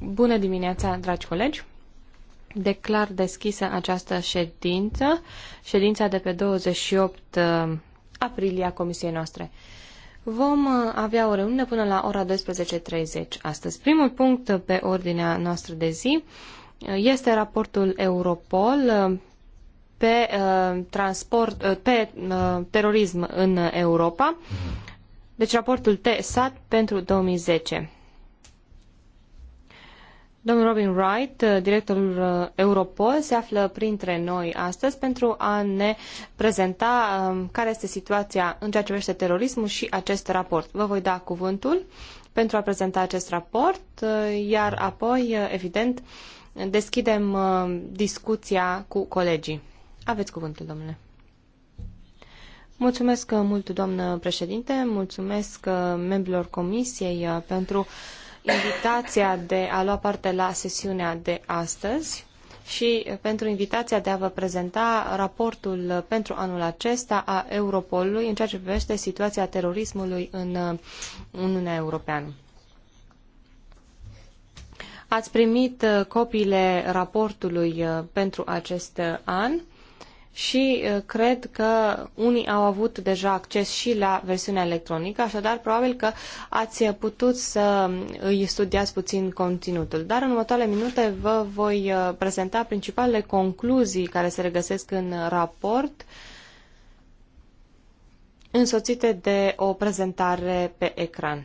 Bună dimineața, dragi colegi. Declar deschisă această ședință, ședința de pe 28 uh, aprilie a comisiei noastre. Vom uh, avea o reuniune până la ora 12.30 astăzi. Primul punct pe ordinea noastră de zi uh, este raportul Europol pe, uh, transport, uh, pe uh, terorism în Europa. Deci raportul TESAT pentru 2010. Domnul Robin Wright, directorul uh, Europol, se află printre noi astăzi pentru a ne prezenta um, care este situația în ceea ce privește terorismul și acest raport. Vă voi da cuvântul pentru a prezenta acest raport, uh, iar apoi, uh, evident, deschidem discuția cu colegii. Aveți cuvântul, domnule. Mulțumesc uh, mult, doamnă președinte, mulțumesc uh, membrilor comisiei uh, pentru invitația de a lua parte la sesiunea de astăzi și pentru invitația de a vă prezenta raportul pentru anul acesta a Europolului în ceea ce privește situația terorismului în Uniunea Europeană. Ați primit copiile raportului pentru acest an și uh, cred că unii au avut deja acces și la versiunea electronică, așadar probabil că ați putut să îi studiați puțin conținutul. Dar în următoarele minute vă voi uh, prezenta principalele concluzii care se regăsesc în raport însoțite de o prezentare pe ecran.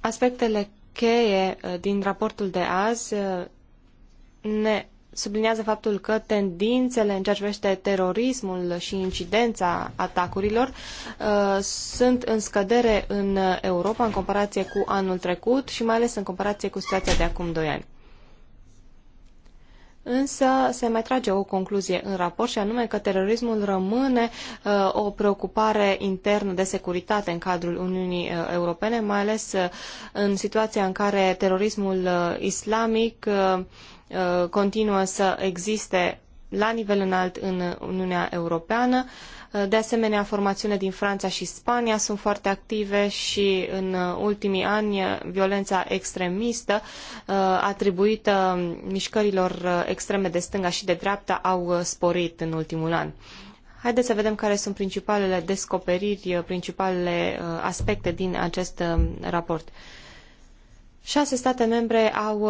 Aspectele cheie uh, din raportul de azi uh, ne subliniază faptul că tendințele în ceea ce privește terorismul și incidența atacurilor uh, sunt în scădere în Europa în comparație cu anul trecut și mai ales în comparație cu situația de acum doi ani. Însă se mai trage o concluzie în raport și anume că terorismul rămâne uh, o preocupare internă de securitate în cadrul Uniunii uh, Europene, mai ales uh, în situația în care terorismul uh, islamic uh, uh, continuă să existe la nivel înalt în Uniunea Europeană. Uh, de asemenea, formațiune din Franța și Spania sunt foarte active și în uh, ultimii ani uh, violența extremistă uh, atribuită mișcărilor extreme de stânga și de dreapta au sporit în ultimul an. Haideți să vedem care sunt principalele descoperiri, principalele aspecte din acest raport. Șase state membre au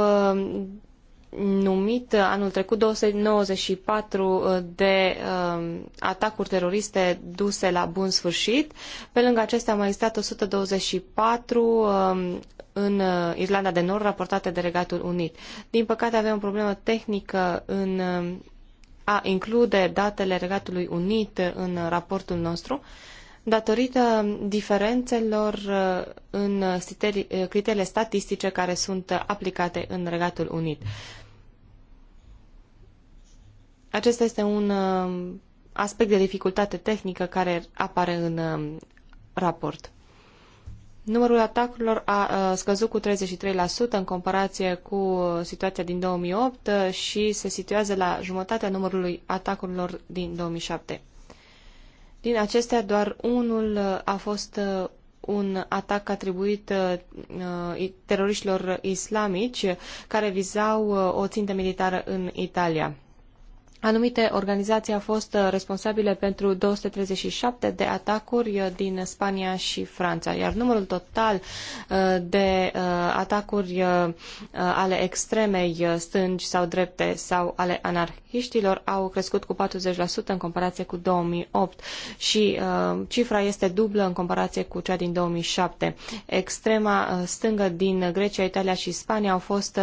numit anul trecut 294 uh, de uh, atacuri teroriste duse la bun sfârșit. Pe lângă acestea au mai existat 124 um, uh, în Irlanda de Nord raportate de Regatul Unit. Din păcate avem o problemă tehnică în uh, a include datele Regatului Unit în uh, raportul nostru datorită diferențelor uh, în criteriile statistice care sunt aplicate în Regatul Unit. Acesta este un um, aspect de dificultate tehnică care apare în um, raport. Numărul atacurilor a uh, scăzut cu 33% în comparație cu uh, situația din 2008 uh, și se situează la jumătatea numărului atacurilor din 2007. Din acestea, doar unul a fost un atac atribuit teroriștilor islamici care vizau o țintă militară în Italia. Anumite organizații au fost uh, responsabile pentru 237 de atacuri uh, din Spania și Franța, iar numărul total uh, de atacuri ale extremei stângi sau drepte sau ale anarhiștilor au crescut cu 40% în comparație cu 2008 și cifra este dublă în comparație cu cea din 2007. Extrema stângă din Grecia, Italia și Spania au fost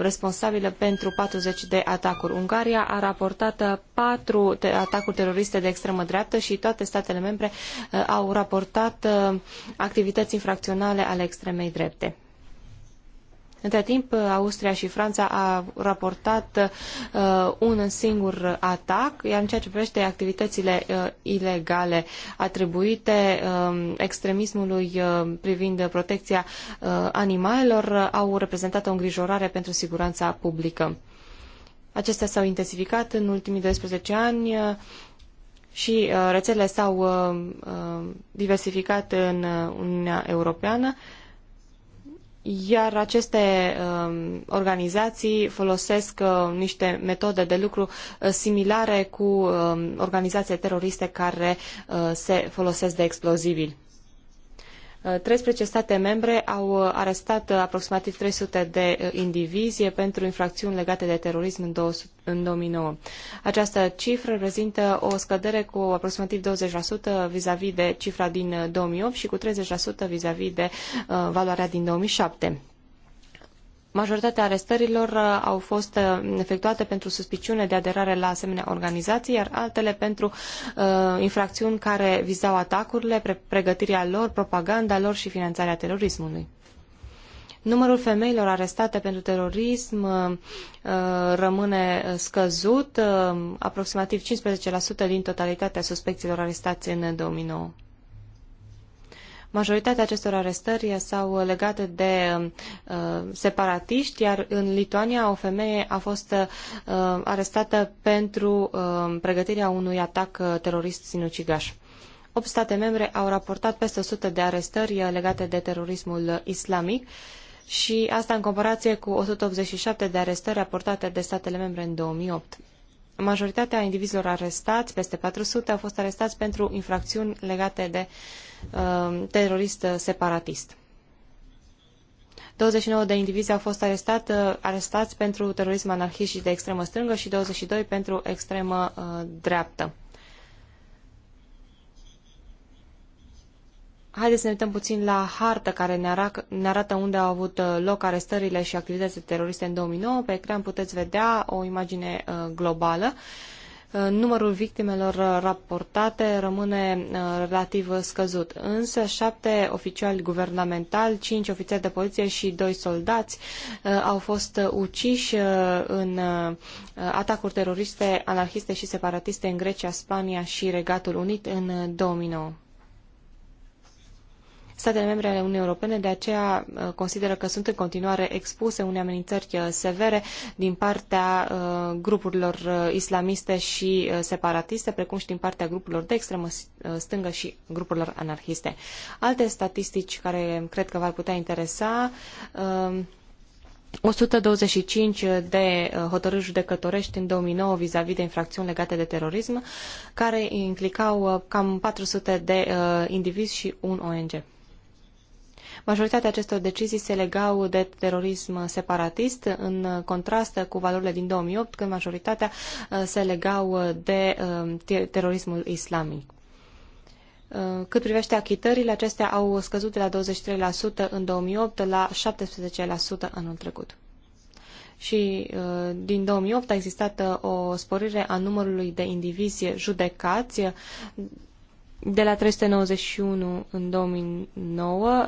responsabile pentru 40 de atacuri. Ungaria are raportat patru atacuri teroriste de extremă dreaptă și toate statele membre uh, au raportat uh, activități infracționale ale extremei drepte. Între timp, uh, Austria și Franța au raportat uh, un singur atac, iar în ceea ce privește activitățile uh, ilegale atribuite um, uh, extremismului privind protecția animalelor, au reprezentat o îngrijorare pentru siguranța publică. Acestea s-au intensificat în ultimii 12 ani uh, și uh, rețelele s-au uh, diversificat în Uniunea Europeană, iar aceste um, organizații folosesc niște metode de lucru similare cu um, organizații teroriste care se folosesc de explozibili. 13 uh, state membre au uh, arestat uh, aproximativ 300 de indivizi pentru infracțiuni legate de terorism în, 200, 2009. Această cifră reprezintă o scădere cu aproximativ 20% vis-a-vis de cifra din 2008 și cu 30% vis a -vis de valoarea din 2007. Majoritatea arestărilor uh, au fost uh, efectuate pentru suspiciune de aderare la asemenea organizații, iar altele pentru uh, infracțiuni care vizau atacurile, pre pregătirea lor, propaganda lor și finanțarea terorismului. Numărul femeilor arestate pentru terorism uh, rămâne scăzut, aproximativ 15% din totalitatea suspecțiilor arestați în 2009. Majoritatea acestor arestări s-au legat de uh, separatiști, iar în Lituania o femeie a fost uh, arestată pentru uh, pregătirea unui atac uh, terorist sinucigaș. Opt state membre au raportat peste 100 de arestări uh, legate de terorismul islamic și asta în comparație cu 187 de arestări raportate de statele membre în 2008. Majoritatea indivizilor arestați, peste 400, au fost arestați pentru infracțiuni legate de uh, Um, terorist uh, separatist. 29 de indivizi au fost arestat, uh, arestați pentru terorism anarhist și de extremă stângă și 22 pentru extremă uh, dreaptă. Haideți să ne uităm puțin la hartă care ne, arac, ne arată unde au avut loc arestările și activitățile teroriste în 2009. Pe ecran puteți vedea o imagine globală. Uh, Uh, numărul victimelor raportate rămâne uh, relativ scăzut. Însă șapte oficiali guvernamentali, cinci ofițeri de poliție și doi soldați uh, au fost uciși în atacuri teroriste, anarhiste și separatiste în Grecia, Spania și Regatul Unit în 2009. Statele membre ale Uniunii Europene de aceea uh, consideră că sunt în continuare expuse unei amenințări uh, severe din partea uh, grupurilor islamiste și separatiste, precum și din partea grupurilor de extremă stângă și grupurilor anarhiste. Alte statistici care cred că v-ar putea interesa 125 de hotărâri judecătorești în 2009 vis-a-vis de infracțiuni legate de terorism, care implicau cam 400 de indivizi și un ONG. Majoritatea acestor decizii se legau de terorism separatist, în contrast cu valorile din 2008, când majoritatea uh, se legau uh, de uh, terorismul islamic. Cât privește achitările, acestea au scăzut de la 23% în 2008 la 17% anul trecut și din 2008 a existat o sporire a numărului de indivizi judecați de la 391 în 2009,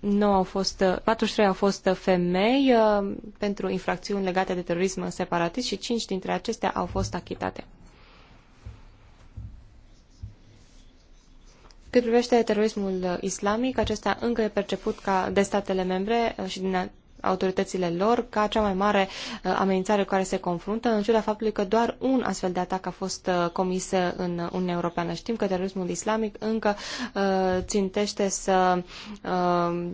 9 uh, au fost, 43 uh, au fost uh, femei pentru infracțiuni legate de terorism separatist și 5 dintre acestea au fost achitate. Cât privește terorismul islamic, acesta încă e perceput ca de statele membre și din autoritățile lor ca cea mai mare uh, amenințare cu care se confruntă, în ciuda faptului că doar un astfel de atac a fost uh, comis uh, în Uniunea Europeană. Știm că terorismul islamic încă țintește să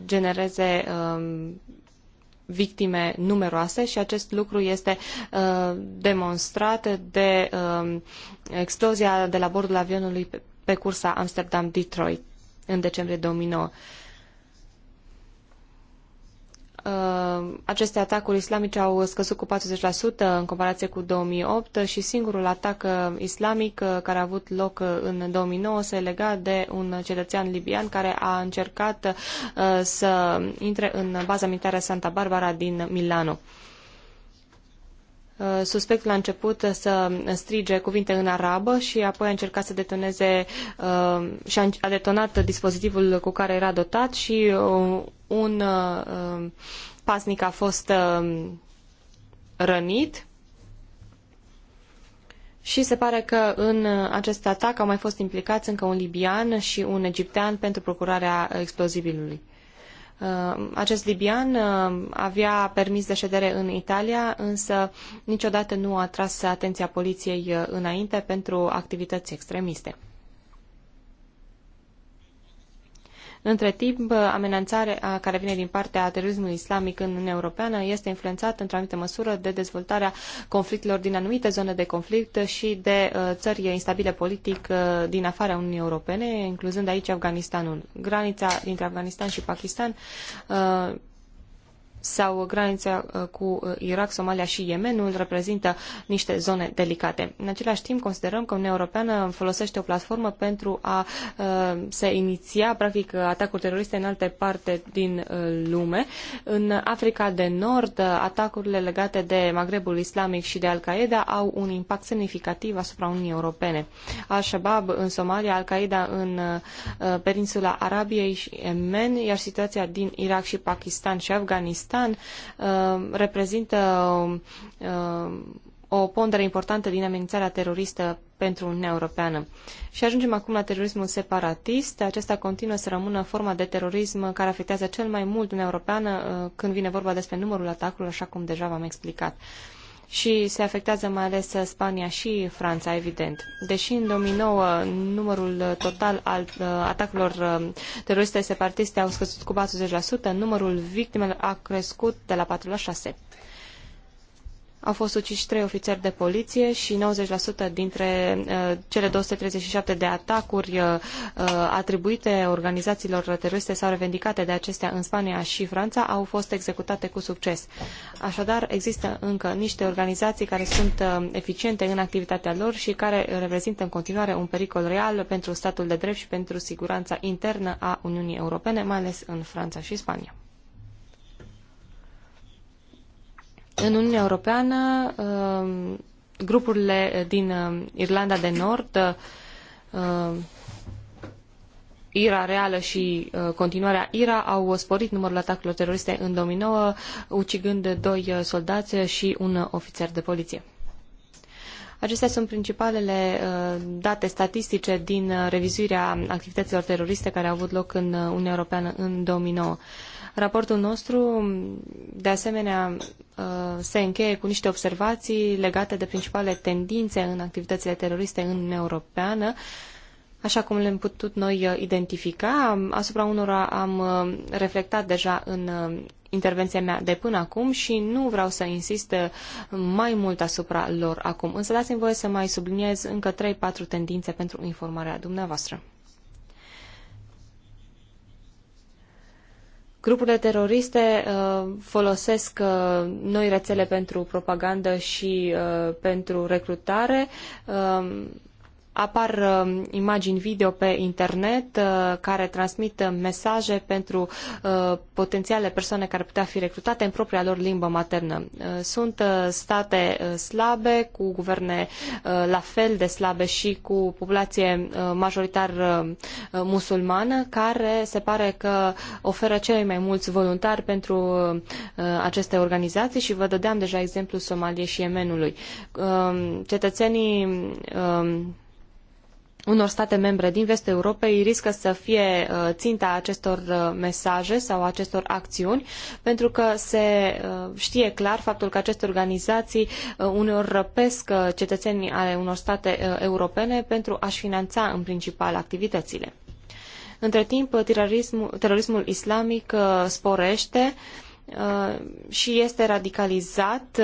genereze um, victime numeroase și acest lucru este uh, demonstrat de uh, explozia de la bordul avionului pe, pe cursa Amsterdam-Detroit în decembrie 2009. Uh, aceste atacuri islamice au scăzut cu 40% în comparație cu 2008 și singurul atac uh, islamic uh, care a avut loc în 2009 se lega de un cetățean libian care a încercat să intre în baza militară Santa Barbara din Milano. Uh, suspect la început să strige cuvinte în arabă și apoi a încercat să detoneze uh, și a detonat dispozitivul cu care era dotat și uh, un pasnic a fost rănit și se pare că în acest atac au mai fost implicați încă un libian și un egiptean pentru procurarea explozibilului. Uh, acest libian uh, avea permis de ședere în Italia, însă niciodată nu a tras atenția poliției uh, înainte pentru activități extremiste. Între timp, amenințarea care vine din partea terorismului islamic în Uniunea Europeană este influențată într-o anumită măsură de dezvoltarea conflictelor din anumite zone de conflict și de uh, țări instabile politic uh, din afara Uniunii Europene, incluzând aici Afganistanul. Granița dintre Afganistan și Pakistan uh, sau granița uh, cu uh, Irak, Somalia și Yemenul reprezintă niște zone delicate. În același timp, considerăm că Uniunea Europeană folosește o platformă pentru a uh, se iniția, practic, atacuri teroriste în alte parte din lume. În Africa de Nord, atacurile legate de Maghrebul Islamic și de Al-Qaeda au un impact semnificativ asupra Uniunii Europene. Al-Shabaab în Somalia, Al-Qaeda în peninsula Arabiei și Yemen, iar situația din Irak și Pakistan și Afganistan Uzbekistan uh, reprezintă uh, o pondere importantă din amenințarea teroristă pentru Uniunea Europeană. Și ajungem acum la terorismul separatist. Acesta continuă să rămână forma de terorism care afectează cel mai mult Uniunea Europeană uh, când vine vorba despre numărul atacurilor, așa cum deja v-am explicat. Uh, și se afectează mai ales Spania și Franța, evident. Deși în 2009 numărul total al uh, atacurilor uh, teroriste separatiste au scăzut cu 40%, numărul victimelor a crescut de la 4 la 6. Au fost uciși trei ofițeri de poliție și 90% dintre uh, cele 237 de atacuri uh, uh, atribuite organizațiilor teroriste sau revendicate de acestea în Spania și Franța au fost executate cu succes. Așadar, există încă niște organizații care sunt uh, eficiente în activitatea lor și care reprezintă în continuare un pericol real pentru statul de drept și pentru siguranța internă a Uniunii Europene, mai ales în Franța și Spania. În Uniunea Europeană, um, grupurile din um, Irlanda de Nord, um, IRA reală și uh, continuarea IRA au sporit numărul atacurilor teroriste în 2009, ucigând doi uh, soldați și un ofițer de poliție. Acestea sunt principalele uh, date statistice din revizuirea activităților teroriste care au avut loc în Uniunea Europeană în 2009. Raportul nostru, de asemenea, uh, se încheie cu niște observații legate de principalele tendințe în activitățile teroriste în Uniunea Europeană, așa cum le-am putut noi uh, identifica. Asupra unora am uh, reflectat deja în intervenția mea de până acum și nu vreau să insist mai mult asupra lor acum. Însă dați-mi voie să mai subliniez încă 3-4 tendințe pentru informarea dumneavoastră. Grupurile teroriste uh, folosesc uh, noi rețele pentru propagandă și uh, pentru recrutare. Um, apar uh, imagini video pe internet uh, care transmit uh, mesaje pentru uh, potențiale persoane care putea fi recrutate în propria lor limbă maternă. Uh, sunt uh, state slabe, cu guverne la fel de slabe și cu populație majoritar musulmană, care se pare că oferă cei mai mulți voluntari pentru aceste organizații și vă dădeam deja exemplul Somaliei și Yemenului. Uh, cetățenii um, unor state membre din vestul Europei riscă să fie uh, ținta acestor uh, mesaje sau acestor acțiuni, pentru că se uh, știe clar faptul că aceste organizații uneori răpesc cetățenii ale unor state europene pentru a-și finanța în principal activitățile. Între timp, terorismul, terorismul islamic sporește și este radicalizat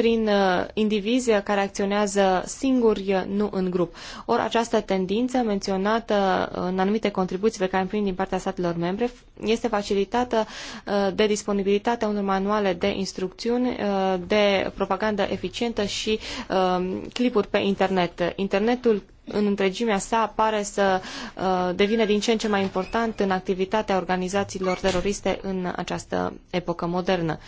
prin uh, indivizi care acționează singuri, uh, nu în grup. Ori această tendință menționată uh, în anumite contribuții pe care am primit din partea statelor membre este facilitată de disponibilitatea unor manuale de instrucțiuni, de propagandă eficientă și clipuri pe internet. Internetul în întregimea sa pare să devină din ce în ce mai important în activitatea organizațiilor teroriste în această epocă modernă.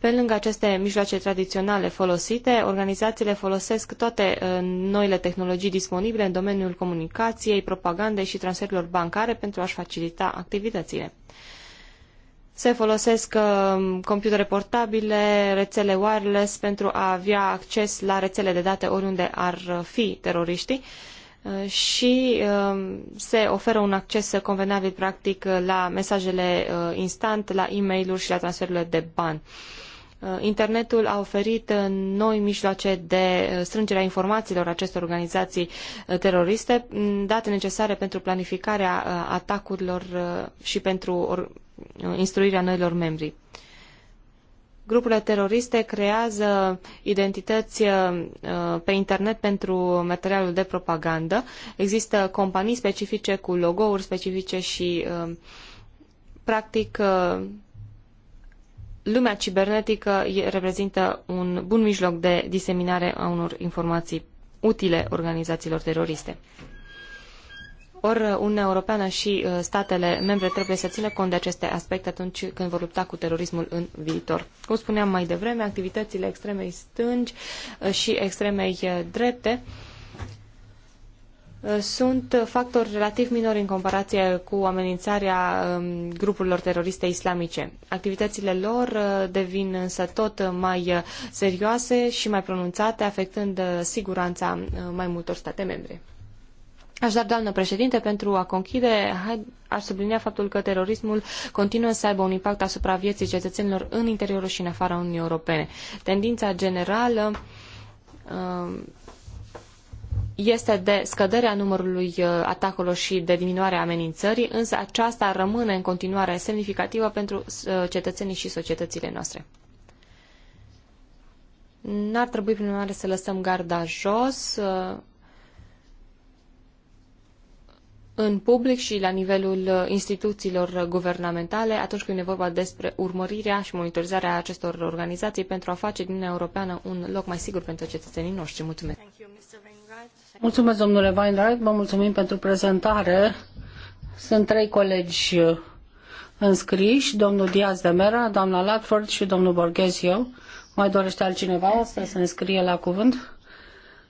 Pe lângă aceste mijloace tradiționale folosite, organizațiile folosesc toate uh, noile tehnologii disponibile în domeniul comunicației, propagandei și transferurilor bancare pentru a-și facilita activitățile. Se folosesc uh, computere portabile, rețele wireless pentru a avea acces la rețele de date oriunde ar uh, fi teroriștii și se oferă un acces convenabil practic la mesajele instant, la e mail și la transferurile de bani. Uh, internetul a oferit uh, noi mijloace de uh, strângere a informațiilor acestor organizații teroriste, mm, date necesare pentru planificarea atacurilor și pentru instruirea noilor membri. Grupurile teroriste creează identități pe internet pentru materialul de propagandă. Există companii specifice cu logo-uri specifice și, practic, lumea cibernetică reprezintă un bun mijloc de diseminare a unor informații utile organizațiilor teroriste. Ori Uniunea Europeană și uh, statele membre trebuie să țină cont de aceste aspecte atunci când vor lupta cu terorismul în viitor. Cum spuneam mai devreme, activitățile extremei stângi uh, și extremei uh, drepte uh, Uh, sunt factori relativ minori în comparație cu amenințarea um, grupurilor teroriste islamice. Activitățile lor uh, devin însă tot mai uh, serioase și mai pronunțate, afectând siguranța mai multor state membre. Așadar, doamnă președinte, pentru a conchide, aș sublinia faptul că terorismul continuă să aibă un impact asupra vieții cetățenilor în interiorul și în afara Uniunii Europene. Tendința generală um, este de scăderea numărului uh, atacurilor și de diminuarea amenințării, însă aceasta rămâne în continuare semnificativă pentru uh, cetățenii și societățile noastre. N-ar trebui, prin urmare, să lăsăm garda jos uh, în public și la nivelul instituțiilor guvernamentale atunci când e vorba despre urmărirea și monitorizarea acestor organizații pentru a face din Uniunea Europeană un loc mai sigur pentru cetățenii noștri. Mulțumesc! Mulțumesc, domnule Weinreich, vă mulțumim pentru prezentare. Sunt trei colegi uh, înscriși, domnul Diaz de Mera, doamna Latford și domnul Borghezio. Mai dorește altcineva să se înscrie la cuvânt?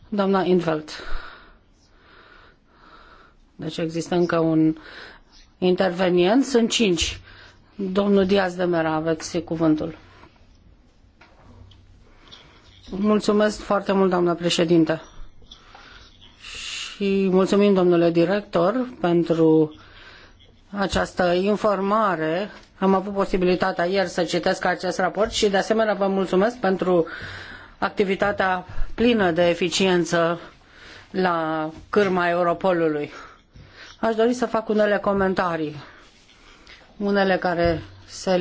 Doamna Invelt. Deci există încă un intervenient. Sunt cinci. Domnul Diaz de Mera, aveți cuvântul. Mulțumesc foarte mult, doamna președintă și mulțumim domnule director pentru această informare. Am avut posibilitatea ieri să citesc acest raport și de asemenea vă mulțumesc pentru activitatea plină de eficiență la cârma Europolului. Aș dori să fac unele comentarii, unele care se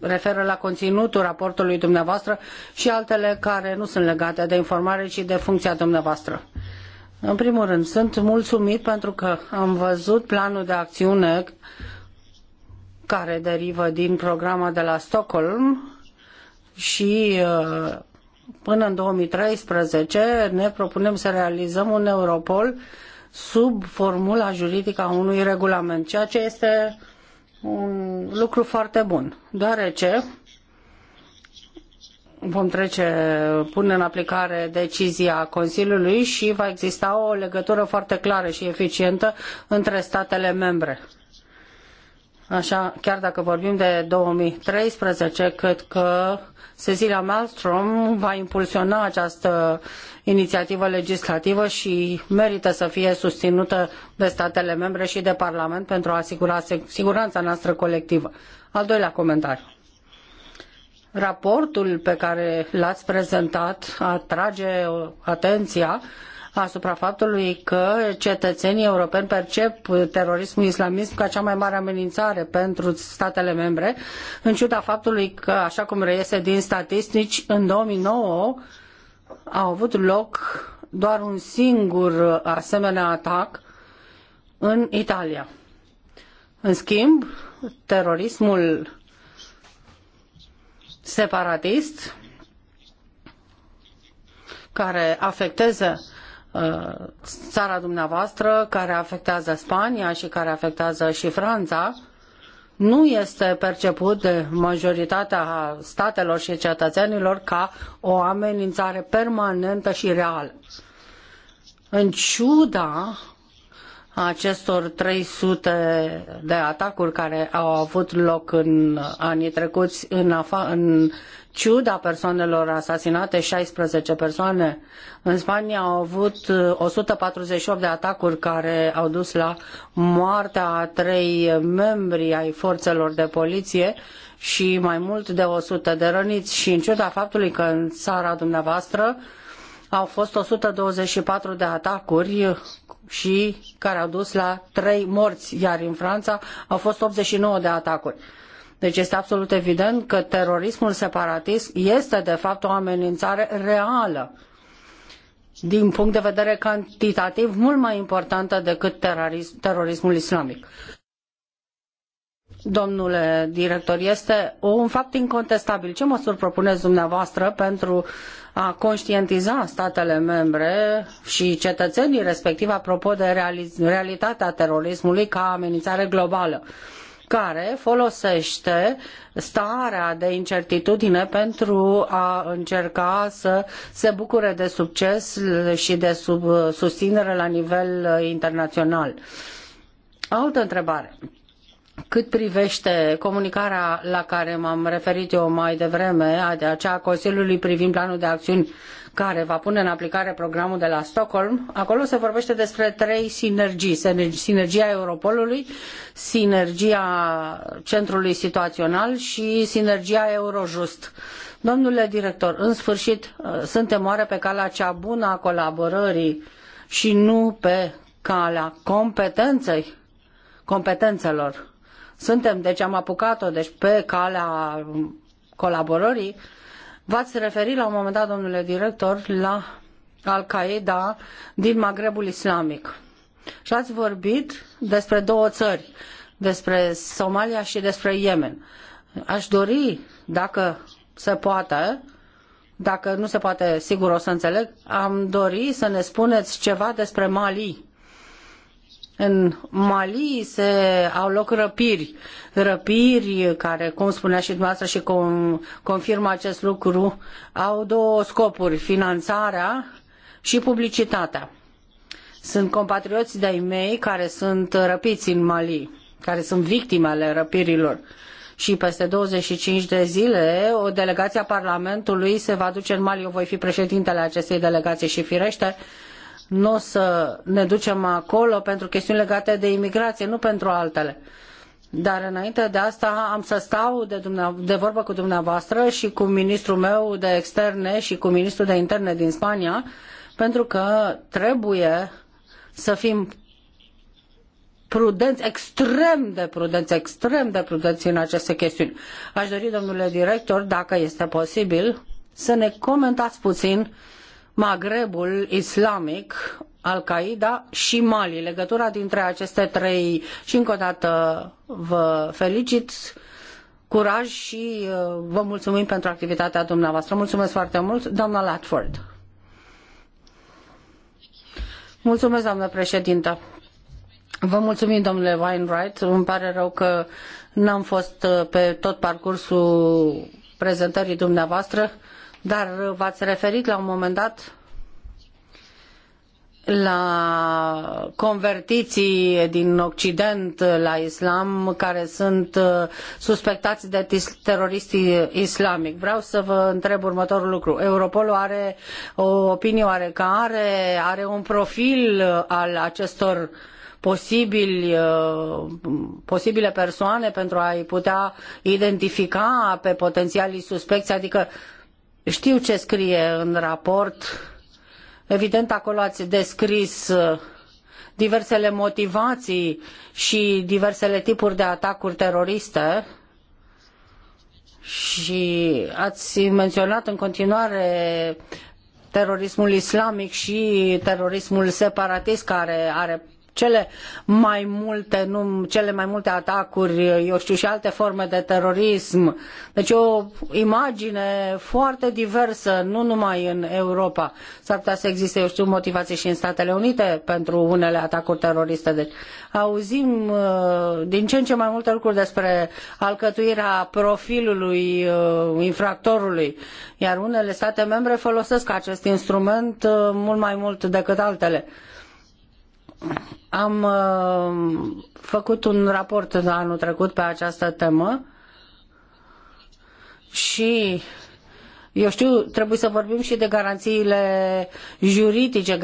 referă la conținutul raportului dumneavoastră și altele care nu sunt legate de informare, ci de funcția dumneavoastră. În primul rând, sunt mulțumit pentru că am văzut planul de acțiune care derivă din programa de la Stockholm și uh, până în 2013 ne propunem să realizăm un Europol sub formula juridică a unui regulament, ceea ce este un lucru foarte bun, deoarece vom trece, pune în aplicare decizia Consiliului și va exista o legătură foarte clară și eficientă între statele membre. Așa, chiar dacă vorbim de 2013, cred că Cecilia Malmström va impulsiona această inițiativă legislativă și merită să fie susținută de statele membre și de Parlament pentru a asigura siguranța noastră colectivă. Al doilea comentariu Raportul pe care l-ați prezentat atrage atenția asupra faptului că cetățenii europeni percep terorismul islamist ca cea mai mare amenințare pentru statele membre, în ciuda faptului că, așa cum reiese din statistici, în 2009 a avut loc doar un singur asemenea atac în Italia. În schimb, terorismul separatist care afectează uh, țara dumneavoastră, care afectează Spania și care afectează și Franța, nu este perceput de majoritatea statelor și cetățenilor ca o amenințare permanentă și reală. În ciuda acestor 300 de atacuri care au avut loc în anii trecuți în, afa- în ciuda persoanelor asasinate, 16 persoane. În Spania au avut 148 uh, de atacuri care au dus la moartea a trei membri ai forțelor de poliție și mai mult de 100 de răniți. Și în ciuda faptului că în țara dumneavoastră au fost 124 de atacuri și care au dus la trei morți, iar în Franța au fost 89 de atacuri. Deci este absolut evident că terorismul separatist este de fapt o amenințare reală din punct de vedere cantitativ mult mai importantă decât terorism, terorismul islamic domnule director, este un fapt incontestabil. Ce măsuri propuneți dumneavoastră pentru a conștientiza statele membre și cetățenii respectiv apropo de realitatea terorismului ca amenințare globală? care folosește starea de incertitudine pentru a încerca să se bucure de succes și de sub, susținere la nivel internațional. Altă întrebare. Cât privește comunicarea la care m-am referit eu mai devreme, de aceea Consiliului privind planul de acțiuni care va pune în aplicare programul de la Stockholm, acolo se vorbește despre trei sinergii. Sinergia Europolului, sinergia Centrului Situațional și sinergia Eurojust. Domnule director, în sfârșit, suntem oare pe calea cea bună a colaborării și nu pe calea competenței, competențelor? Suntem, deci am apucat-o, deci pe calea colaborării. V-ați referit la un moment dat, domnule director, la Al-Qaeda din Maghrebul Islamic. Și ați vorbit despre două țări, despre Somalia și despre Yemen. Aș dori, dacă se poate, dacă nu se poate, sigur o să înțeleg, am dori să ne spuneți ceva despre Mali în Mali se au loc răpiri, răpiri care, cum spunea și dumneavoastră și com, confirmă acest lucru, au două scopuri, finanțarea și publicitatea. Sunt compatrioți de-ai mei care sunt răpiți în Mali, care sunt victime ale răpirilor. Și peste 25 de zile, o delegație a Parlamentului se va duce în Mali. Eu voi fi președintele acestei delegații și firește, uh, nu o să ne ducem acolo pentru chestiuni legate de imigrație, nu pentru altele. Dar înainte de asta am să stau de, de vorbă cu dumneavoastră și cu ministrul meu de externe și cu ministrul de interne din Spania, pentru că trebuie să fim prudenți, extrem de prudenți, extrem de prudenți în aceste chestiuni. Aș dori, domnule director, dacă este posibil, să ne comentați puțin uh, Maghrebul islamic, Al-Qaeda și Mali. Legătura dintre aceste trei și încă o dată vă felicit, curaj și uh, vă mulțumim pentru activitatea dumneavoastră. Mulțumesc foarte mult, doamna Latford. Mulțumesc, doamnă președintă. Vă mulțumim, domnule Weinreich. Îmi pare rău că n-am fost uh, pe tot parcursul prezentării dumneavoastră. Dar v-ați referit la un moment dat la convertiții din Occident la islam care sunt uh, suspectați de teroriști islamic. Vreau să vă întreb următorul lucru. Europolul are o opinie oarecare, are un profil uh, al acestor posibili, uh, posibile persoane pentru a-i putea identifica pe potențialii suspecți, adică știu ce scrie în raport. Evident, acolo ați descris uh, diversele motivații și diversele tipuri de atacuri teroriste și ați menționat în continuare terorismul islamic și terorismul separatist care are cele mai multe, nu, cele mai multe atacuri, eu știu, și alte forme de terorism. Deci o imagine foarte diversă, nu numai în Europa. S-ar putea să existe, eu știu, motivații și în Statele Unite pentru unele atacuri teroriste. Deci auzim uh, din ce în ce mai multe lucruri despre alcătuirea profilului uh, infractorului, iar unele state membre folosesc acest instrument uh, mult mai mult decât altele. Am uh, făcut un raport anul trecut pe această temă și eu știu, trebuie să vorbim și de garanțiile juridice,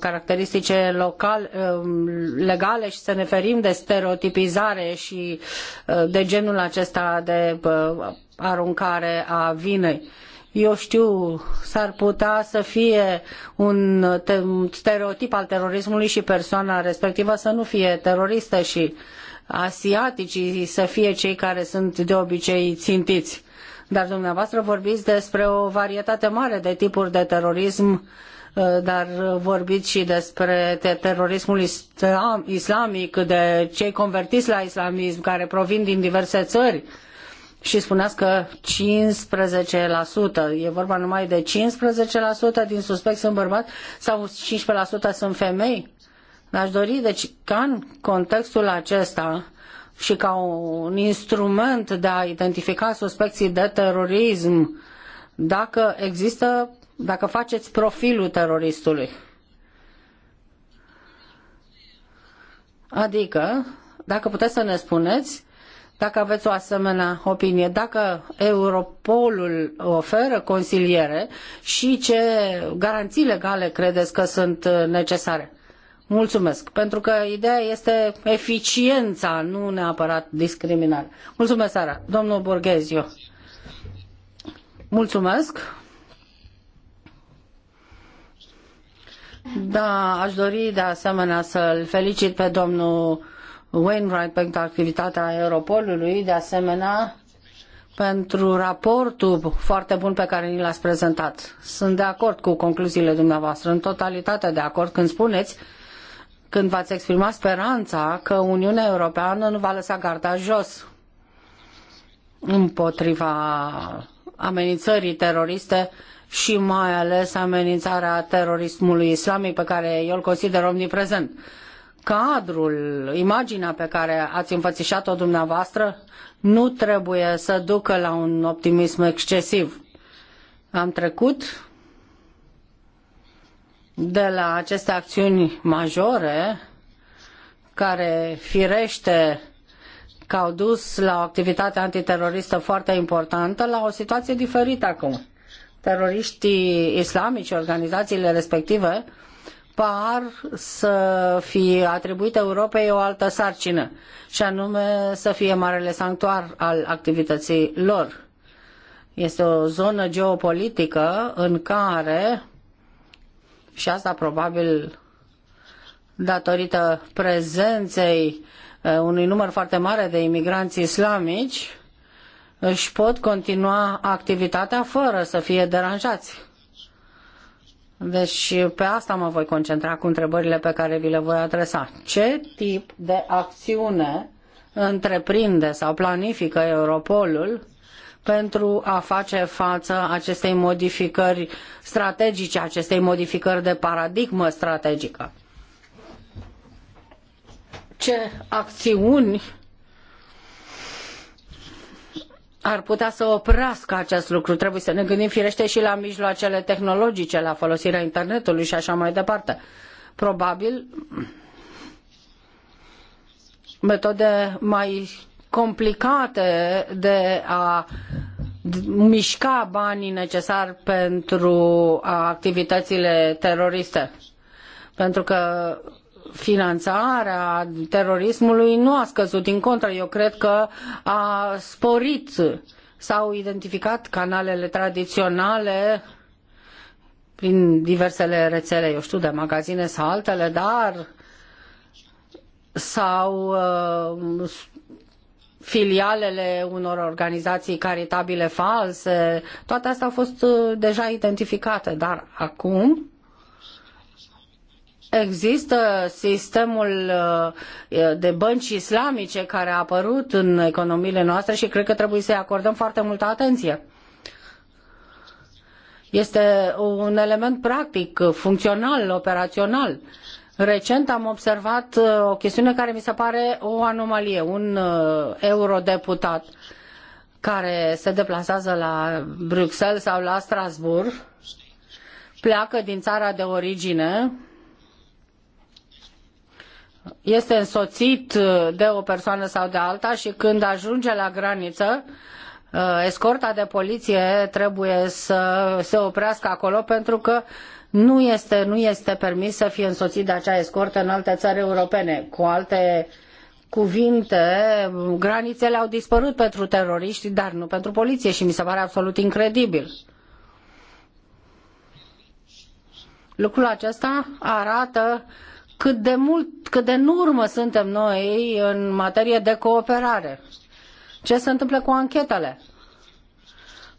caracteristice local, um, legale și să ne ferim de stereotipizare și uh, de genul acesta de uh, aruncare a vinei eu știu, s-ar putea să fie un stereotip al terorismului și persoana respectivă să nu fie teroristă și asiaticii să fie cei care sunt de obicei țintiți. Dar dumneavoastră vorbiți despre o varietate mare de tipuri de terorism, eh, dar vorbiți și despre terorismul islamic, de cei convertiți la islamism, care provin din diverse țări și spuneați că 15%, e vorba numai de 15% din suspecți sunt bărbați sau 15% sunt femei? Mi-aș dori, deci, ca în contextul acesta și ca un instrument de a identifica suspecții de terorism, dacă există, dacă faceți profilul teroristului. Adică, dacă puteți să ne spuneți dacă aveți o asemenea opinie, dacă Europolul oferă consiliere și ce garanții legale credeți că sunt uh, necesare. Mulțumesc, pentru că ideea este eficiența, nu neapărat discriminare. Mulțumesc, Sara. Domnul Borghezio. Mulțumesc. Da, aș dori de asemenea să-l felicit pe domnul Wainwright pentru activitatea Aeropolului, de asemenea pentru raportul foarte bun pe care ni l-ați prezentat. Sunt de acord cu concluziile dumneavoastră, în totalitate de acord când spuneți, când v-ați exprimat speranța că Uniunea Europeană nu va lăsa garda jos împotriva amenințării teroriste și mai ales amenințarea terorismului islamic pe care eu îl consider omniprezent cadrul, imaginea pe care ați înfățișat-o dumneavoastră nu trebuie să ducă la un optimism excesiv. Am trecut de la aceste acțiuni majore care firește că au dus la o activitate antiteroristă foarte importantă la o situație diferită acum. Teroriștii islamici, organizațiile respective, par să fi atribuit Europei o altă sarcină, și anume să fie marele sanctuar al activității lor. Este o zonă geopolitică în care, și asta probabil datorită prezenței uh, unui număr foarte mare de imigranți islamici, își pot continua activitatea fără să fie deranjați. Deci pe asta mă voi concentra cu întrebările pe care vi le voi adresa. Ce tip de acțiune întreprinde sau planifică Europolul pentru a face față acestei modificări strategice, acestei modificări de paradigmă strategică? Ce acțiuni ar putea să oprească acest lucru. Trebuie să ne gândim firește și la mijloacele tehnologice, la folosirea internetului și așa mai departe. Probabil metode mai complicate de a mișca banii necesari pentru activitățile teroriste. Pentru că finanțarea terorismului nu a scăzut, din contră, eu cred că a sporit. S-au identificat canalele tradiționale prin diversele rețele, eu știu, de magazine sau altele, dar sau uh, filialele unor organizații caritabile false, toate astea au fost uh, deja identificate, dar acum Există sistemul uh, de bănci islamice care a apărut în economiile noastre și cred că trebuie să-i acordăm foarte multă atenție. Este un element practic, funcțional, operațional. Recent am observat uh, o chestiune care mi se pare o anomalie. Un uh, eurodeputat care se deplasează la Bruxelles sau la Strasbourg pleacă din țara de origine este însoțit uh, de o persoană sau de alta și când ajunge la graniță, uh, escorta de poliție trebuie să se oprească acolo pentru că nu este, nu este permis să fie însoțit de acea escortă în alte țări europene. Cu alte cuvinte, granițele au dispărut pentru teroriști, dar nu pentru poliție și mi se pare absolut incredibil. Lucrul acesta arată uh, cât de mult, cât de în urmă suntem noi în materie de cooperare. Ce se întâmplă cu anchetele?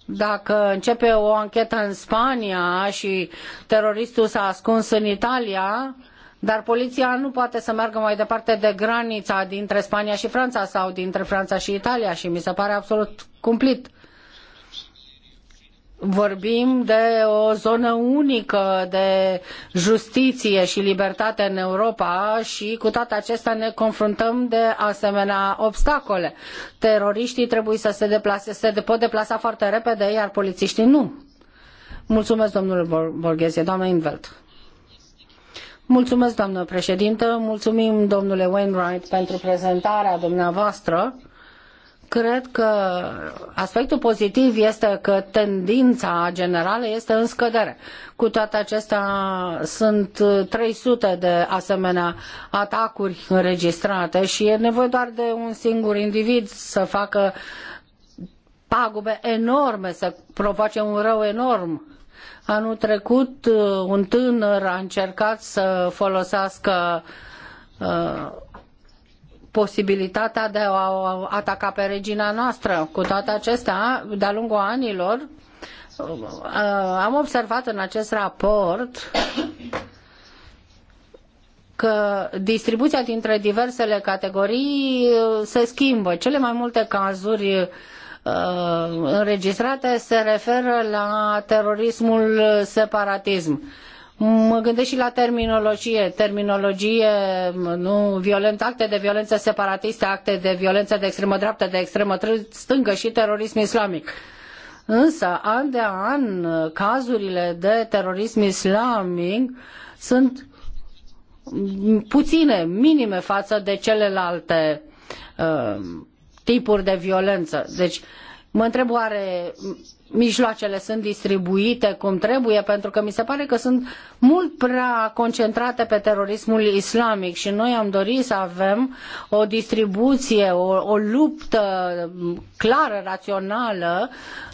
Dacă începe o anchetă în Spania și teroristul s-a ascuns în Italia, dar poliția nu poate să meargă mai departe de granița dintre Spania și Franța sau dintre Franța și Italia și mi se pare absolut cumplit Vorbim de o zonă unică de justiție și libertate în Europa și cu toate acestea ne confruntăm de asemenea obstacole. Teroriștii trebuie să se deplaseze, se pot deplasa foarte repede, iar polițiștii nu. Mulțumesc, domnule Borghese, doamna Invelt. Mulțumesc, doamnă președintă, mulțumim, domnule Wainwright, pentru prezentarea dumneavoastră Cred că aspectul pozitiv este că tendința generală este în scădere. Cu toate acestea, sunt 300 de asemenea atacuri înregistrate și e nevoie doar de un singur individ să facă pagube enorme, să provoace un rău enorm. Anul trecut, un tânăr a încercat să folosească uh, posibilitatea de a o ataca pe regina noastră. Cu toate acestea, de-a lungul anilor, uh, am observat în acest raport că distribuția dintre diversele categorii uh, se schimbă. Cele mai multe cazuri uh, înregistrate se referă la terorismul separatism Mă gândesc și la terminologie, terminologie nu violentă, acte de violență separatiste, acte de violență de extremă dreaptă, de extremă stângă și terorism islamic. Însă, an de an, cazurile de terorism islamic sunt puține, minime față de celelalte uh, tipuri de violență. Deci, mă întreb oare mijloacele sunt distribuite cum trebuie, pentru că mi se pare că sunt mult prea concentrate pe terorismul islamic și noi am dorit să avem o distribuție, o, o luptă clară, rațională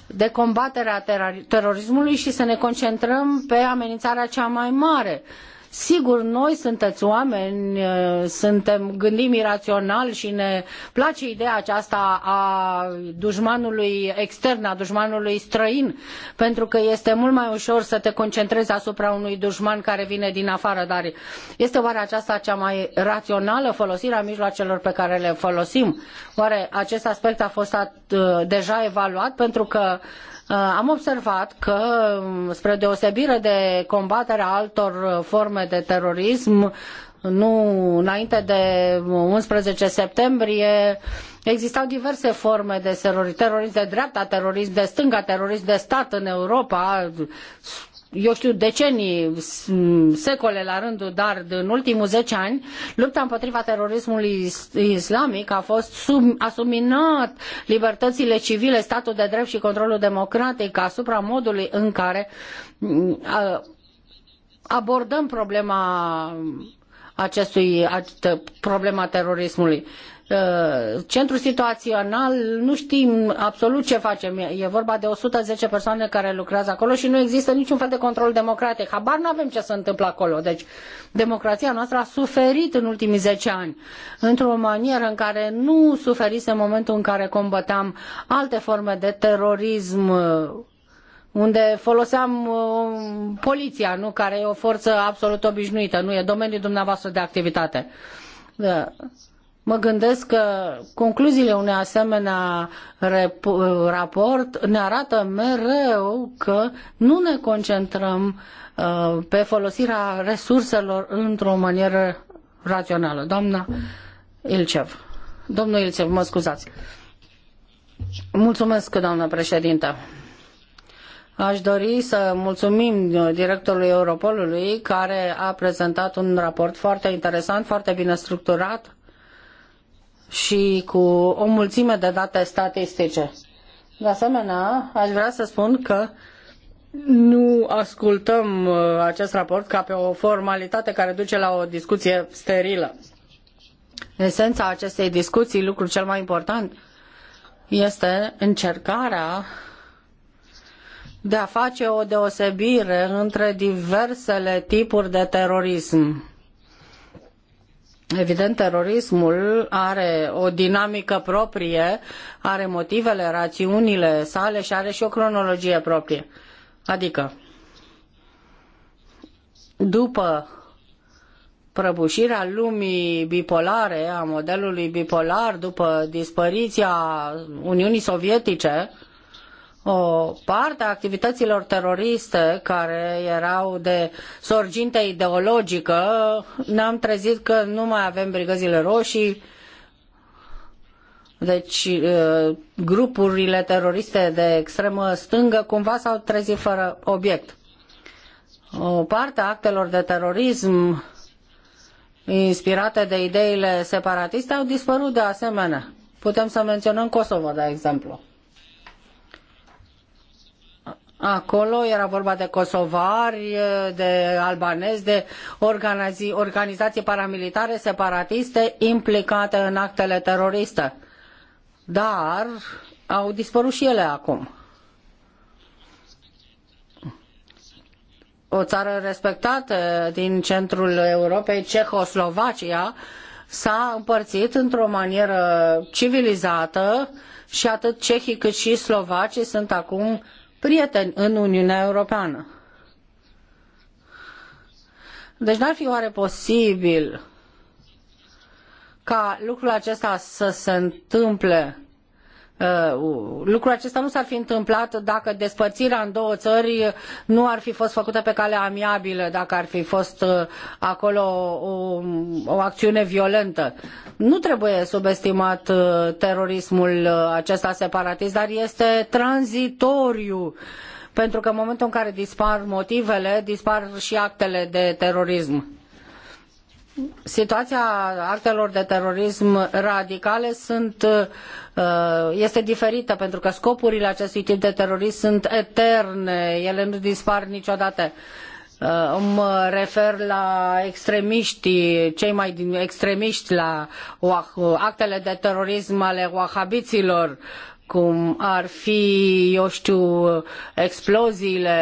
de combatere a terorismului și să ne concentrăm pe amenințarea cea mai mare. Uh, Sigur, noi sunteți oameni, eh, suntem, gândim irațional și ne place ideea aceasta a dușmanului extern, a dușmanului străin, pentru că este mult mai ușor să te concentrezi asupra unui dușman care vine din afară, dar este oare aceasta cea mai rațională folosire a mijloacelor pe care le folosim? Oare acest aspect a fost at, eh, deja evaluat? Pentru că Uh, am observat că, um, spre deosebire de combaterea altor uh, forme de terorism, nu înainte de 11 septembrie existau diverse forme de terorism, de dreapta, terorism de stânga, terorism de stat în Europa, eu știu, decenii, secole la rândul, dar în ultimii zece ani, lupta împotriva terorismului islamic a fost sub, a libertățile civile, statul de drept și controlul democratic asupra modului în care mm, abordăm problema acestui problema terorismului. Uh, centru situațional, nu știm absolut ce facem. E vorba de 110 persoane care lucrează acolo și nu există niciun fel de control democratic. Habar nu avem ce se întâmplă acolo. Deci, democrația noastră a suferit în ultimii 10 ani, într-o manieră în care nu suferise în momentul în care combăteam alte forme de terorism uh, unde foloseam uh, poliția, nu care e o forță absolut obișnuită, nu e domeniul dumneavoastră de activitate. Uh, Mă gândesc că concluziile unui asemenea raport ne arată mereu că nu ne concentrăm uh, pe folosirea resurselor într-o manieră rațională. Doamna Ilcev. Domnul Ilcev, mă scuzați. Mulțumesc, doamnă președintă. Aș dori să mulțumim directorului Europolului care a prezentat un raport foarte interesant, foarte bine structurat, și cu o mulțime de date statistice. De asemenea, aș vrea să spun că nu ascultăm uh, acest raport ca pe o formalitate care duce la o discuție sterilă. Esența acestei discuții, lucrul cel mai important, este încercarea de a face o deosebire între diversele tipuri de terorism Evident, terorismul are o dinamică proprie, are motivele, rațiunile sale și are și o cronologie proprie. Adică, după prăbușirea lumii bipolare, a modelului bipolar, după dispariția Uniunii Sovietice, uh, o parte a activităților teroriste care erau de sorginte ideologică, ne-am trezit că nu mai avem brigăzile roșii, deci grupurile teroriste de extremă stângă cumva s-au trezit fără obiect. O parte a actelor de terorism inspirate de ideile separatiste au dispărut de asemenea. Putem să menționăm Kosovo, de exemplu. Acolo era vorba de kosovari, de albanezi, de organizații, organizații paramilitare separatiste implicate în actele teroriste. Dar au dispărut și ele acum. O țară respectată din centrul Europei, Cehoslovacia, s-a împărțit într-o manieră civilizată și atât cehii cât și slovacii sunt acum prieteni în Uniunea Europeană. Deci n-ar fi oare posibil ca lucrul acesta să se întâmple Uh, lucrul acesta nu s-ar fi întâmplat dacă despărțirea în două țări nu ar fi fost făcută pe cale amiabilă, dacă ar fi fost uh, acolo o, o acțiune violentă. Nu trebuie subestimat uh, terorismul acesta separatist, dar este tranzitoriu pentru că în momentul în care dispar motivele, dispar și actele de terorism situația actelor de terorism radicale sunt, uh, este diferită pentru că scopurile acestui tip de terorism sunt eterne, ele nu dispar niciodată. Uh, mă refer la extremiștii, cei mai extremiști, la actele de terorism ale wahabiților, cum ar fi, eu știu, exploziile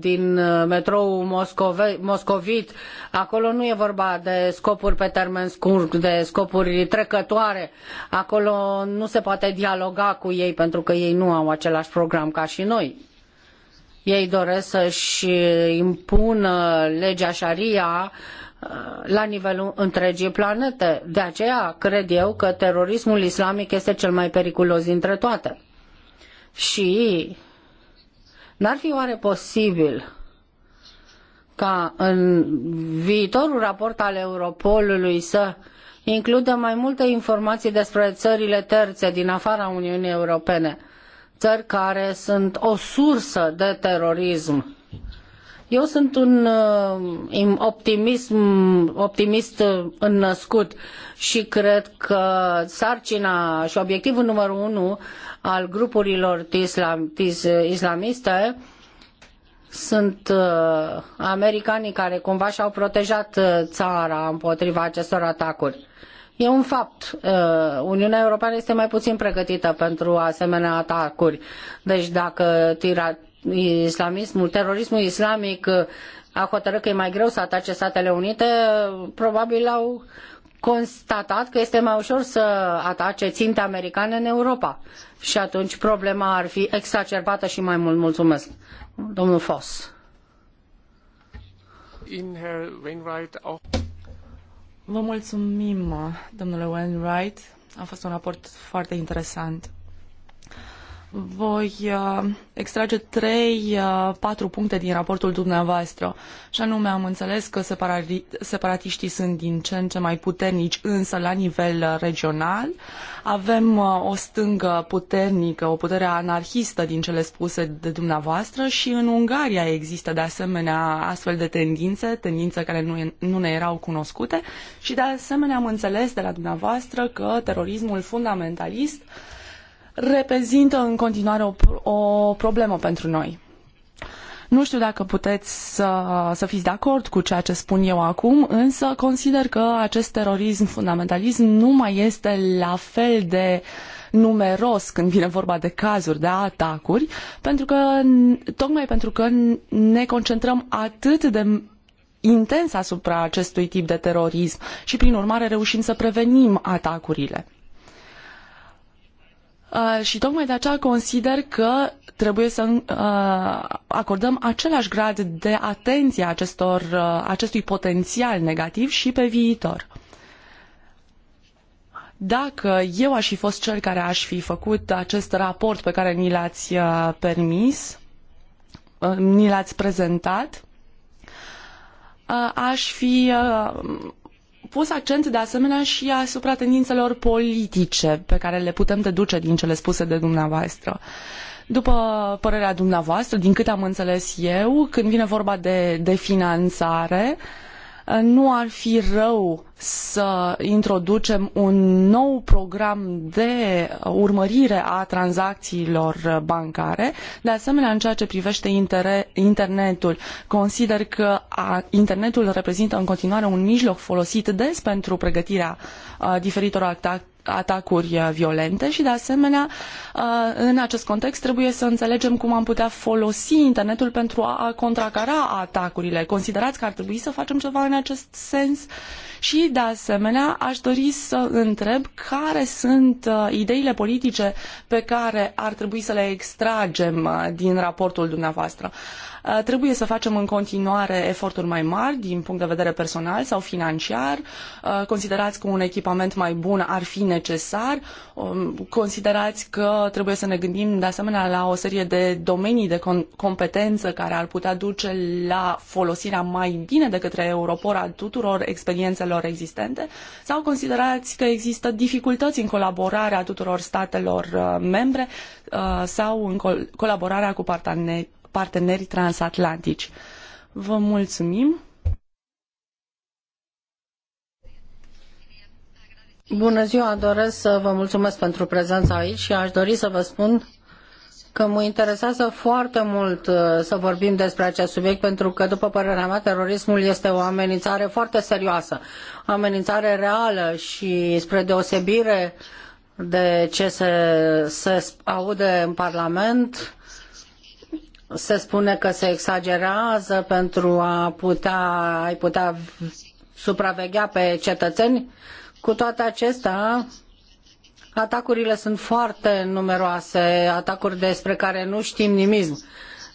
din uh, metroul Moscove- moscovit, acolo nu e vorba de scopuri pe termen scurt, de scopuri trecătoare, acolo nu se poate dialoga cu ei pentru că ei nu au același program ca și noi. Ei doresc să-și impună legea șaria la nivelul întregii planete. De aceea cred eu că terorismul islamic este cel mai periculos dintre toate. Și n-ar fi oare posibil ca în viitorul raport al Europolului să includă mai multe informații despre țările terțe din afara Uniunii Europene, țări care sunt o sursă de terorism eu sunt un uh, optimism, optimist uh, înnăscut și cred că sarcina și obiectivul numărul unu al grupurilor islam, islamiste sunt uh, americanii care cumva și-au protejat țara împotriva acestor atacuri. E un fapt. Uniunea Europeană este mai puțin pregătită pentru asemenea atacuri. Deci dacă tira, islamismul, terorismul islamic uh, a hotărât că e mai greu să atace Statele Unite, uh, probabil au constatat că este mai ușor să atace ținte americane în Europa. Și atunci problema ar fi exacerbată și mai mult. Mulțumesc. Domnul Foss. Uh, Vă mulțumim, domnule Wainwright. A fost un raport foarte interesant voi uh, extrage trei, uh, patru puncte din raportul dumneavoastră. Și anume, am înțeles că separatiștii sunt din ce în ce mai puternici, însă la nivel uh, regional. Avem o stângă puternică, o putere anarhistă din cele spuse de dumneavoastră și în Ungaria există de asemenea astfel de tendințe, tendințe care nu, nu ne erau cunoscute și de asemenea am înțeles de la dumneavoastră că terorismul fundamentalist reprezintă în continuare o, o problemă pentru noi. Nu știu dacă puteți să, să fiți de acord cu ceea ce spun eu acum, însă consider că acest terorism fundamentalism nu mai este la fel de numeros când vine vorba de cazuri, de atacuri, pentru că, tocmai pentru că ne concentrăm atât de intens asupra acestui tip de terorism și, prin urmare, reușim să prevenim atacurile. Uh, și tocmai de aceea consider că trebuie să uh, acordăm același grad de atenție acestor, uh, acestui potențial negativ și pe viitor dacă eu aș fi fost cel care aș fi făcut acest raport pe care ni l-ați permis, ni l-ați prezentat, aș fi pus accent de asemenea și asupra tendințelor politice pe care le putem deduce din cele spuse de dumneavoastră. După părerea dumneavoastră, din câte am înțeles eu, când vine vorba de, de finanțare, uh, Uh, nu ar fi rău să introducem un nou program de urmărire a tranzacțiilor bancare. De asemenea, în ceea ce privește internetul, consider că internetul reprezintă în continuare un mijloc folosit des pentru pregătirea uh, diferitor atacuri uh, violente și, de asemenea, uh, în acest context trebuie să înțelegem cum am putea folosi internetul pentru a contracara atacurile. Considerați că ar trebui să facem ceva în acest sens? Și, de asemenea, aș dori să întreb care sunt uh, ideile politice pe care ar trebui să le extragem din raportul dumneavoastră. Uh, trebuie să facem în continuare eforturi mai mari din punct de vedere personal sau financiar. Uh, considerați că un echipament mai bun ar fi necesar. Um, considerați că trebuie să ne gândim de asemenea la o serie de domenii de competență care ar putea duce la folosirea mai bine de către Europol a tuturor experiențelor existente sau considerați că există dificultăți în colaborarea tuturor statelor uh, membre sau în colaborarea cu parteneri partenerii transatlantici. Vă mulțumim! Bună ziua, doresc să vă mulțumesc pentru prezența aici și aș dori să vă spun că mă interesează foarte mult uh, să vorbim despre acest subiect pentru că, după părerea mea, terorismul este o amenințare foarte serioasă, o amenințare reală și spre deosebire de ce se, se aude în Parlament, se spune că se exagerează pentru a putea, putea supraveghea pe cetățeni. Cu toate acestea, atacurile sunt foarte numeroase, atacuri despre care nu știm nimic.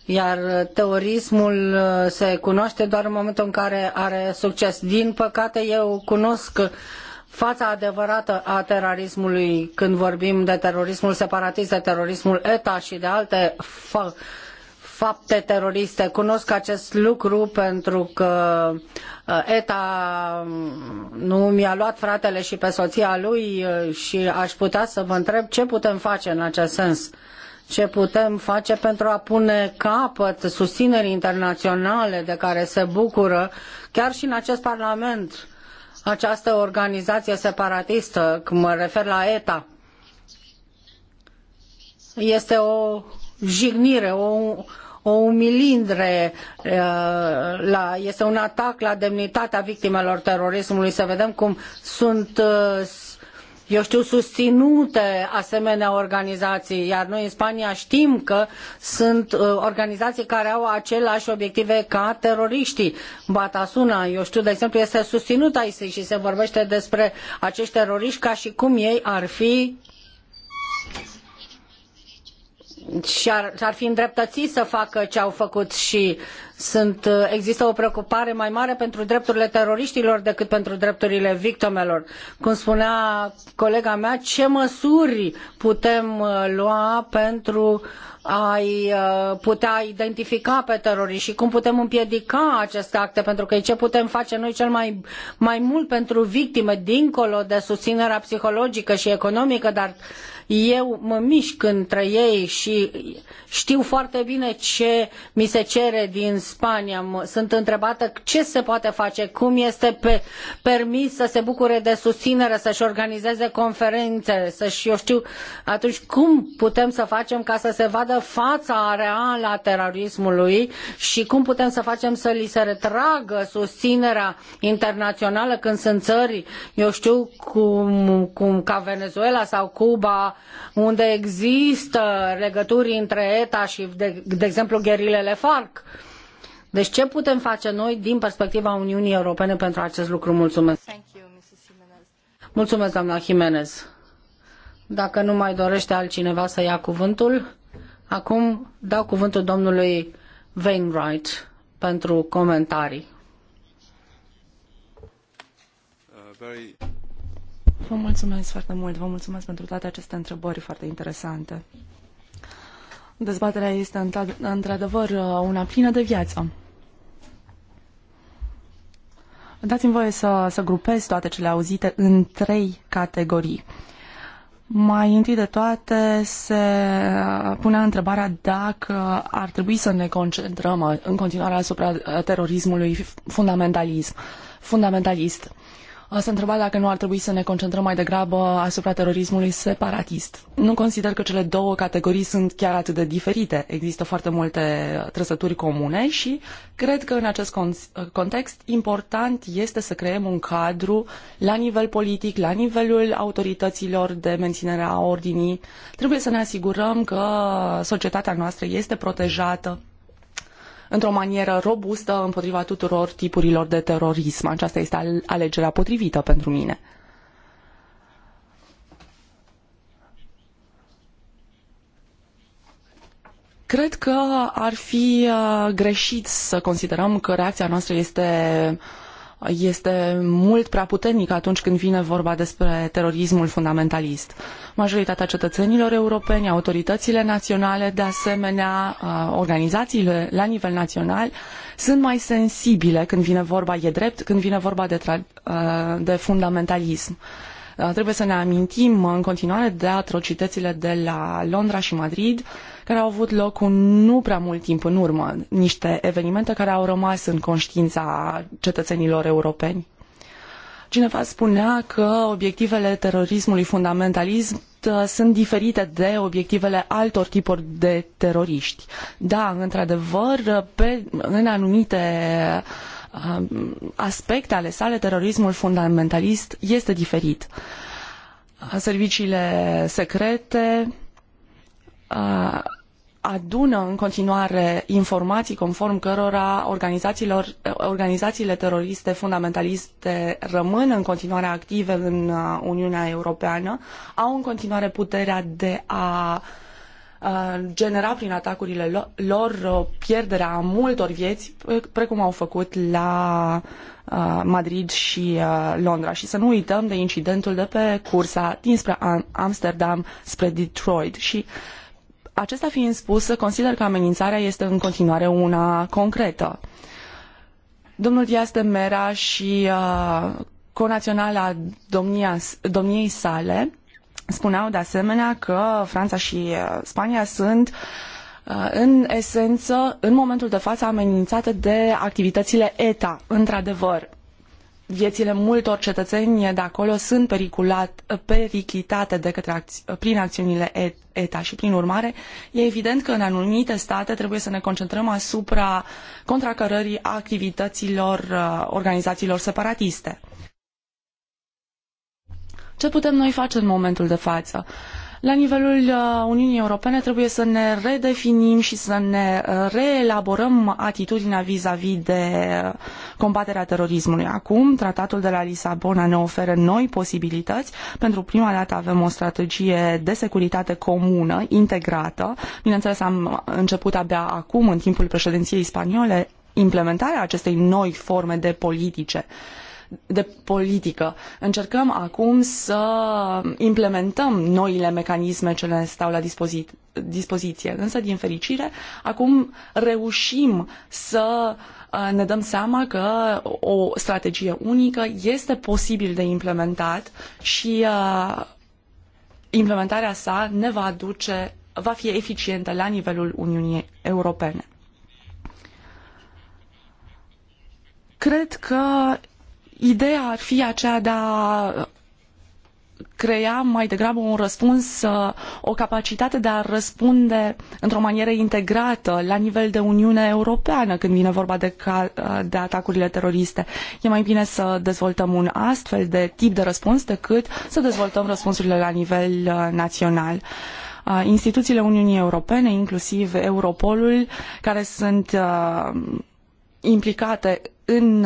Iar terorismul uh, se cunoaște doar în momentul în care are succes. Din păcate, eu cunosc fața adevărată a terorismului când vorbim de terorismul separatist, de terorismul ETA și de alte fa- fapte teroriste. Cunosc acest lucru pentru că uh, ETA mm, nu mi-a luat fratele și pe soția lui uh, și aș putea să vă întreb ce putem face în acest sens. Ce putem face pentru a pune capăt susținerii internaționale de care se bucură chiar și în acest Parlament această organizație separatistă, mă refer la ETA. Este o jignire, o, o umilindre, uh, la, este un atac la demnitatea victimelor terorismului, să vedem cum sunt uh, eu știu, susținute asemenea organizații, iar noi în Spania știm că sunt uh, organizații care au aceleași obiective ca teroriștii. Batasuna, eu știu, de exemplu, este susținută ISIS și se vorbește despre acești teroriști ca și cum ei ar fi și ar, ar fi îndreptățit să facă ce au făcut și sunt, uh, există o preocupare mai mare pentru drepturile teroriștilor decât pentru drepturile victimelor. Cum spunea colega mea, ce măsuri putem uh, lua pentru a-i uh, putea identifica pe teroriști și cum putem împiedica aceste acte, pentru că ce putem face noi cel mai, mai mult pentru victime, dincolo de susținerea psihologică și economică, dar eu mă mișc între ei și știu foarte bine ce mi se cere din Spania. Sunt întrebată ce se poate face, cum este pe, permis să se bucure de susținere, să-și organizeze conferințe, să-și, eu știu, atunci cum putem să facem ca să se vadă fața reală a terorismului și cum putem să facem să li se retragă susținerea internațională când sunt țări, eu știu, cum, cum ca Venezuela sau Cuba, unde există legături între ETA și, de, de exemplu, gherilele FARC. Deci ce putem face noi din perspectiva Uniunii Europene pentru acest lucru? Mulțumesc. Mulțumesc, doamna Jimenez. Dacă nu mai dorește altcineva să ia cuvântul, acum dau cuvântul domnului Wainwright pentru comentarii. Uh, very... Vă mulțumesc foarte mult, vă mulțumesc pentru toate aceste întrebări foarte interesante. Dezbaterea este într-adevăr uh, una plină de viață. Dați-mi voie să, să grupez toate cele auzite în trei categorii. Mai întâi de toate se uh, punea întrebarea dacă ar trebui să ne concentrăm uh, în continuare asupra terorismului fundamentalism, fundamentalist se întreba dacă nu ar trebui să ne concentrăm mai degrabă asupra terorismului separatist. Nu consider că cele două categorii sunt chiar atât de diferite. Există foarte multe trăsături comune și cred că în acest context important este să creăm un cadru la nivel politic, la nivelul autorităților de menținere a ordinii. Trebuie să ne asigurăm că societatea noastră este protejată într-o manieră robustă împotriva tuturor tipurilor de terorism. Aceasta este alegerea potrivită pentru mine. Cred că ar fi uh, greșit să considerăm că reacția noastră este uh, este mult prea puternic atunci când vine vorba despre terorismul fundamentalist. Majoritatea cetățenilor europeni, autoritățile naționale, de asemenea organizațiile la nivel național, sunt mai sensibile când vine vorba, e drept, când vine vorba de, de fundamentalism. Trebuie să ne amintim în continuare de atrocitățile de la Londra și Madrid, care au avut loc cu nu prea mult timp în urmă, niște evenimente care au rămas în conștiința cetățenilor europeni. Cineva spunea că obiectivele terorismului fundamentalist uh, sunt diferite de obiectivele altor tipuri de teroriști. Da, într-adevăr, uh, în anumite uh, aspecte ale sale, terorismul fundamentalist este diferit. Serviciile secrete adună în continuare informații conform cărora organizațiilor, organizațiile teroriste fundamentaliste rămân în continuare active în uh, Uniunea Europeană, au în continuare puterea de a uh, genera prin atacurile lor pierderea a multor vieți, precum au făcut la uh, Madrid și Londra. Și să nu uităm de incidentul de pe cursa dinspre Amsterdam spre Detroit. Și uh, acesta fiind spus, consider că amenințarea este în continuare una concretă. Domnul Dias de Mera și uh, conaționala domnia, domniei sale spuneau de asemenea că Franța și uh, Spania sunt uh, în esență, în momentul de față, amenințate de activitățile ETA, într-adevăr viețile multor cetăeni de acolo sunt periclitate de către acți prin acțiunile ETA și prin urmare e evident că în anumite state trebuie să ne concentrăm asupra contracărării activităților uh, organizațiilor separatiste. Ce putem noi face în momentul de față? La nivelul uh, Uniunii Europene trebuie să ne redefinim și să ne uh, reelaborăm atitudinea vis-a-vis de uh, combaterea terorismului. Acum, tratatul de la Lisabona ne oferă noi posibilități. Pentru prima dată avem o strategie de securitate comună, integrată. Bineînțeles, am început abia acum, în timpul președinției spaniole, implementarea acestei noi forme de politice uh, de politică. Încercăm acum să implementăm noile mecanisme ce ne stau la dispoziție, dispoziție. Însă, din fericire, acum reușim să uh, ne dăm seama că o strategie unică este posibil de implementat și uh, implementarea sa ne va aduce, va fi eficientă la nivelul Uniunii Europene. Cred că Ideea ar fi aceea de a crea mai degrabă un răspuns, o capacitate de a răspunde într-o manieră integrată la nivel de Uniune Europeană când vine vorba de, de atacurile teroriste. E mai bine să dezvoltăm un astfel de tip de răspuns decât să dezvoltăm răspunsurile la nivel uh, național uh, instituțiile Uniunii Europene, inclusiv Europolul, care sunt uh, implicate în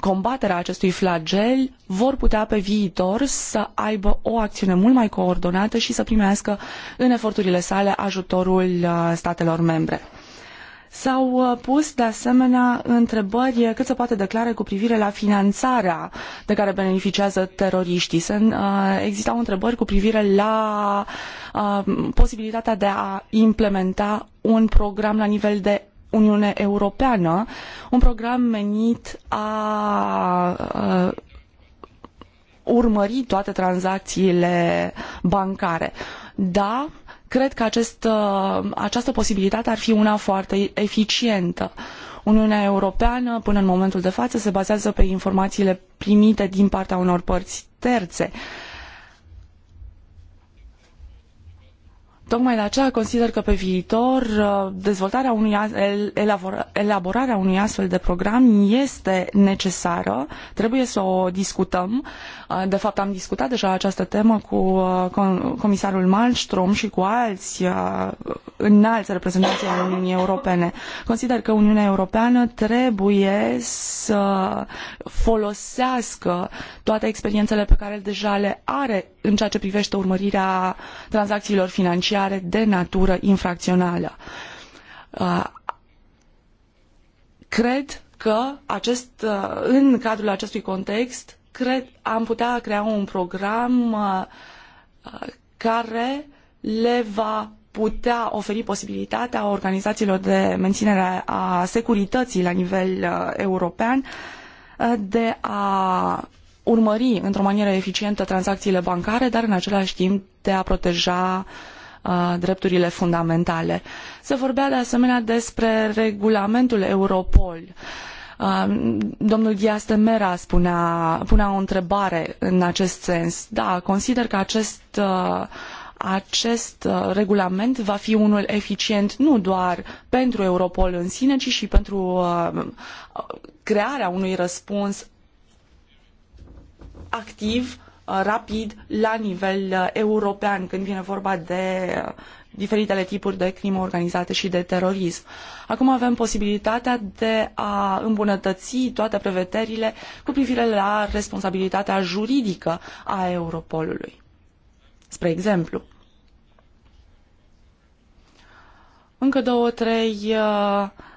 combaterea acestui flagel vor putea pe viitor să aibă o acțiune mult mai coordonată și să primească în eforturile sale ajutorul uh, statelor membre. S-au uh, pus de asemenea întrebări uh, cât se poate declare cu privire la finanțarea de care beneficiază teroriștii. Se, existau întrebări cu privire la posibilitatea de a implementa un program la nivel de Uniune Europeană, un program menit a urmări toate tranzacțiile bancare. Da, cred că acest, ă, această posibilitate ar fi una foarte eficientă. Uniunea Europeană, până în momentul de față, se bazează pe informațiile primite din partea unor părți terțe. Uh, Tocmai de aceea consider că pe viitor uh, dezvoltarea unui, elaborarea unui astfel de program este necesară, trebuie să o discutăm. Uh, de fapt, am discutat deja această temă cu uh, comisarul Malmström și cu alți înalți reprezentanții ai Uniunii Europene. Consider că Uniunea Europeană trebuie să folosească toate experiențele pe care deja le are în ceea ce privește urmărirea tranzacțiilor financiare financiare de natură infracțională. Uh, cred că acest, uh, în cadrul acestui context cred, am putea crea un program uh, care le va putea oferi posibilitatea organizațiilor de menținere a securității la nivel european de a urmări într-o manieră eficientă tranzacțiile bancare, dar în același timp de a proteja uh, drepturile fundamentale. Se vorbea de asemenea despre regulamentul Europol. Domnul Dias de Mera spunea, punea o întrebare în acest sens. Da, consider că acest, acest regulament va fi unul eficient nu doar pentru Europol în sine, ci și pentru crearea unui răspuns activ Uh, rapid la nivel uh, european când vine vorba de uh, diferitele tipuri de crimă organizată și de terorism. Acum avem posibilitatea de a îmbunătăți toate prevederile cu privire la responsabilitatea juridică a Europolului. Spre exemplu, încă două, trei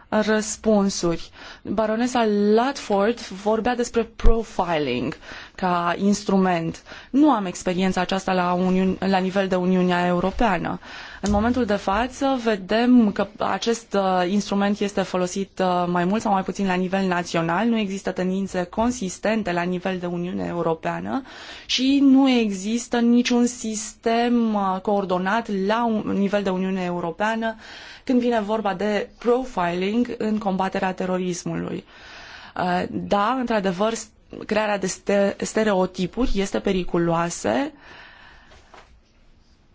răspunsuri. Baronesa Latford vorbea despre profiling ca instrument. Nu am experiența aceasta la, Uniun, la nivel de Uniunea Europeană. În momentul de față vedem că acest uh, instrument este folosit uh, mai mult sau mai puțin la nivel național, nu există tendințe consistente la nivel de Uniune Europeană și nu există niciun sistem uh, coordonat la un nivel de Uniune Europeană când vine vorba de profiling în combaterea terorismului. Da, într-adevăr, crearea de stereotipuri este periculoasă,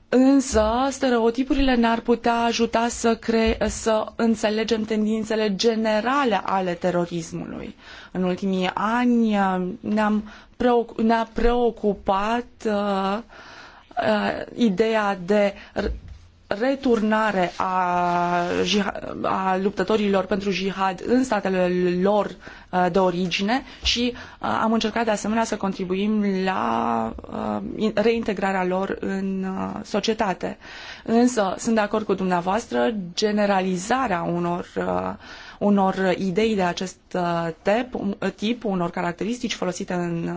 însă stereotipurile ne-ar putea ajuta să, cre- să înțelegem tendințele generale ale terorismului. În ultimii ani uh, ne-am preocup- ne-a preocupat uh, uh, ideea de returnare a, a luptătorilor pentru jihad în statele lor uh, de origine și uh, am încercat de asemenea să contribuim la uh, reintegrarea lor în societate. Însă sunt de acord cu dumneavoastră, generalizarea unor unor idei de acest tip, unor caracteristici folosite în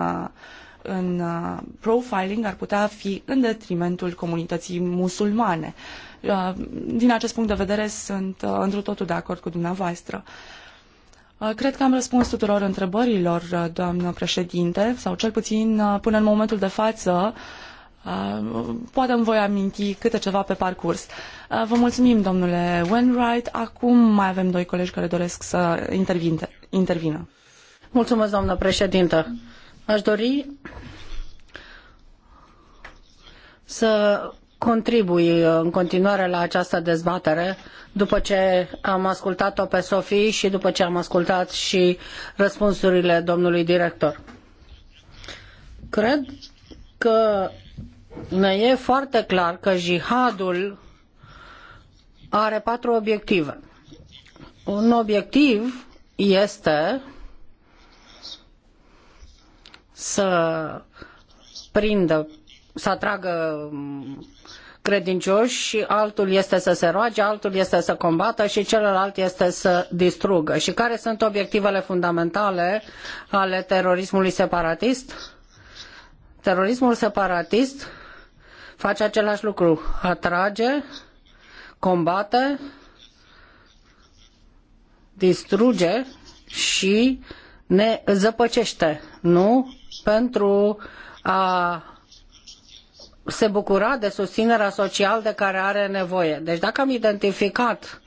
în uh, profiling ar putea fi în detrimentul comunității musulmane. Uh, din acest punct de vedere sunt uh, într totul de acord cu dumneavoastră. Cred că am răspuns tuturor întrebărilor, doamnă președinte, sau cel puțin până în momentul de față. Poate îmi voi aminti câte ceva pe parcurs. Vă mulțumim, domnule Wainwright. Acum mai avem doi colegi care doresc să intervină. Mulțumesc, doamnă președintă. Aș dori să contribui în continuare la această dezbatere după ce am ascultat-o pe Sofie și după ce am ascultat și răspunsurile domnului director. Cred că ne e foarte clar că jihadul are patru obiective. Un obiectiv este să prindă, să atragă credincioși, altul este să se roage, altul este să combată și celălalt este să distrugă. Și care sunt obiectivele fundamentale ale terorismului separatist? Terorismul separatist face același lucru, atrage, combate, distruge și ne zăpăcește nu pentru a se bucura de susținerea socială de care are nevoie. Deci dacă am identificat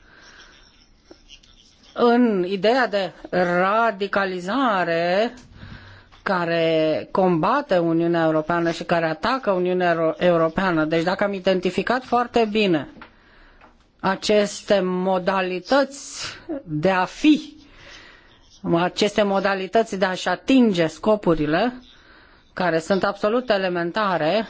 în ideea de radicalizare care combate Uniunea Europeană și care atacă Uniunea Europeană, deci dacă am identificat foarte bine aceste modalități de a fi aceste modalități de a-și atinge scopurile, care sunt absolut elementare,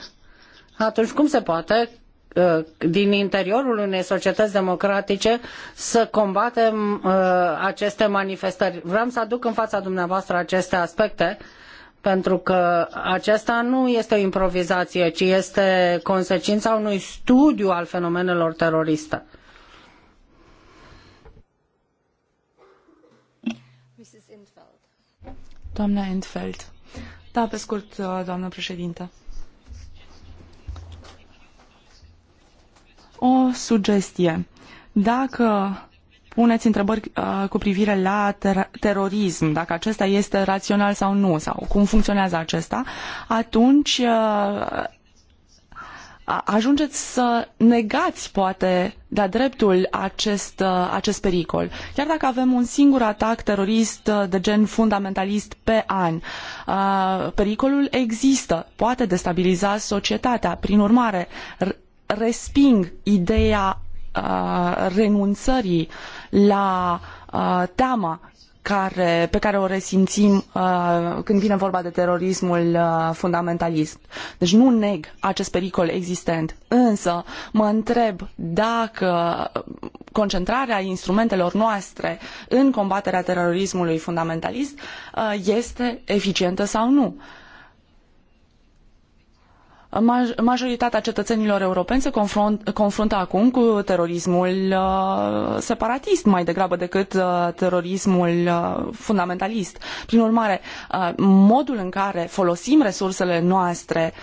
atunci cum se poate uh, din interiorul unei societăți democratice să combatem uh, aceste manifestări. Vreau să aduc în fața dumneavoastră aceste aspecte pentru că aceasta nu este o improvizație, ci este consecința unui studiu al fenomenelor teroriste. Doamna Entfeld. Da, pe scurt, uh, doamnă președintă. O sugestie. Dacă puneți întrebări uh, cu privire la ter terorism, dacă acesta este rațional sau nu, sau cum funcționează acesta, atunci uh, ajungeți să negați, poate, de-a dreptul acest, uh, acest pericol. Chiar dacă avem un singur atac terorist uh, de gen fundamentalist pe an, uh, pericolul există, poate destabiliza societatea. Prin urmare, resping ideea renunțării la teama care, pe care o resimțim uh, când vine vorba de terorismul uh, fundamentalist. Deci nu neg acest pericol existent, însă mă întreb dacă concentrarea instrumentelor noastre în combaterea terorismului fundamentalist uh, este eficientă sau nu. Uh, majoritatea cetățenilor europeni se confruntă acum cu terorismul uh, separatist mai degrabă decât uh, terorismul uh, fundamentalist. Prin urmare, modul în care folosim resursele noastre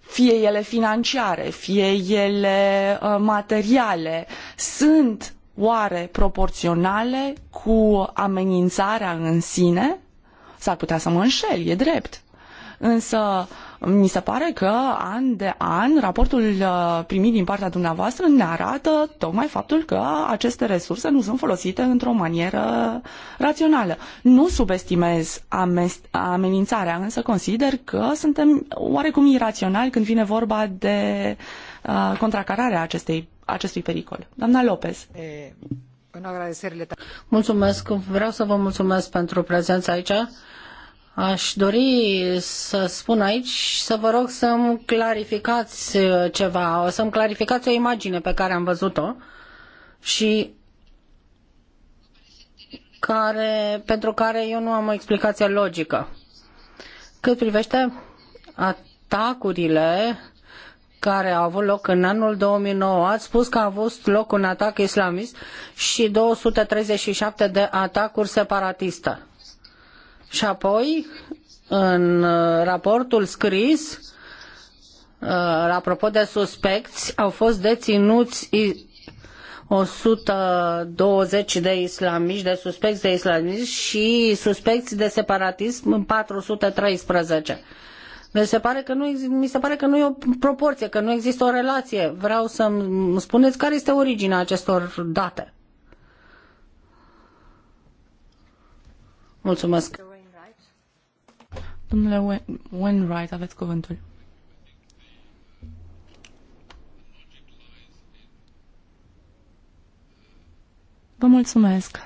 fie ele financiare, fie ele materiale, sunt oare proporționale cu amenințarea în sine? S-ar putea să mă înșel, e drept Însă, mi se pare că an de an raportul uh, primit din partea dumneavoastră ne arată tocmai faptul că aceste resurse nu sunt folosite într-o manieră rațională. Nu subestimez amenințarea, însă consider că suntem oarecum iraționali când vine vorba de uh, contracararea acestei, acestui pericol. Doamna Lopez. Mulțumesc. Vreau să vă mulțumesc pentru prezența aici Aș dori să spun aici, să vă rog să-mi clarificați uh, ceva, să-mi clarificați o imagine pe care am văzut-o și care, pentru care eu nu am o explicație logică. Cât privește atacurile care au avut loc în anul 2009, ați spus că a avut loc un atac islamist și 237 de atacuri separatiste și apoi, în uh, raportul scris, uh, apropo de suspecți, au fost deținuți 120 de islamiști, de suspecți de islamiști și suspecți de separatism în 413. Deci se pare că nu, mi se pare că nu e o proporție, că nu există o relație. Vreau să-mi spuneți care este originea acestor date. Mulțumesc. Domnule Wainwright, aveți cuvântul. Vă mulțumesc.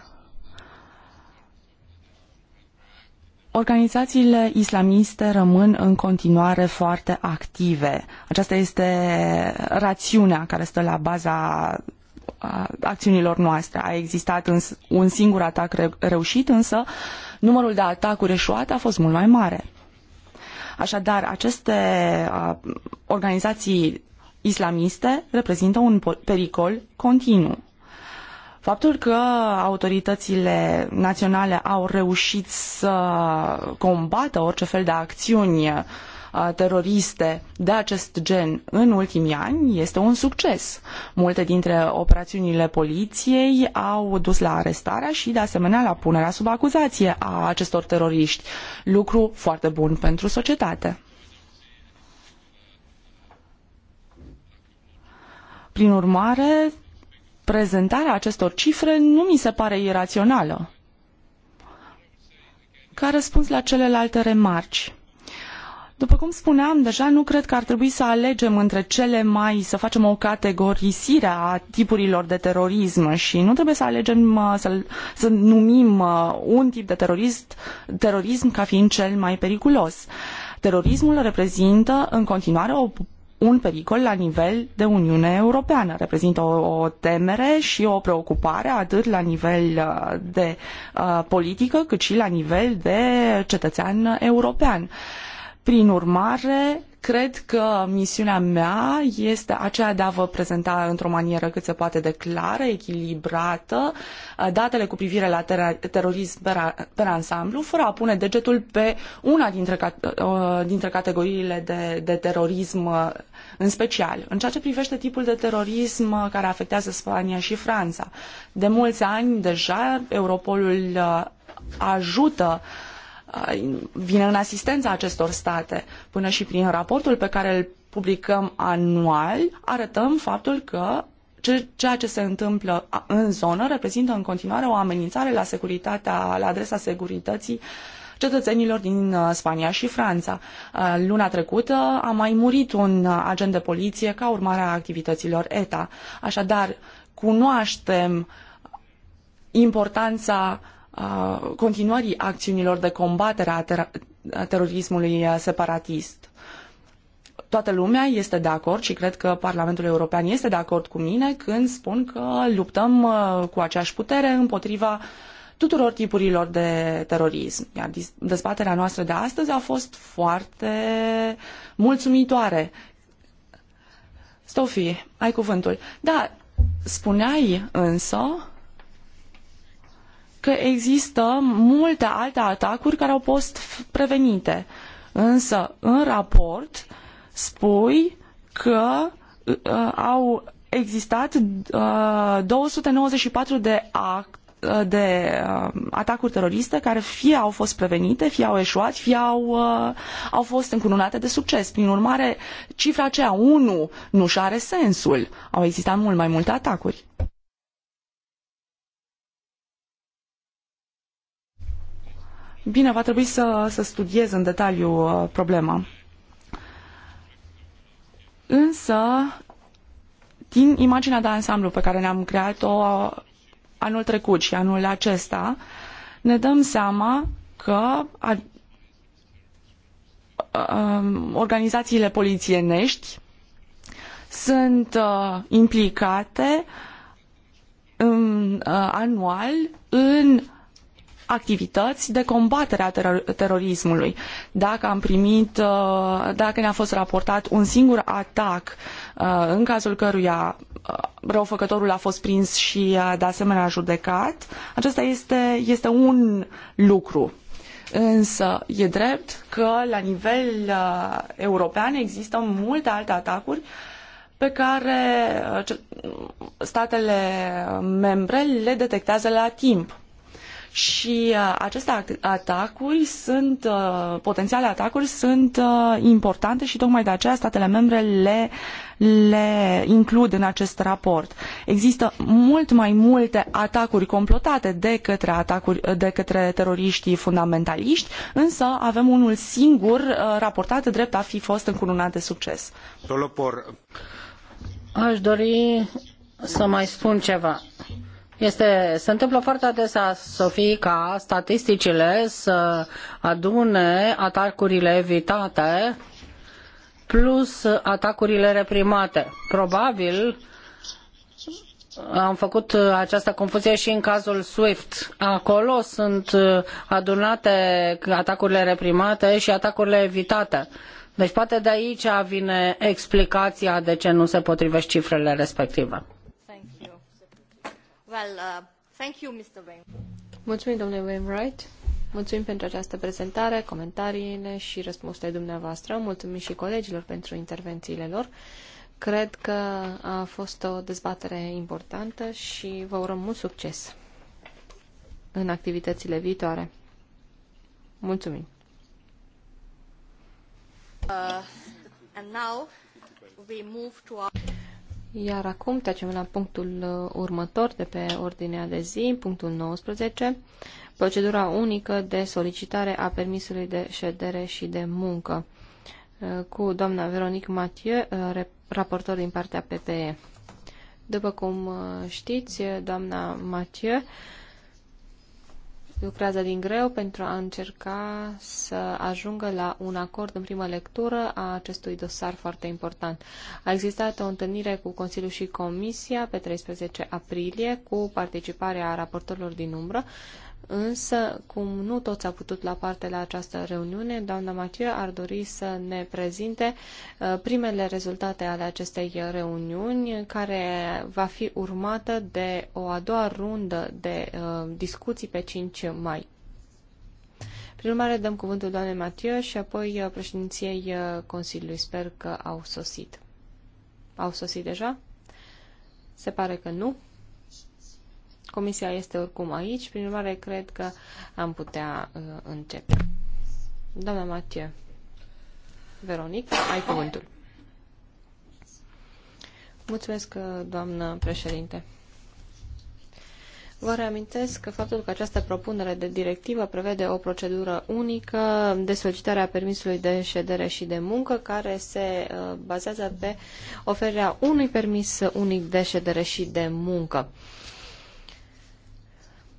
Organizațiile islamiste rămân în continuare foarte active. Aceasta este rațiunea care stă la baza acțiunilor noastre. A existat un singur atac reușit, însă numărul de atacuri eșuate a fost mult mai mare. Așadar, aceste organizații islamiste reprezintă un pericol continuu. Faptul că autoritățile naționale au reușit să combată orice fel de acțiuni uh, teroriste de acest gen în ultimii ani este un succes. Multe dintre operațiunile poliției au dus la arestarea și, de asemenea, la punerea sub acuzație a acestor teroriști. Lucru foarte bun pentru societate. Prin urmare, prezentarea acestor cifre nu mi se pare irațională. Ca răspuns la celelalte remarci, după cum spuneam, deja nu cred că ar trebui să alegem între cele mai, să facem o categorisire a tipurilor de terorism și nu trebuie să alegem, uh, să, să numim uh, un tip de terorist, terorism ca fiind cel mai periculos. Terorismul reprezintă în continuare o un pericol la nivel de Uniune Europeană. Reprezintă o, o temere și o preocupare atât la nivel uh, de uh, politică cât și la nivel de cetățean european. Uh, prin urmare, cred că misiunea mea este aceea de a vă prezenta într-o manieră cât se poate de clară, echilibrată, uh, datele cu privire la ter- terorism pe, ansamblu, fără a pune degetul pe una dintre, uh, dintre categoriile de, de terorism uh, în special. În ceea ce privește tipul de terorism care afectează Spania și Franța, de mulți ani deja Europolul ajută uh, Uh, vine în asistența acestor state. Până și prin raportul pe care îl publicăm anual, arătăm faptul că ceea ce se întâmplă în zonă reprezintă în continuare o amenințare la securitatea, la adresa securității cetățenilor din uh, Spania și Franța. Uh, luna trecută a mai murit un agent de poliție ca urmare a activităților ETA. Așadar, cunoaștem importanța uh, continuării acțiunilor de combatere a, ter- a terorismului uh, separatist. Toată lumea este de acord și cred că Parlamentul European este de acord cu mine când spun că luptăm uh, cu aceeași putere împotriva tuturor tipurilor de terorism. Iar dezbaterea noastră de astăzi a fost foarte mulțumitoare. Stofi, ai cuvântul. Da, spuneai însă că există multe alte atacuri care au fost prevenite. Însă, în raport, spui că uh, au existat uh, 294 de act, uh, de uh, atacuri teroriste care fie au fost prevenite, fie au eșuat, fie au, uh, au fost încununate de succes. Prin urmare, cifra aceea 1 nu și are sensul. Au existat mult mai multe atacuri. Bine, va trebui să, să studiez în detaliu uh, problema. Însă, din imaginea de ansamblu pe care ne-am creat-o uh, anul trecut și anul acesta, ne dăm seama că a, a, um, organizațiile polițienești sunt a, uh, implicate în, a, anual în activități de combatere a terorismului. Dacă am primit, uh, dacă ne-a fost raportat un singur atac uh, în cazul căruia uh, răufăcătorul a fost prins și de asemenea judecat, acesta este, este un lucru. Însă e drept că la nivel european există multe alte atacuri pe care statele membre le detectează la timp și uh, aceste atacuri sunt, uh, potențiale atacuri sunt uh, importante și tocmai de aceea statele membre le, le includ în acest raport. Există mult mai multe atacuri complotate de către, atacuri, de către teroriștii fundamentaliști, însă avem unul singur raportat drept a fi fost încununat de succes. Aș dori să mai spun ceva. Este, se întâmplă foarte adesea, Sofie, ca statisticile să adune atacurile evitate plus atacurile reprimate. Probabil am făcut această confuzie și în cazul SWIFT. Acolo sunt adunate atacurile reprimate și atacurile evitate. Deci poate de aici vine explicația de ce nu se potrivesc cifrele respective. Well, uh, thank you, Mr. Mulțumim, domnule Wainwright. Mulțumim pentru această prezentare, comentariile și răspunsurile dumneavoastră. Mulțumim și colegilor pentru intervențiile lor. Cred că a fost o dezbatere importantă și vă urăm mult succes în activitățile viitoare. Mulțumim! Uh, and now we move to our... Iar acum trecem la punctul uh, următor de pe ordinea de zi, punctul 19, procedura unică de solicitare a permisului de ședere și de muncă, uh, cu doamna Veronique Mathieu, uh, raportor din partea PPE. După cum știți, doamna Mathieu lucrează din greu pentru a încerca să ajungă la un acord în primă lectură a acestui dosar foarte important. A existat o întâlnire cu Consiliul și Comisia pe 13 aprilie cu participarea raportorilor din umbră Însă, cum nu toți au putut la parte la această reuniune, doamna Mathieu ar dori să ne prezinte uh, primele rezultate ale acestei reuniuni, care va fi urmată de o a doua rundă de uh, discuții pe 5 mai. Prin urmare, dăm cuvântul doamnei Mathieu și apoi uh, președinției Consiliului. Sper că au sosit. Au sosit deja? Se pare că nu. Comisia este oricum aici, prin urmare cred că am putea uh, începe. Doamna Matie, Veronica, ai cuvântul. Mulțumesc, uh, doamnă președinte. Vă reamintesc că faptul că această propunere de directivă prevede o procedură unică de solicitare a permisului de ședere și de muncă, care se uh, bazează pe oferirea unui permis unic de ședere și de muncă.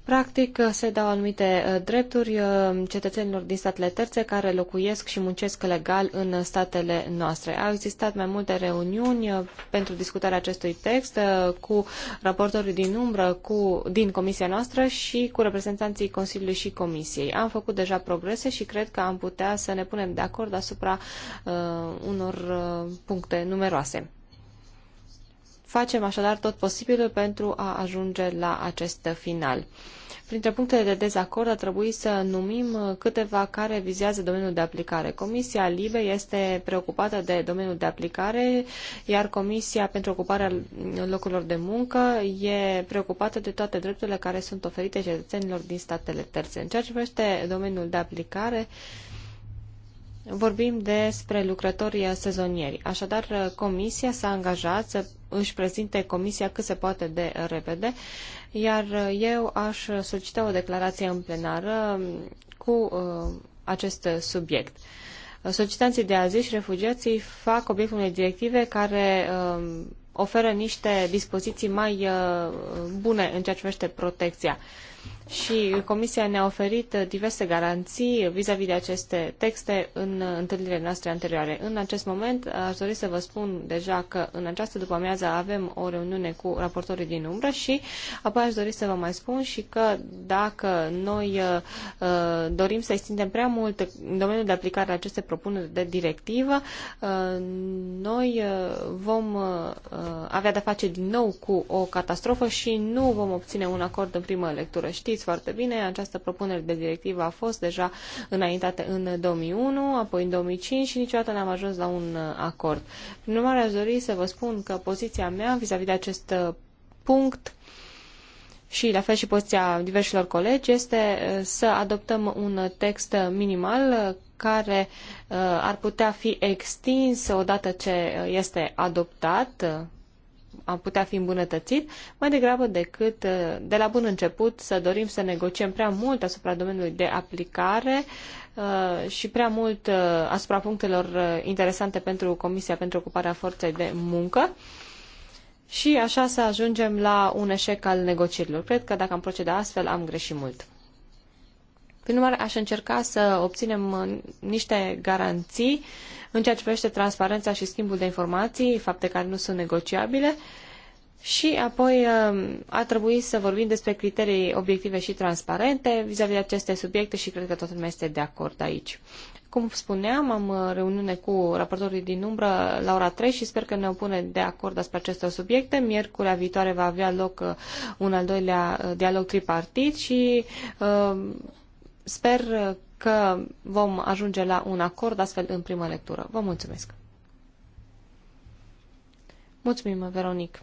Practic, se dau anumite uh, drepturi uh, cetățenilor din statele terțe care locuiesc și muncesc legal în statele noastre. Au existat mai multe reuniuni uh, pentru discutarea acestui text cu raportorii din umbră, cu, din comisia noastră și cu reprezentanții Consiliului și Comisiei. Am făcut deja progrese și cred că am putea să ne punem de acord asupra uh, unor uh, puncte numeroase. Facem așadar tot posibilul pentru a ajunge la acest final. Printre punctele de dezacord ar trebui să numim uh, câteva care vizează domeniul de aplicare. Comisia LIBE este preocupată de domeniul de aplicare, iar Comisia pentru ocuparea locurilor de muncă e preocupată de toate drepturile care sunt oferite cetățenilor din statele terțe. În ceea ce privește domeniul de aplicare, Vorbim despre lucrătorii sezonieri. Așadar, uh, Comisia s-a angajat să își prezinte Comisia cât se poate de repede iar eu aș solicita o declarație în plenară cu uh, acest subiect. Solicitanții de azil și refugiații fac obiectul unei directive care um, oferă niște dispoziții mai uh, bune în ceea ce privește protecția și Comisia ne-a oferit diverse garanții vis-a-vis de aceste texte în întâlnirile noastre anterioare. În acest moment aș dori să vă spun deja că în această după-amiază avem o reuniune cu raportorii din umbră și apoi aș dori să vă mai spun și că dacă noi uh, uh, dorim să extindem prea mult în domeniul de aplicare a acestei propuneri de directivă, uh, noi vom avea de-a face din nou cu o catastrofă și nu vom obține un acord în primă lectură. Știți știți foarte bine, această propunere de directivă a fost deja înaintată în 2001, apoi în 2005 și niciodată n-am ajuns la un uh, acord. Prin urmare, aș dori să vă spun că poziția mea vis-a-vis -vis de acest uh, punct și la fel și poziția diversilor colegi este uh, să adoptăm un text minimal care ar putea fi extins odată ce este adoptat a putea fi îmbunătățit, mai degrabă decât uh, de la bun început să dorim să negociem prea mult asupra domeniului de aplicare uh, și prea mult uh, asupra punctelor interesante pentru Comisia pentru Ocuparea Forței de Muncă. Și așa să ajungem la un eșec al negocierilor. Cred că dacă am proceda astfel, am greșit mult. Prin urmare, aș încerca să obținem uh, niște garanții în ceea ce privește transparența și schimbul de informații, fapte care nu sunt negociabile, și apoi uh, a trebuit să vorbim despre criterii obiective și transparente vis-a-vis -vis de aceste subiecte și cred că toată lumea este de acord aici. Cum spuneam, am uh, reuniune cu raportorii din umbră la ora 3 și sper că ne opune de acord asupra acestor subiecte. Miercurea viitoare va avea loc un al doilea dialog tripartit și Sper uh, că vom ajunge la un acord astfel în primă lectură. Vă mulțumesc! Mulțumim, Veronic!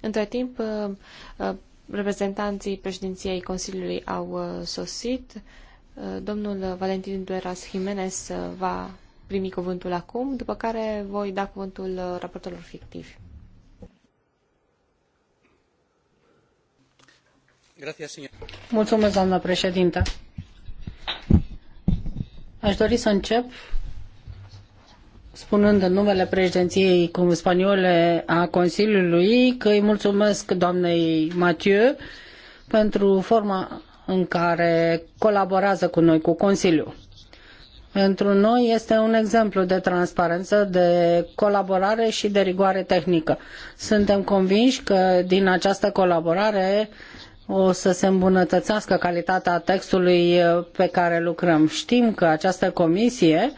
Între timp, uh, uh, reprezentanții președinției Consiliului au sosit. Domnul Valentin Dueras Jimenez va primi cuvântul acum, după care voi da cuvântul raportelor fictivi. Mulțumesc, doamnă președintă. Aș dori să încep spunând în numele președinției spaniole a Consiliului că îi mulțumesc doamnei Mathieu pentru forma în care colaborează cu noi, cu Consiliul. Pentru noi este un exemplu de transparență, de colaborare și de rigoare tehnică. Suntem convinși că din această colaborare uh, o să se îmbunătățească calitatea textului eh, pe care lucrăm. Știm că această comisie,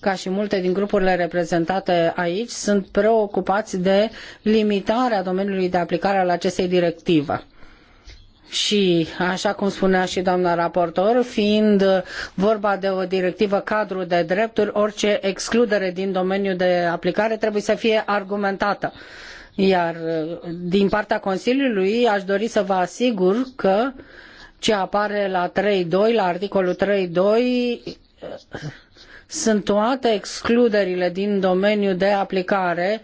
ca și multe din grupurile reprezentate aici, sunt preocupați de limitarea domeniului de aplicare al acestei directive și, așa cum spunea și doamna raportor, fiind vorba de o directivă cadru de drepturi, orice excludere din domeniul de aplicare trebuie să fie argumentată. Uh, iar uh, din partea Consiliului aș dori să vă asigur că ce apare la 3.2, la articolul 3.2, uh, sunt toate excluderile din domeniul de aplicare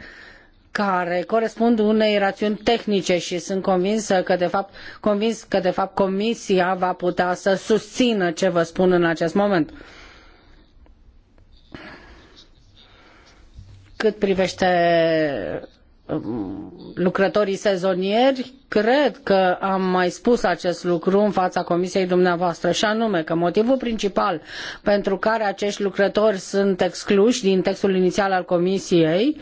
care corespund unei rațiuni tehnice și sunt convinsă că de fapt, convins că de fapt comisia va putea să susțină ce vă spun în acest moment. Cât privește lucrătorii sezonieri, cred că am mai spus acest lucru în fața comisiei dumneavoastră și anume că motivul principal pentru care acești lucrători sunt excluși din textul inițial al comisiei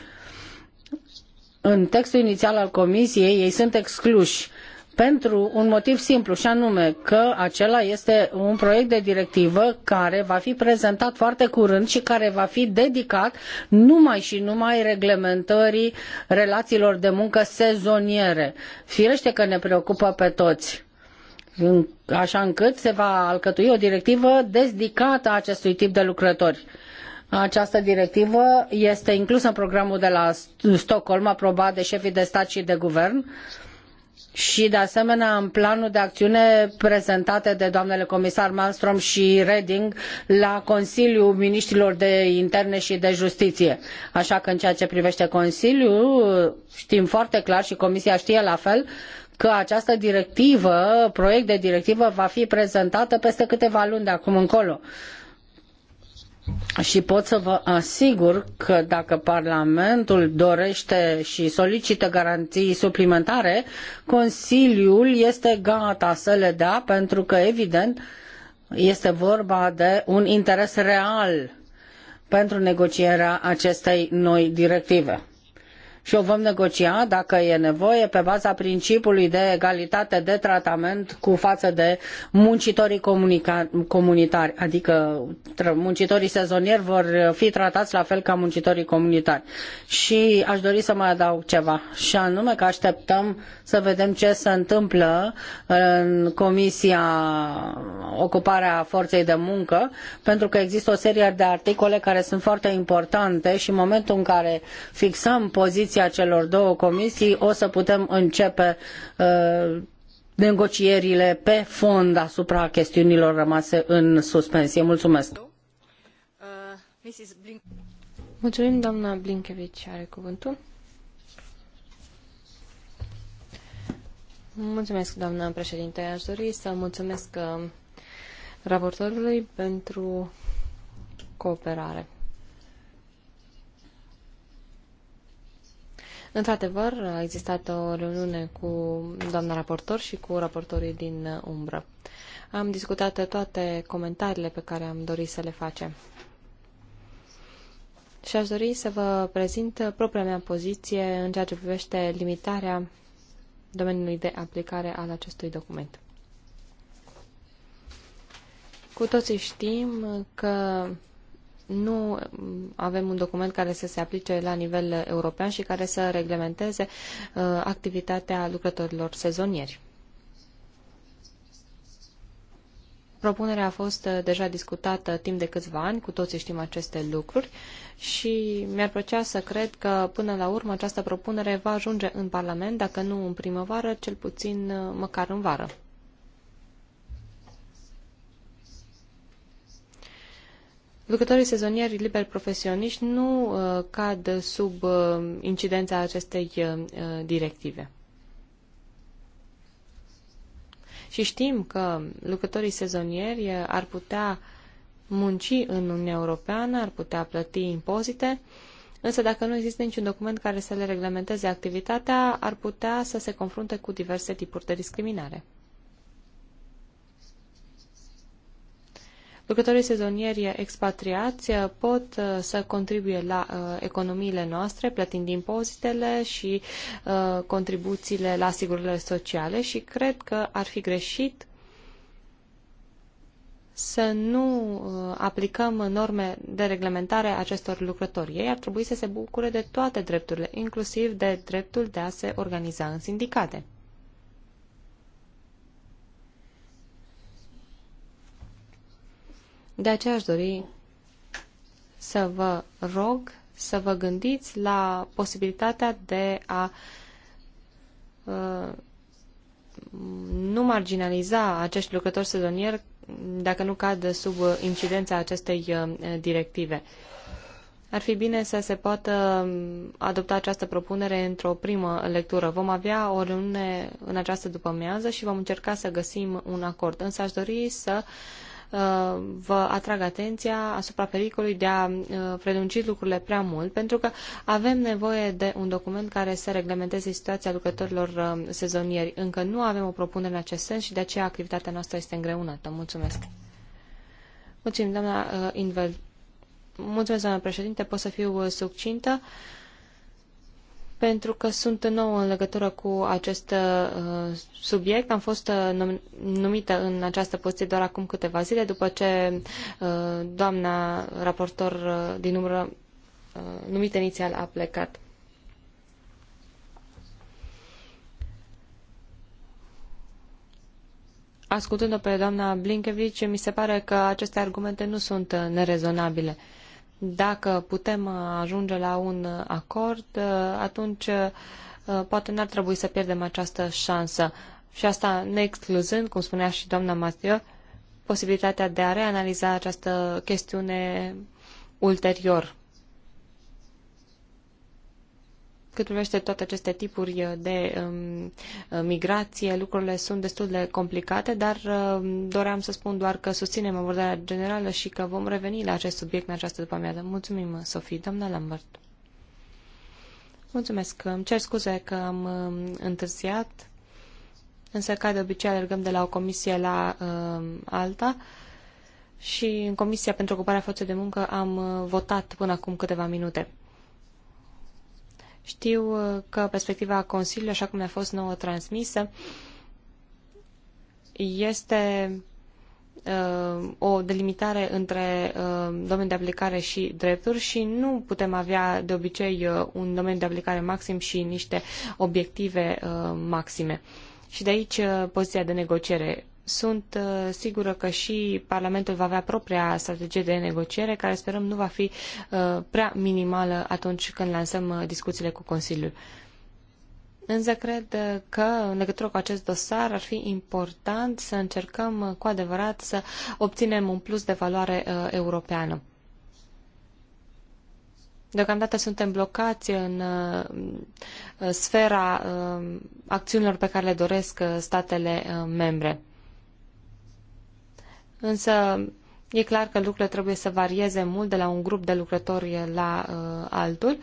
în textul inițial al comisiei ei sunt excluși pentru un motiv simplu și anume că acela este un proiect de directivă care va fi prezentat foarte curând și care va fi dedicat numai și numai reglementării relațiilor de muncă sezoniere. Firește că ne preocupă pe toți așa încât se va alcătui o directivă dedicată acestui tip de lucrători. Această directivă este inclusă în programul de la Stockholm, aprobat de șefii de stat și de guvern, uh, și de asemenea în planul de acțiune prezentate de doamnele comisar Malmström și Reding la Consiliul Ministrilor de Interne și de Justiție. Așa că în ceea ce privește Consiliul, știm foarte clar și Comisia știe la fel că această directivă, proiect de directivă va fi prezentată peste câteva luni de acum încolo și pot să vă asigur că dacă Parlamentul dorește și solicită garanții suplimentare, Consiliul este gata să le dea pentru că, evident, este vorba de un interes real pentru negocierea acestei noi directive și o vom negocia dacă e nevoie pe baza principiului de egalitate de tratament cu față de muncitorii comunitari, adică muncitorii sezonieri vor fi tratați la fel ca muncitorii comunitari. Și aș dori să mai adaug ceva, și anume că așteptăm să vedem ce se întâmplă în Comisia Ocuparea Forței de Muncă, pentru că există o serie de articole care sunt foarte importante și în momentul în care fixăm poziția poziția celor două comisii o să putem începe uh, negocierile pe fond asupra chestiunilor rămase în suspensie. Mulțumesc! Mulțumim, doamna Blinkevici are cuvântul. Mulțumesc, doamna președinte. Aș dori să mulțumesc uh, raportorului pentru cooperare. Într-adevăr, a existat o reuniune cu doamna raportor și cu raportorii din umbră. Am discutat toate comentariile pe care am dorit să le facem. Și aș dori să vă prezint propria mea poziție în ceea ce privește limitarea domeniului de aplicare al acestui document. Cu toții știm că nu mm, avem un document care să se aplice la nivel european și care să reglementeze uh, activitatea lucrătorilor sezonieri. Propunerea a fost uh, deja discutată timp de câțiva ani, cu toții știm aceste lucruri și mi-ar plăcea să cred că până la urmă această propunere va ajunge în Parlament, dacă nu în primăvară, cel puțin uh, măcar în vară. Lucrătorii sezonieri liberi profesioniști nu uh, cad sub uh, incidența acestei uh, directive. Și știm că lucrătorii sezonieri uh, ar putea munci în Uniunea Europeană, ar putea plăti impozite, însă dacă nu există niciun document care să le reglementeze activitatea, ar putea să se confrunte cu diverse tipuri de discriminare. Lucrătorii sezonieri expatriați uh, pot uh, să contribuie la uh, economiile noastre, plătind impozitele și contribuțiile la asigurările sociale și cred că ar fi greșit să nu aplicăm norme de reglementare acestor lucrători. Ei ar trebui să se bucure de toate drepturile, inclusiv de dreptul de a se organiza în sindicate. De aceea aș dori să vă rog să vă gândiți la posibilitatea de a uh, nu marginaliza acești lucrători sezonieri dacă nu cad sub incidența acestei uh, directive. Ar fi bine să se poată um, adopta această propunere într-o primă lectură. Vom avea o reuniune în această după și vom încerca să găsim un acord. Însă aș dori să uh, Uh, vă atrag atenția asupra pericolului de a uh, prelungi lucrurile prea mult, pentru că avem nevoie de un document care să reglementeze situația lucrătorilor uh, sezonieri. Încă nu avem o propunere în acest sens și de aceea activitatea noastră este îngreunată. Mulțumesc. Mulțumim, doamna Invel. Mulțumesc, doamna președinte. Pot să fiu succintă pentru că sunt nou în legătură cu acest uh, subiect. Am fost uh, numită în această poziție doar acum câteva zile, după ce uh, doamna raportor uh, din numără uh, numită inițial a plecat. Ascultând-o pe doamna Blinkevici, mi se pare că aceste argumente nu sunt uh, nerezonabile. Uh, dacă putem ajunge la un acord, atunci uh, poate n-ar trebui să pierdem această șansă. Și asta ne excluzând, cum spunea și doamna Mathieu, posibilitatea de a reanaliza această chestiune ulterior. Cât privește toate aceste tipuri de um, migrație, lucrurile sunt destul de complicate, dar um, doream să spun doar că susținem abordarea generală și că vom reveni la acest subiect în această după-amiază. Mulțumim, Sofie. Doamna Lambert. Mulțumesc. Îmi cer scuze că am um, întârziat, însă ca de obicei alergăm de la o comisie la um, alta și în Comisia pentru Ocuparea Forței de Muncă am uh, votat până acum câteva minute. Știu uh, că perspectiva Consiliului, așa cum ne-a fost nouă transmisă, este uh, o delimitare între uh, domeniul de aplicare și drepturi și nu putem avea de obicei un domeniu de aplicare maxim și niște obiective maxime. Și de aici poziția de negociere. Sunt uh, sigură că și Parlamentul va avea propria strategie de negociere, care sperăm nu va fi uh, prea minimală atunci când lansăm uh, discuțiile cu Consiliul. Însă cred că, în legătură cu acest dosar, ar fi important să încercăm cu adevărat să obținem un plus de valoare europeană. Deocamdată suntem blocați în sfera acțiunilor pe care le doresc statele membre însă e clar că lucrurile trebuie să varieze mult de la un grup de lucrători la uh, altul.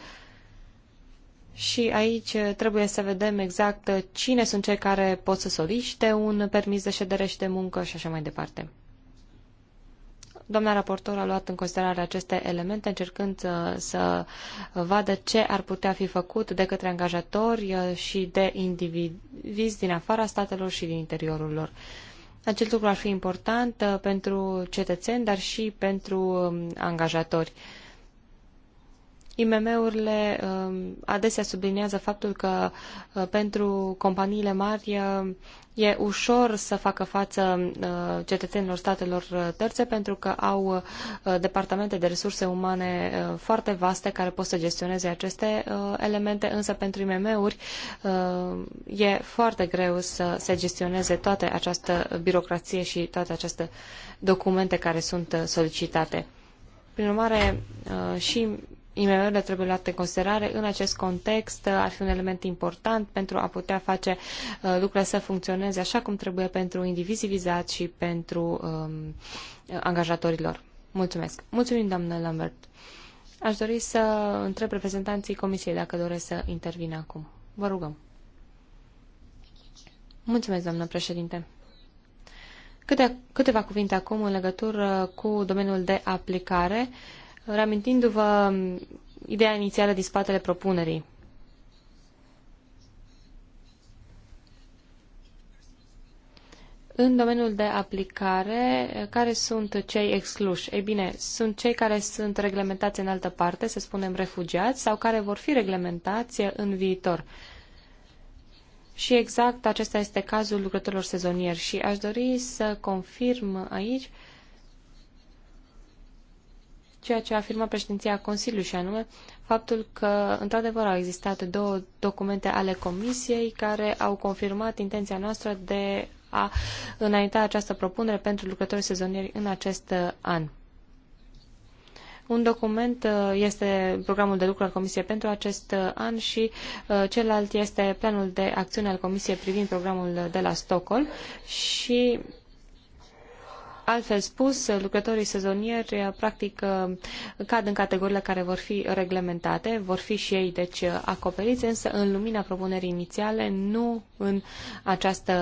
Și aici uh, trebuie să vedem exact uh, cine sunt cei care pot să solicite un permis de ședere și de muncă și așa mai departe. Doamna raportor a luat în considerare aceste elemente, încercând să, uh, să vadă ce ar putea fi făcut de către angajatori și de indivizi din afara statelor și din interiorul lor. Acest lucru ar fi important uh, pentru cetățeni, dar și pentru um, angajatori. IMM-urile um, adesea subliniază faptul că uh, pentru companiile mari uh, e ușor să facă față uh, cetățenilor statelor terțe pentru că au departamente de resurse umane foarte vaste care pot să gestioneze aceste elemente, însă pentru IMM-uri e foarte greu să se gestioneze toată această birocrație și toate aceste documente care sunt solicitate. Prin urmare, și IMM-urile trebuie luate în considerare. În acest context ar fi un element important pentru a putea face uh, lucrurile să funcționeze așa cum trebuie pentru indivizii vizați și pentru um, angajatorilor. Mulțumesc. Mulțumim, doamnă Lambert. Aș dori să întreb reprezentanții Comisiei dacă doresc să intervină acum. Vă rugăm. Mulțumesc, doamnă președinte. Câte, câteva cuvinte acum în legătură cu domeniul de aplicare. Uh, reamintindu-vă ideea inițială din spatele propunerii. În domeniul de aplicare, care sunt cei excluși? Ei bine, sunt cei care sunt reglementați în altă parte, să spunem refugiați, sau care vor fi reglementați în viitor. Și exact acesta este cazul lucrătorilor sezonieri și aș dori să confirm aici uh, ceea ce afirmă președinția Consiliului și anume faptul că, într-adevăr, au existat două documente ale Comisiei care au confirmat intenția noastră de a înainta această propunere pentru lucrători sezonieri în acest uh, an. Un document uh, este programul de lucru al Comisiei pentru acest uh, an și celălalt este planul de acțiune al Comisiei privind programul de la Stockholm și Altfel spus, lucrătorii sezonieri eh, practic eh, cad în categoriile care vor fi reglementate, vor fi și ei deci eh, acoperiți, însă în lumina propunerii inițiale, nu în această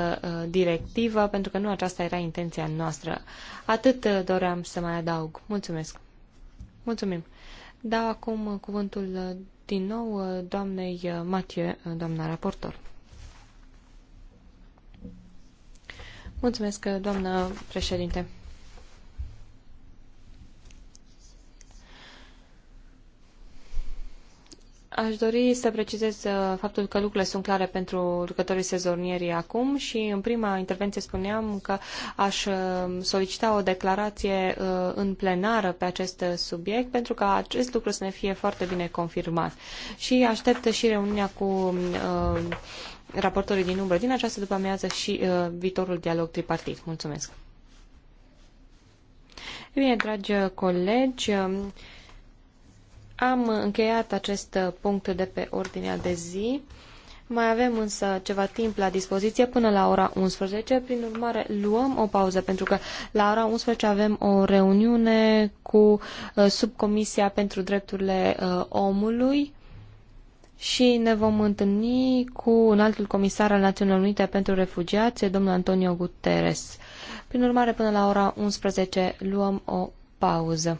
directivă, pentru că nu aceasta era intenția noastră. Atât doream să mai adaug. Mulțumesc. Mulțumim. Dau acum cuvântul din nou doamnei Mathieu, doamna raportor. Mulțumesc, doamnă președinte. Aș dori să precizez uh, faptul că lucrurile sunt clare pentru lucrătorii sezonierii acum și în prima intervenție spuneam că aș uh, solicita o declarație uh, în plenară pe acest subiect pentru ca acest lucru să ne fie foarte bine confirmat. Și aștept și reuniunea cu raportorii din umbră din această după-amiază și uh, viitorul dialog tripartit. Mulțumesc! E bine, dragi uh, colegi, um, am încheiat acest uh, punct de pe ordinea de zi. Mai avem însă ceva timp la dispoziție până la ora 11, prin urmare luăm o pauză pentru că la ora 11 avem o reuniune cu uh, subcomisia pentru drepturile omului și ne vom întâlni cu un altul comisar al Națiunilor Unite pentru Refugiați, domnul Antonio Guterres. Prin urmare, până la ora 11 luăm o pauză.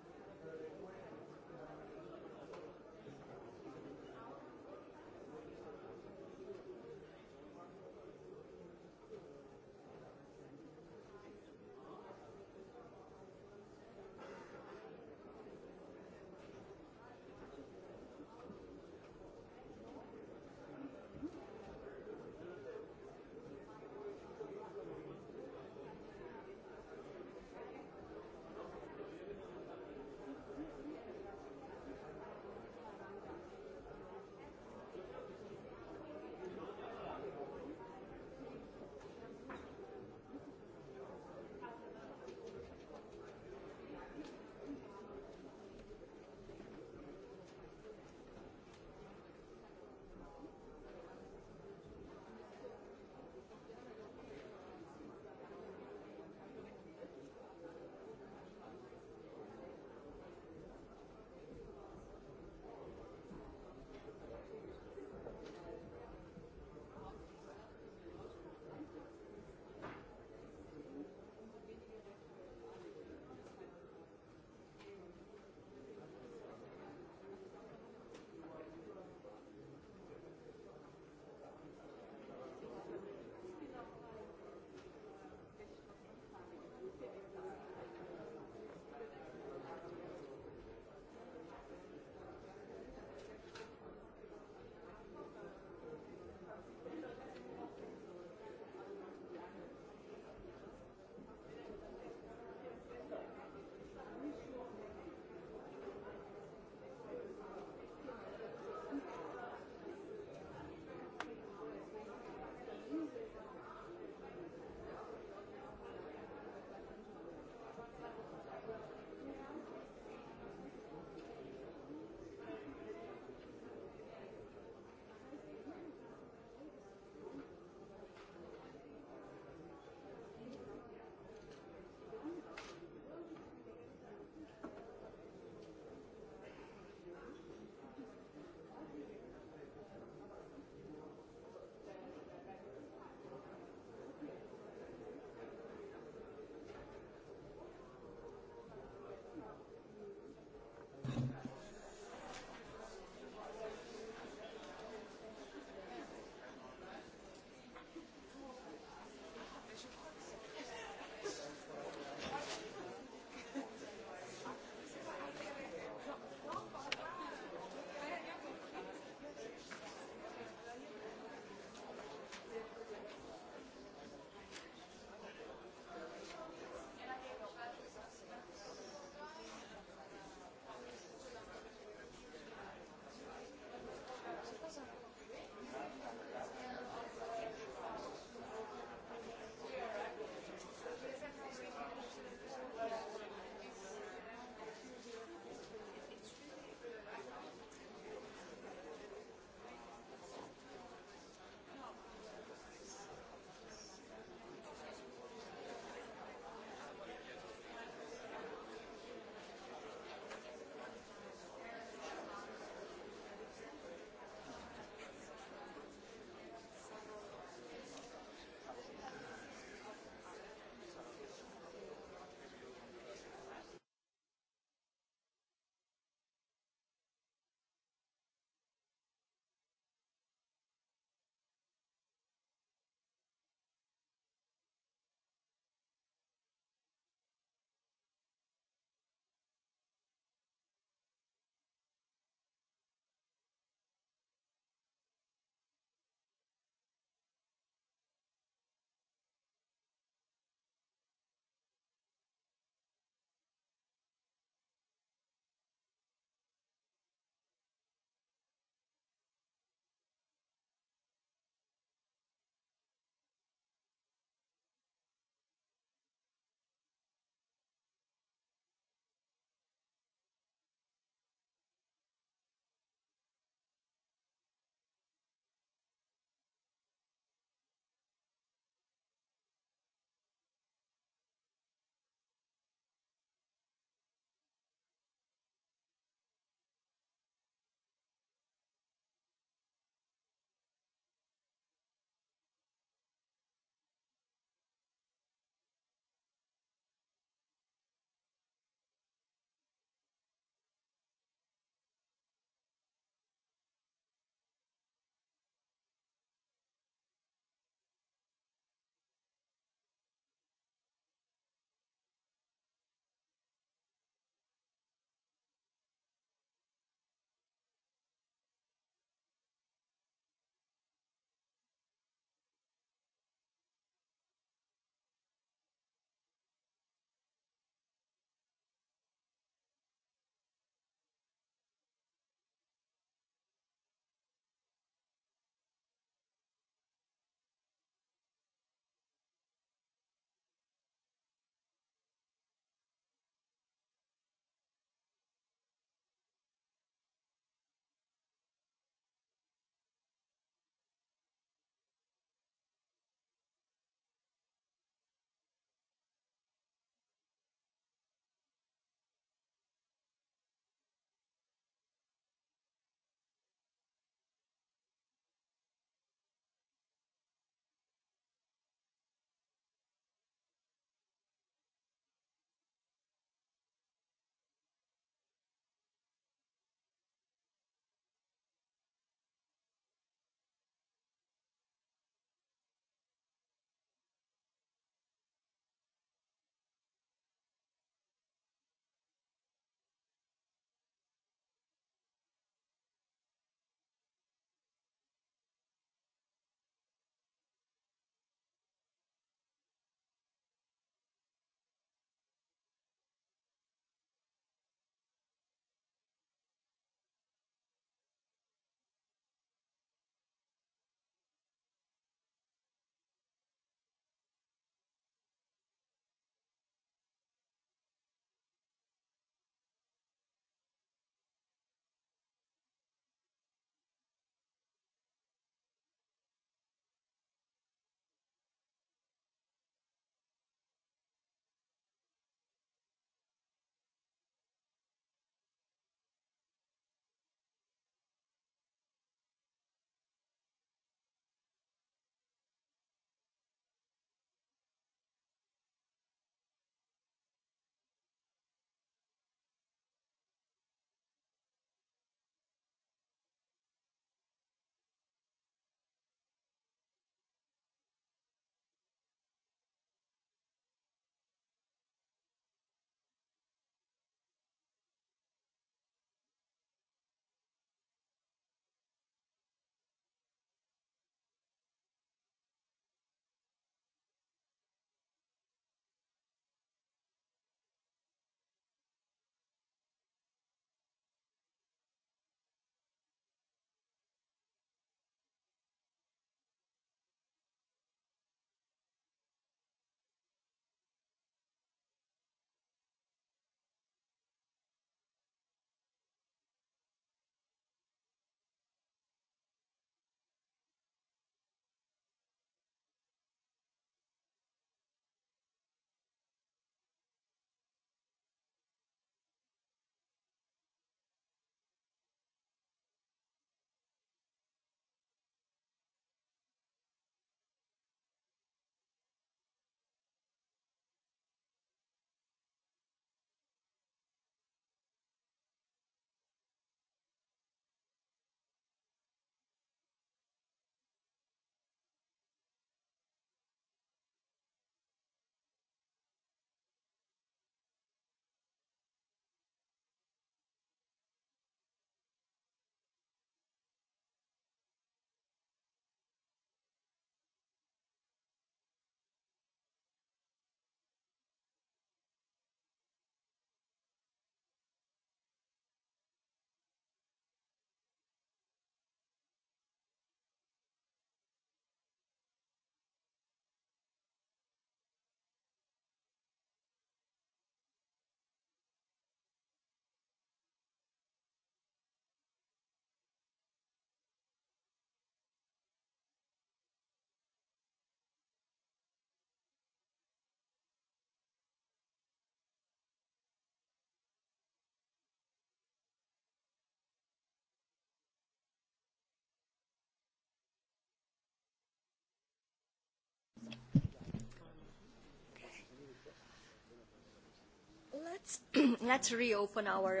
Uh,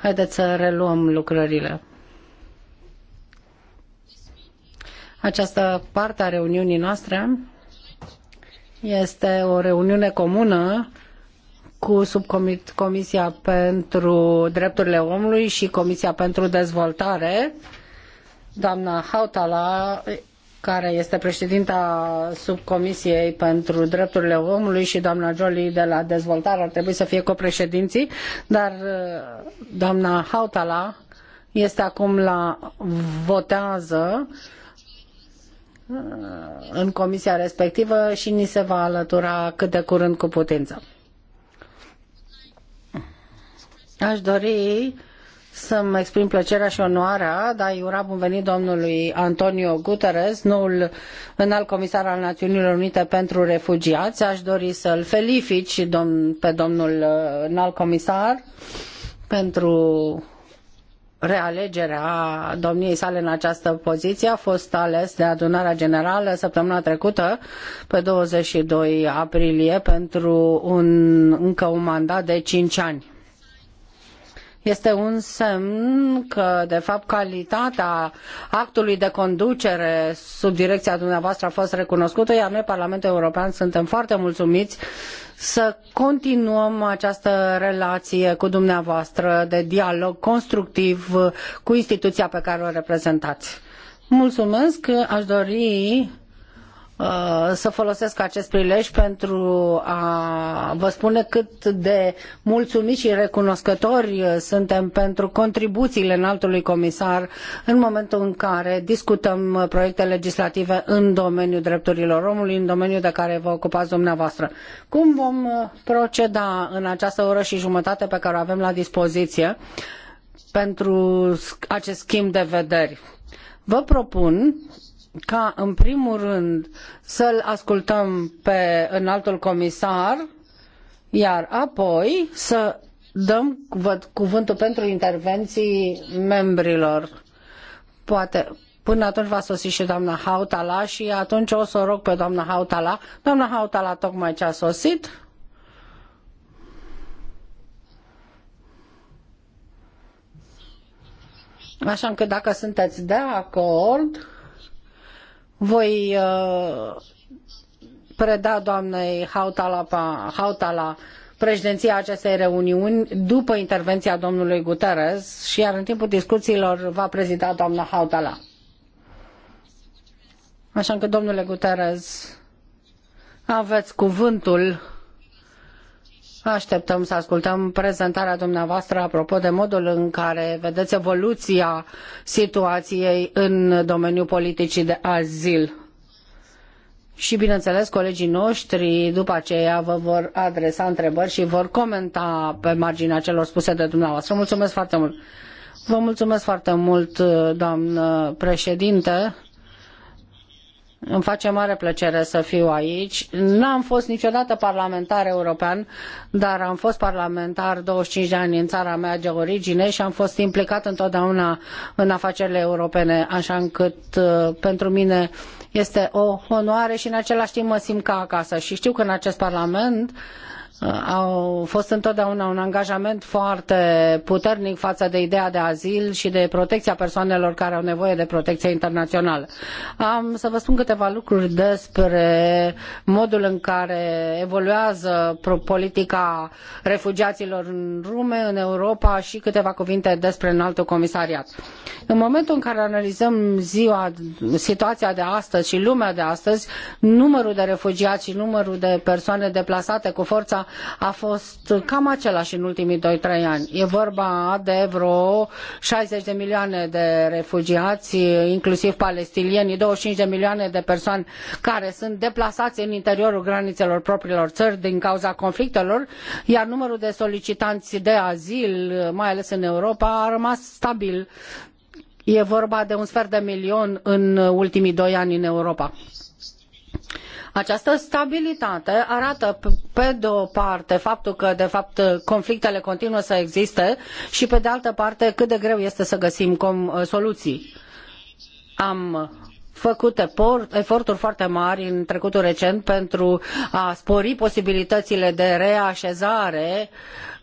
Haideți să reluăm lucrările. Această parte a reuniunii noastre este o reuniune comună cu subcomisia pentru drepturile omului și Comisia pentru Dezvoltare. Doamna Hautala care este președinta subcomisiei pentru drepturile omului și doamna Jolie de la dezvoltare ar trebui să fie copreședinții, dar uh, doamna Hautala este acum la votează uh, în comisia respectivă și ni se va alătura cât de curând cu putință. Aș dori să-mi exprim plăcerea și onoarea de a-i ura bun venit domnului Antonio Guterres, noul înalt comisar al Națiunilor Unite pentru Refugiați. Aș dori să-l felifici dom- pe domnul uh, înalt comisar pentru realegerea domniei sale în această poziție. A fost ales de adunarea generală săptămâna trecută, pe 22 aprilie, pentru un, încă un mandat de cinci ani este un semn că, de fapt, calitatea actului de conducere sub direcția dumneavoastră a fost recunoscută, iar noi, Parlamentul European, suntem foarte mulțumiți să continuăm această relație cu dumneavoastră de dialog constructiv cu instituția pe care o reprezentați. Mulțumesc, aș dori Uh, să folosesc acest prilej pentru a vă spune cât de mulțumiți și recunoscători suntem pentru contribuțiile înaltului comisar în momentul în care discutăm proiecte legislative în domeniul drepturilor omului, în domeniul de care vă ocupați dumneavoastră. Cum vom uh, proceda în această oră și jumătate pe care o avem la dispoziție pentru acest schimb de vederi? Vă propun ca în primul rând să-l ascultăm pe înaltul comisar, iar apoi să dăm cuvântul pentru intervenții membrilor. Poate până atunci va sosi și doamna Hautala și atunci o să o rog pe doamna Hautala. Doamna Hautala tocmai ce a sosit. Așa încât dacă sunteți de acord, voi uh, preda doamnei Hautala, Hautala președinția acestei reuniuni după intervenția domnului Guterres și iar în timpul discuțiilor va prezida doamna Hautala. Așa că, domnule Guterres, aveți cuvântul Așteptăm să ascultăm prezentarea dumneavoastră apropo de modul în care vedeți evoluția situației în domeniul politicii de azil. Și, bineînțeles, colegii noștri după aceea vă vor adresa întrebări și vor comenta pe marginea celor spuse de dumneavoastră. Mulțumesc foarte mult! Vă mulțumesc foarte mult, doamnă președinte! Îmi face mare plăcere să fiu aici. N-am fost niciodată parlamentar european, dar am fost parlamentar 25 de ani în țara mea de origine și am fost implicat întotdeauna în afacerile europene, așa încât uh, pentru mine este o onoare și în același timp mă simt ca acasă. Și știu că în acest parlament Uh, au fost întotdeauna un angajament foarte puternic față de ideea de azil și de protecția persoanelor care au nevoie de protecție internațională. Am să vă spun câteva lucruri despre modul în care evoluează politica refugiaților în rume, în Europa și câteva cuvinte despre înaltul comisariat. În momentul în care analizăm ziua, situația de astăzi și lumea de astăzi, numărul de refugiați și numărul de persoane deplasate cu forța a fost cam același în ultimii doi trei ani. E vorba de vreo 60 de milioane de refugiați, inclusiv palestinieni, 25 de milioane de persoane care sunt deplasați în interiorul granițelor propriilor țări din cauza conflictelor, iar numărul de solicitanți de azil, mai ales în Europa, a rămas stabil. E vorba de un sfert de milion în ultimii doi ani în Europa. Această stabilitate arată pe de o parte faptul că de fapt conflictele continuă să existe și pe de altă parte cât de greu este să găsim soluții. Am făcute eforturi foarte mari în trecutul recent pentru a spori posibilitățile de reașezare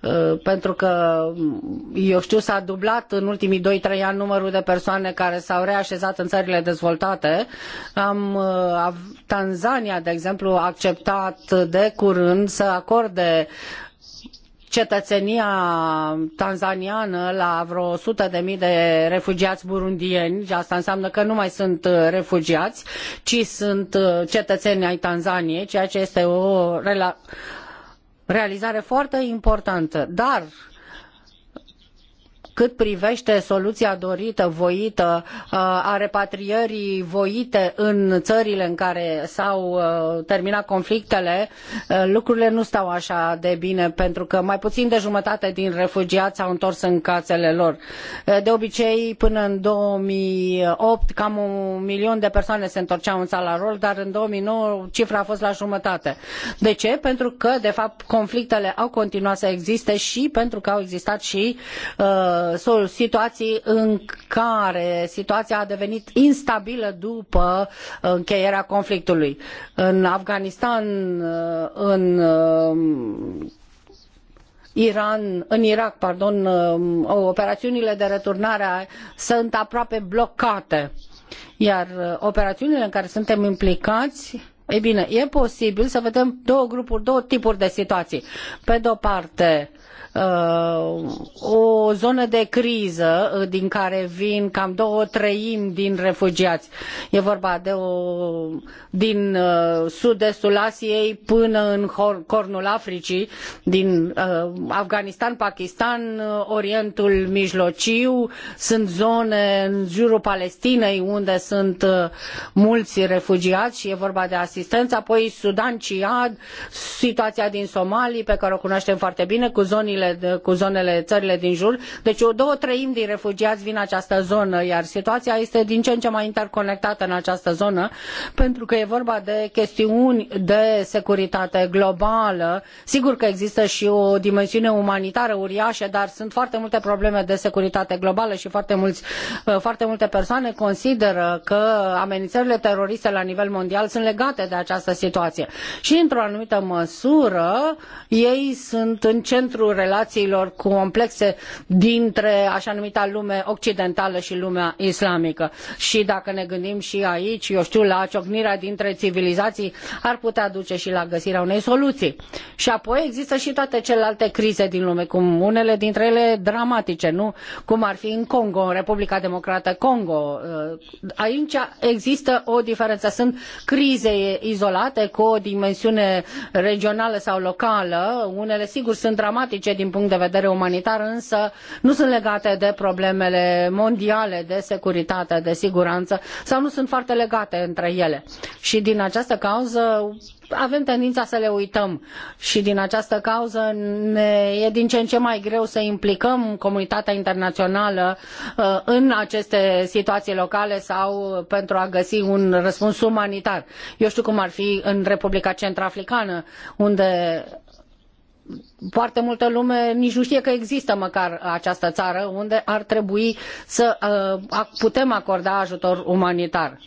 uh, pentru că, mm, eu știu, s-a dublat în ultimii doi trei ani numărul de persoane care s-au reașezat în țările dezvoltate. Am, uh, Tanzania, de exemplu, a acceptat de curând să acorde cetățenia tanzaniană la vreo sută de mii de refugiați burundieni. Asta înseamnă că nu mai sunt uh, refugiați, ci sunt uh, cetățeni ai Tanzaniei, ceea ce este o realizare foarte importantă. Dar cât privește soluția dorită, voită, uh, a repatrierii voite în țările în care s-au uh, terminat conflictele, uh, lucrurile nu stau așa de bine, pentru că mai puțin de jumătate din refugiați s-au întors în casele lor. De obicei, până în 2008, cam un milion de persoane se întorceau în sala lor, dar în 2009 cifra a fost la jumătate. De ce? Pentru că, de fapt, conflictele au continuat să existe și pentru că au existat și uh, situații în care situația a devenit instabilă după uh, încheierea conflictului. În Afganistan, uh, în uh, Iran, în Irak, pardon, operațiunile de returnare sunt aproape blocate. Iar operațiunile în care suntem implicați e bine, e posibil să vedem două grupuri, două tipuri de situații. Pe de o parte, Uh, o zonă de criză uh, din care vin cam două treimi din refugiați. E vorba de o, din uh, sud-estul Asiei până în cornul Africii, din Afganistan, Pakistan, Orientul Mijlociu, sunt zone în jurul Palestinei unde sunt mulți refugiați și e vorba de asistență, apoi Sudan, Ciad, situația din Somalia pe care o cunoaștem foarte bine cu zonile zonele cu zonele, țările din jur. Deci o două treimi din refugiați vin în această zonă, iar situația este din ce în ce mai interconectată în această zonă, pentru că e vorba de chestiuni de securitate globală. Sigur că există și o dimensiune umanitară uriașă, dar sunt foarte multe probleme de securitate globală și foarte, mulți, uh, foarte multe persoane consideră că amenințările teroriste la nivel mondial sunt legate de această situație. Și într-o anumită măsură, ei sunt în centrul relației relațiilor complexe dintre așa numita lume occidentală și lumea islamică. Și dacă ne gândim și aici, eu știu, la ciocnirea dintre civilizații, ar putea duce și la găsirea unei soluții. Și apoi există și toate celelalte crize din lume, cum unele dintre ele dramatice, nu? Cum ar fi în Congo, în Republica Democrată Congo. Uh, aici există o diferență. Sunt crize izolate cu o dimensiune regională sau locală. Unele, sigur, sunt dramatice din din punct de vedere umanitar, însă nu sunt legate de problemele mondiale de securitate, de siguranță sau nu sunt foarte legate între ele. Și din această cauză avem tendința să le uităm și din această cauză ne e din ce în ce mai greu să implicăm comunitatea internațională uh, în aceste situații locale sau pentru a găsi un răspuns umanitar. Eu știu cum ar fi în Republica Centrafricană, unde foarte multă lume nici nu știe că există măcar această țară unde ar trebui să uh, putem acorda ajutor umanitar.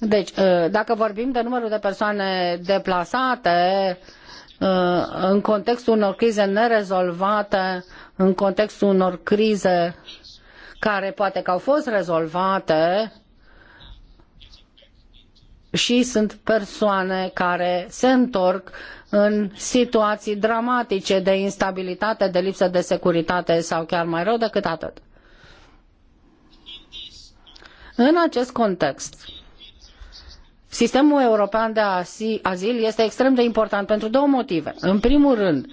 Deci, uh, dacă vorbim de numărul de persoane deplasate uh, în contextul unor crize nerezolvate, în contextul unor crize care poate că au fost rezolvate și sunt persoane care se întorc în situații dramatice de instabilitate, de lipsă de securitate sau chiar mai rău decât atât. În acest context, sistemul european de azil este extrem de important pentru două motive. În primul rând,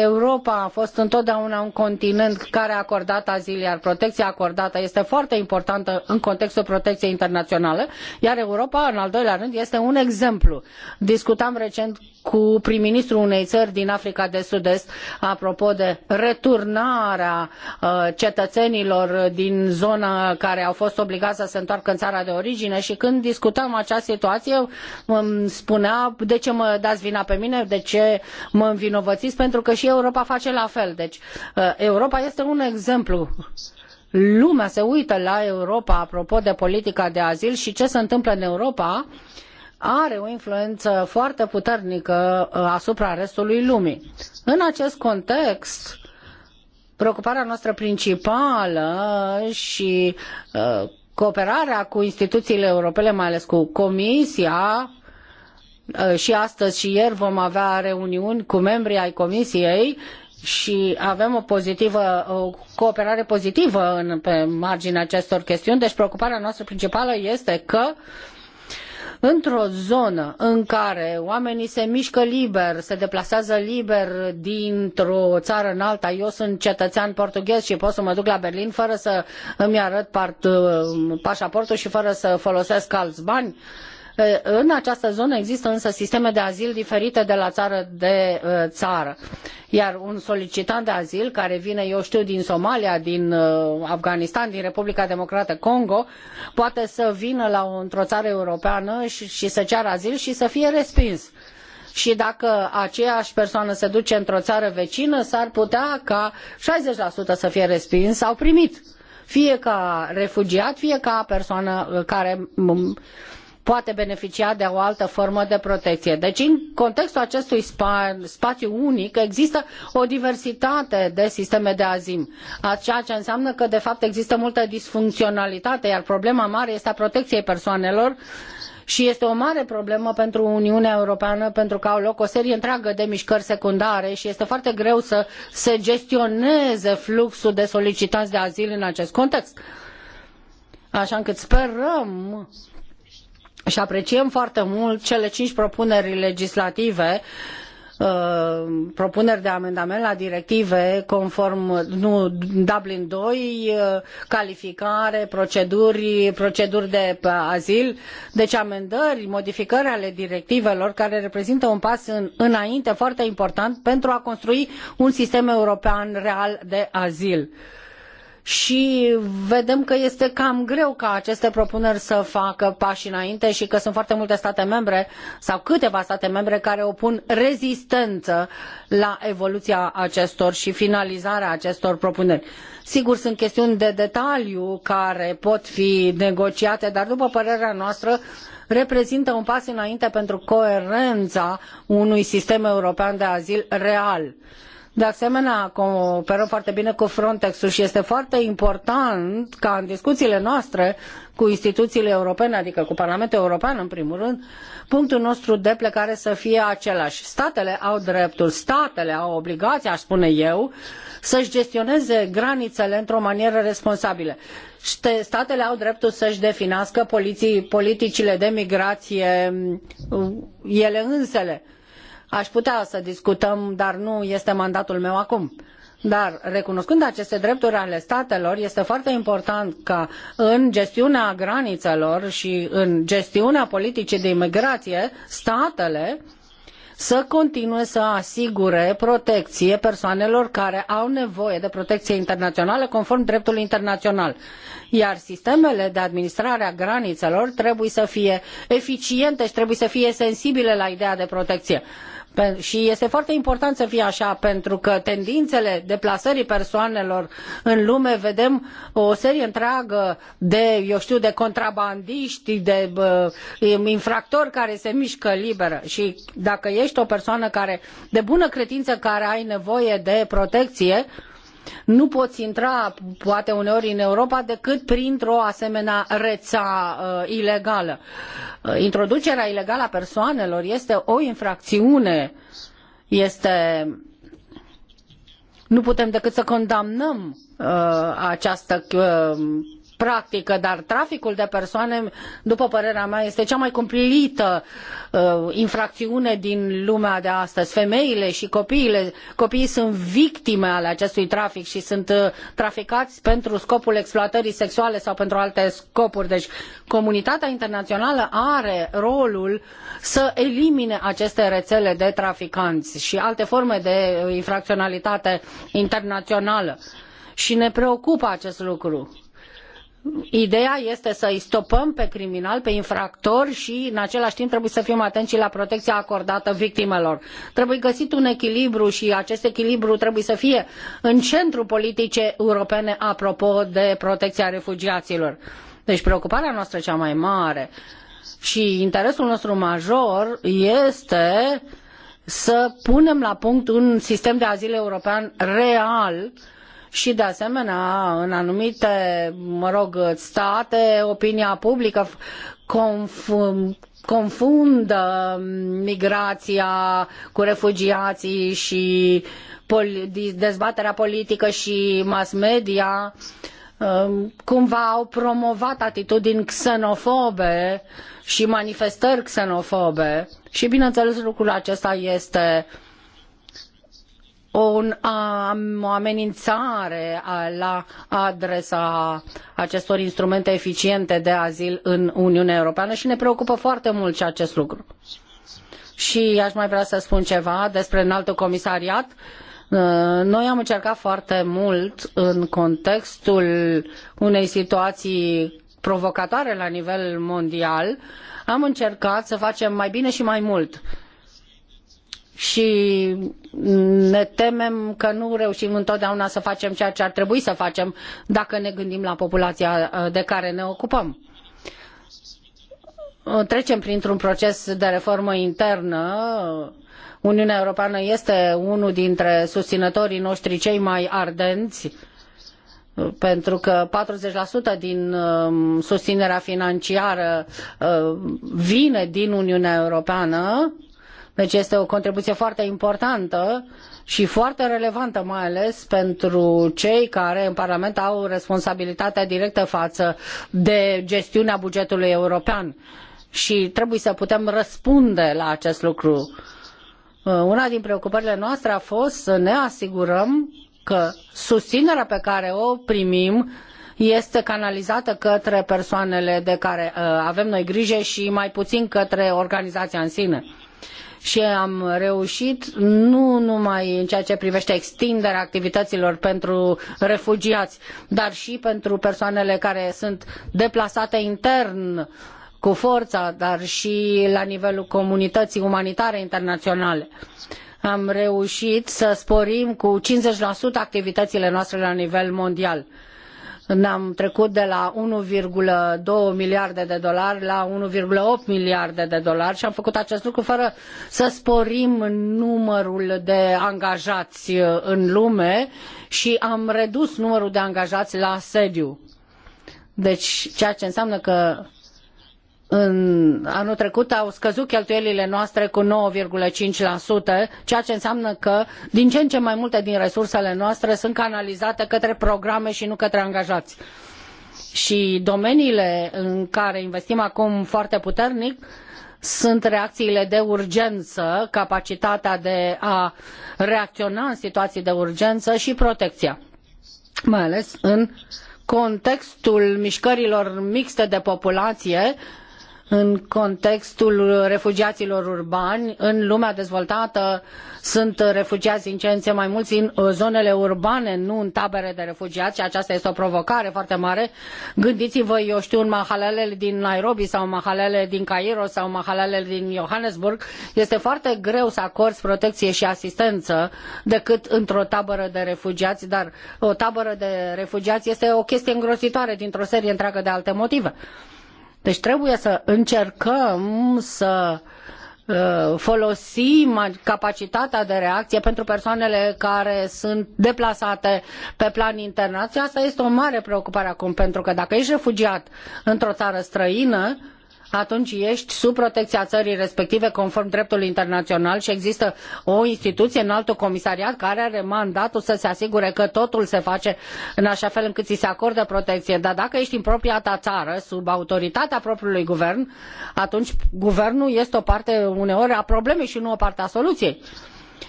Europa a fost întotdeauna un continent care a acordat azil, iar protecția acordată este foarte importantă în contextul protecției internaționale, iar Europa, în al doilea rând, este un exemplu. Discutam recent cu prim-ministrul unei țări din Africa de Sud-Est apropo de returnarea uh, cetățenilor din zona care au fost obligați să se întoarcă în țara de origine și când discutam această situație îmi spunea de ce mă dați vina pe mine, de ce mă învinovățiți, pentru că și Europa face la fel. Deci uh, Europa este un exemplu lumea se uită la Europa apropo de politica de azil și ce se întâmplă în Europa are o influență foarte puternică uh, asupra restului lumii. În acest context, preocuparea noastră principală și uh, cooperarea cu instituțiile europene, mai ales cu Comisia, Uh, și astăzi și ieri vom avea reuniuni cu membrii ai comisiei și avem o, pozitivă, o cooperare pozitivă în, pe marginea acestor chestiuni. Deci preocuparea noastră principală este că într-o zonă în care oamenii se mișcă liber, se deplasează liber dintr-o țară în alta, eu sunt cetățean portughez și pot să mă duc la Berlin fără să îmi arăt part, uh, pașaportul și fără să folosesc alți bani, uh, în această zonă există însă sisteme de azil diferite de la țară de uh, țară. Iar un solicitant de azil care vine, eu știu, din Somalia, din uh, Afganistan, din Republica Democrată Congo, poate să vină la o, într-o țară europeană și, și să ceară azil și să fie respins și dacă aceeași persoană se duce într-o țară vecină, s-ar putea ca 60% să fie respins sau primit, fie ca refugiat, fie ca persoană uh, care poate beneficia de o altă formă de protecie. Deci, în contextul acestui spa, unic, există o diversitate de sisteme de azim, ceea ce înseamnă că, de fapt, există multă disfuncționalitate, iar problema mare este a protecției persoanelor și este o mare problemă pentru Uniunea Europeană pentru că au loc o serie întreagă de mișcări secundare și este foarte greu să se gestioneze fluxul de solicitanți de azil în acest context. Așa încât sperăm și apreciem foarte mult cele cinci propuneri legislative uh, propuneri de amendament la directive conform nu, Dublin 2, uh, calificare, proceduri, proceduri de azil, deci amendări, modificări ale directivelor care reprezintă un pas în, înainte foarte important pentru a construi un sistem european real de azil. Uh, și vedem că este cam greu ca aceste propuneri să facă pași înainte și că sunt foarte multe state membre sau câteva state membre care opun rezistență la evoluția acestor și finalizarea acestor propuneri. Sigur, sunt chestiuni de detaliu care pot fi negociate, dar după părerea noastră reprezintă un pas înainte pentru coerența unui sistem european de azil real. De asemenea, cooperăm foarte bine cu Frontex-ul și este foarte important ca în discuțiile noastre cu instituțiile europene, adică cu Parlamentul European în primul rând, punctul nostru de plecare să fie același. Statele au dreptul, statele au obligația, aș spune eu, să-și gestioneze granițele într-o manieră responsabilă. Statele au dreptul să-și definească politicile de migrație ele însele Aș putea să discutăm, dar nu este mandatul meu acum. Dar recunoscând aceste drepturi ale statelor, este foarte important ca în gestiunea granițelor și în gestiunea politicii de imigrație, statele să continue să asigure protecție persoanelor care au nevoie de protecție internațională conform dreptului internațional. Iar sistemele de administrare a granițelor trebuie să fie eficiente și trebuie să fie sensibile la ideea de protecție și este foarte important să fie așa, pentru că tendințele deplasării persoanelor în lume, vedem o serie întreagă de, eu tiu de contrabanditi de uh, infractori care se mișcă liberă. Și dacă ești o persoană care, de bună credină care ai nevoie de protecție, nu poți intra, poate uneori, în Europa decât printr-o asemenea rețea uh, ilegală. Uh, introducerea ilegală a persoanelor este o infracțiune, este... Nu putem decât să condamnăm uh, această uh, practică, dar traficul de persoane, după părerea mea, este cea mai cumplită uh, infracțiune din lumea de astăzi. Femeile și copiile, copiii sunt victime ale acestui trafic și sunt uh, traficați pentru scopul exploatării sexuale sau pentru alte scopuri. Deci comunitatea internațională are rolul să elimine aceste rețele de traficanți și alte forme de infracționalitate internațională. Și ne preocupă acest lucru Ideea este să îi stopăm pe criminal, pe infractori și în același timp trebuie să fim atenți la protecția acordată victimelor. Trebuie găsit un echilibru și acest echilibru trebuie să fie în centrul politicii europene apropo de protecția refugiaților. Deci preocuparea noastră cea mai mare și interesul nostru major este să punem la punct un sistem de azil european real uh, și de asemenea în anumite, mă rog, state, opinia publică conf- confundă migrația cu refugiații și pol- dezbaterea politică și mass media um, cumva au promovat atitudini xenofobe și manifestări xenofobe și bineînțeles lucrul acesta este uh, un, o amenințare la adresa acestor instrumente eficiente de azil în Uniunea Europeană și ne preocupă foarte mult și acest lucru. Și aș mai vrea să spun ceva despre înaltul comisariat. Uh, noi am încercat foarte mult în contextul unei situații provocatoare la nivel mondial, am încercat să facem mai bine și mai mult și ne temem că nu reușim întotdeauna să facem ceea ce ar trebui să facem dacă ne gândim la populația uh, de care ne ocupăm. Uh, trecem printr-un proces de reformă internă. Uniunea Europeană este unul dintre susținătorii noștri cei mai ardenți uh, pentru că 40% din um, susținerea financiară vine din Uniunea Europeană, deci este o contribuție foarte importantă și foarte relevantă, mai ales pentru cei care în Parlament au responsabilitatea directă față de gestiunea bugetului european și trebuie să putem răspunde la acest lucru. Uh, una din preocupările noastre a fost să ne asigurăm că susținerea pe care o primim este canalizată către persoanele de care uh, avem noi grijă și mai puțin către organizația în sine și am reușit nu numai în ceea ce privește extinderea activităților pentru refugiați, dar și pentru persoanele care sunt deplasate intern cu forța, dar și la nivelul comunității umanitare internaționale am reușit să sporim cu 50% activitățile noastre la nivel mondial ne-am trecut de la 1,2 miliarde de dolari la 1,8 miliarde de dolari și am făcut acest lucru fără să sporim numărul de angajați în lume și am redus numărul de angajați la sediu. Deci, ceea ce înseamnă că în anul trecut au scăzut cheltuielile noastre cu 9,5%, ceea ce înseamnă că din ce în ce mai multe din resursele noastre sunt canalizate către programe și nu către angajați. Și domeniile în care investim acum foarte puternic sunt reacțiile de urgență, capacitatea de a reacționa în situații de urgență și protecția, mai ales în contextul mișcărilor mixte de populație în contextul refugiaților urbani. În lumea dezvoltată sunt refugiați din ce în ce mai mulți în zonele urbane, nu în tabere de refugiați și aceasta este o provocare foarte mare. Gândiți-vă, eu știu, în mahalalele din Nairobi sau mahalalele din Cairo sau mahalalele din Johannesburg, este foarte greu să acorzi protecție și asistență decât într-o tabără de refugiați, dar o tabără de refugiați este o chestie îngrozitoare dintr-o serie întreagă de alte motive. Deci trebuie să încercăm să uh, folosim capacitatea de reacție pentru persoanele care sunt deplasate pe plan internațional. Asta este o mare preocupare acum, pentru că dacă ești refugiat într-o țară străină, atunci ești sub protecția țării respective conform dreptului internațional și există o instituție, în altul comisariat, care are mandatul să se asigure că totul se face în așa fel încât ți se acordă protecție. Dar dacă ești în propria ta țară, sub autoritatea propriului guvern, atunci guvernul este o parte uneori a problemei și nu o parte a soluției.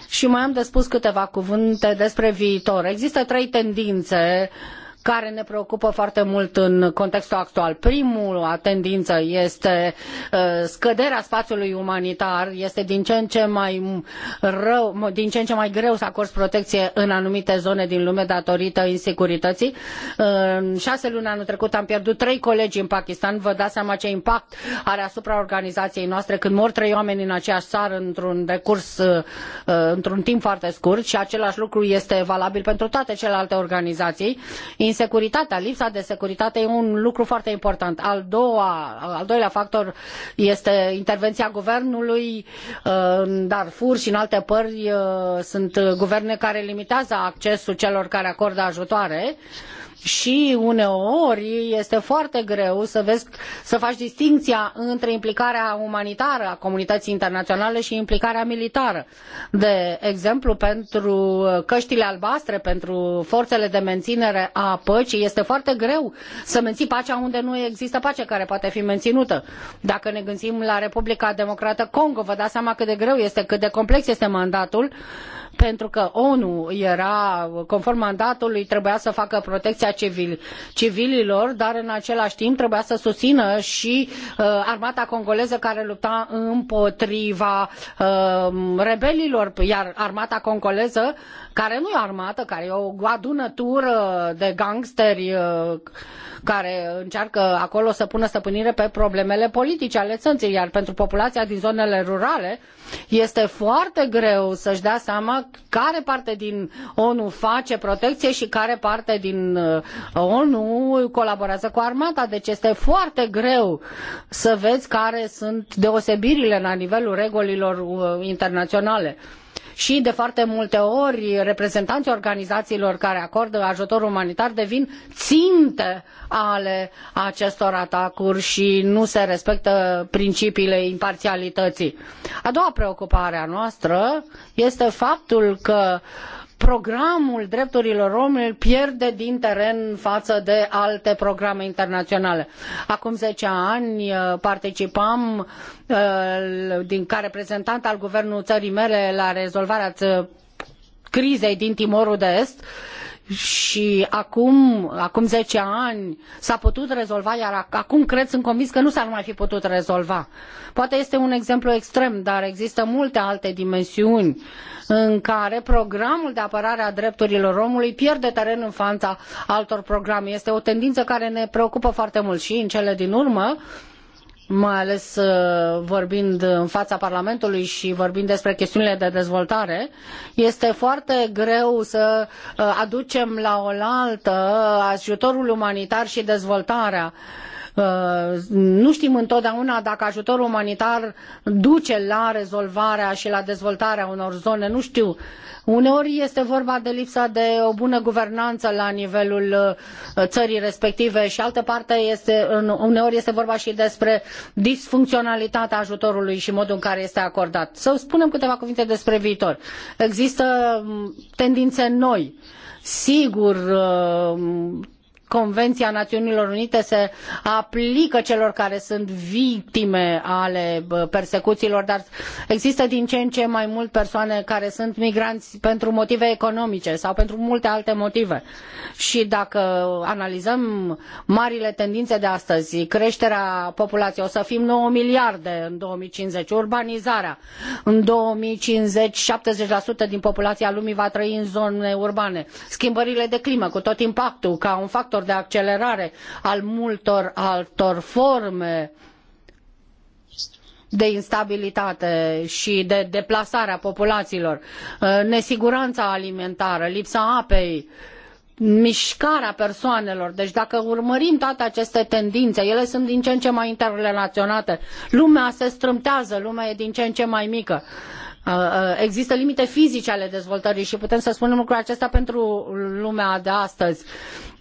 Și mai am de spus câteva cuvinte despre viitor. Există trei tendințe uh, care ne preocupă foarte mult în contextul actual. Primul tendință este uh, scăderea spațiului umanitar, este din ce în ce mai rău, din ce în ce mai greu să acorzi protecție în anumite zone din lume datorită insecurității. În șase luni anul trecut am pierdut trei colegi în Pakistan, vă dați seama ce impact are asupra organizației noastre când mor trei oameni în aceeași țară într-un decurs, uh, uh, într-un timp foarte scurt și același lucru este valabil pentru toate celelalte organizații. Inse securitatea, lipsa de securitate e un lucru foarte important. Al, doua, al doilea factor este intervenția guvernului uh, în Darfur și în alte părți uh, sunt guverne care limitează accesul celor care acordă ajutoare și uneori este foarte greu să, vezi, să faci distinția între implicarea umanitară a comunității internaționale și implicarea militară. De exemplu, pentru căștile albastre, pentru forțele de menținere a păcii, este foarte greu să menții pacea unde nu există pace care poate fi menținută. Dacă ne gândim la Republica Democrată Congo, vă dați seama cât de greu este, cât de complex este mandatul pentru că ONU era, conform mandatului, trebuia să facă protecția civil, civililor, dar în același timp trebuia să susțină și uh, armata congoleză care lupta împotriva uh, rebelilor, iar armata congoleză care nu e o armată, care e o adunătură de gangsteri uh, care încearcă acolo să pună stăpânire pe problemele politice ale țării, iar pentru populația din zonele rurale este foarte greu să-și dea seama care parte din ONU face protecție și care parte din uh, ONU colaborează cu armata. Deci este foarte greu să vezi care sunt deosebirile la nivelul regulilor uh, internaționale și de foarte multe ori reprezentanții organizațiilor care acordă ajutor umanitar devin ținte ale acestor atacuri și nu se respectă principiile imparțialității. A doua preocupare a noastră este faptul că programul drepturilor omului pierde din teren față de alte programe internaționale. Acum zece ani uh, participam uh, din, ca reprezentant al guvernului țării mele la rezolvarea crizei din Timorul de Est și acum, acum 10 ani s-a putut rezolva, iar acum cred, sunt convins că nu s-ar mai fi putut rezolva. Poate este un exemplu extrem, dar există multe alte dimensiuni în care programul de apărare a drepturilor omului pierde teren în fața altor programe. Este o tendință care ne preocupă foarte mult și în cele din urmă mai ales uh, vorbind în fața Parlamentului și vorbind despre chestiunile de dezvoltare, este foarte greu să uh, aducem la oaltă ajutorul umanitar și dezvoltarea. Uh, nu știm întotdeauna dacă ajutorul umanitar duce la rezolvarea și la dezvoltarea unor zone, nu știu. Uneori este vorba de lipsa de o bună guvernanță la nivelul uh, țării respective și altă parte este, uneori este vorba și despre disfuncționalitatea ajutorului și modul în care este acordat. Să spunem câteva cuvinte despre viitor. Există mm, tendințe noi. Sigur, uh, Convenția Națiunilor Unite se aplică celor care sunt victime ale persecuțiilor, dar există din ce în ce mai mult persoane care sunt migranți pentru motive economice sau pentru multe alte motive. Și dacă analizăm marile tendințe de astăzi, creșterea populației, o să fim 9 miliarde în 2050, urbanizarea, în 2050 70% din populația lumii va trăi în zone urbane, schimbările de climă cu tot impactul ca un factor factor de accelerare al multor altor forme de instabilitate și de deplasare a populațiilor, uh, nesiguranța alimentară, lipsa apei, mișcarea persoanelor. Deci dacă urmărim toate aceste tendințe, ele sunt din ce în ce mai interrelaționate. Lumea se strâmtează, lumea e din ce în ce mai mică. Uh, uh, există limite fizice ale dezvoltării și putem să spunem lucrul acesta pentru lumea de astăzi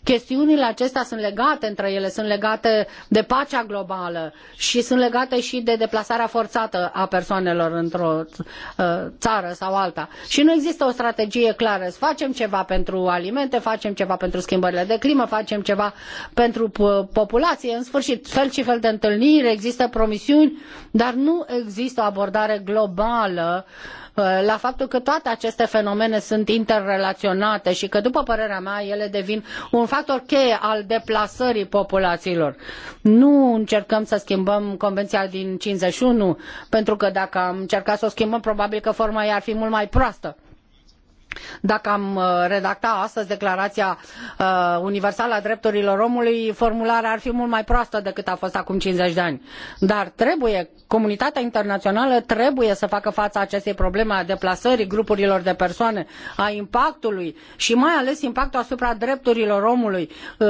chestiunile acestea sunt legate între ele, sunt legate de pacea globală și sunt legate și de deplasarea forțată a persoanelor într-o uh, țară sau alta. Și nu există o strategie clară. Facem ceva pentru alimente, facem ceva pentru schimbările de climă, facem ceva pentru populație, în sfârșit, fel și fel de întâlniri, există promisiuni, dar nu există o abordare globală uh, Uh, la faptul că toate aceste fenomene sunt interrelaționate și că, după părerea mea, ele devin un factor cheie al deplasării populațiilor. Nu încercăm să schimbăm Convenția din 51, pentru că dacă am încercat să o schimbăm, probabil că forma ei ar fi mult mai proastă dacă am uh, redacta astăzi declaraia uh, universală a drepturilor omului formularea ar fi mult mai proastă decât a fost acum cincizeci de ani dar trebuie comunitatea internaională trebuie să facă faă acestei probleme a deplasării grupurilor de persoane a impactului i mai ales impactul asupra drepturilor omului. Uh,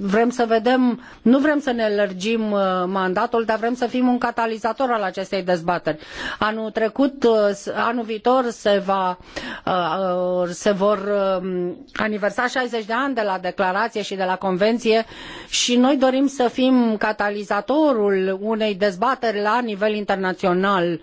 vrem să vedem nu vrem să ne lărgim mandatul dar vrem să fim un catalizator al acestei dezbateri. anul trecut anul viitor se va Uh, se vor um, aniversa 60 de ani de la declarație și de la convenție și noi dorim să fim catalizatorul unei dezbateri la nivel internațional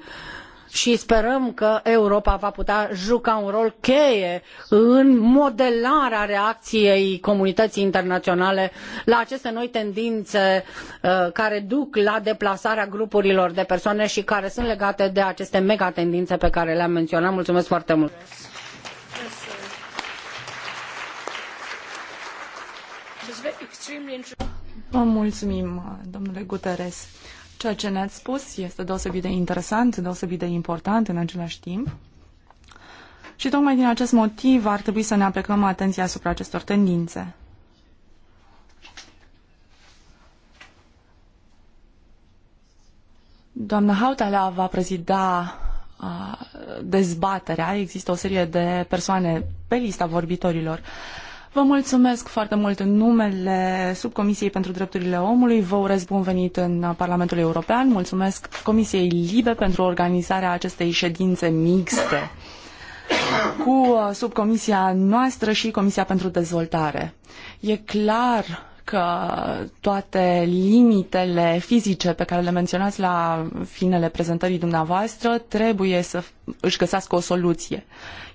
și sperăm că Europa va putea juca un rol cheie în modelarea reacției comunității internaționale la aceste noi tendințe uh, care duc la deplasarea grupurilor de persoane și care sunt legate de aceste megatendințe pe care le-am menționat. Mulțumesc foarte mult! Vă mulțumim, domnule Guterres. Ceea ce ne-ați spus este deosebit de interesant, deosebit de important în același timp. Și tocmai din acest motiv ar trebui să ne aplicăm atenția asupra acestor tendințe. Doamna Hautala va prezida dezbaterea. Există o serie de persoane pe lista vorbitorilor. Uh, Vă mulțumesc foarte mult în numele Subcomisiei pentru Drepturile Omului. Vă urez bun venit în Parlamentul European. Mulțumesc Comisiei Libe pentru organizarea acestei ședințe mixte cu subcomisia noastră și Comisia pentru Dezvoltare. E clar toate limitele fizice pe care le menționați la finele prezentării dumneavoastră trebuie să își găsească o soluție.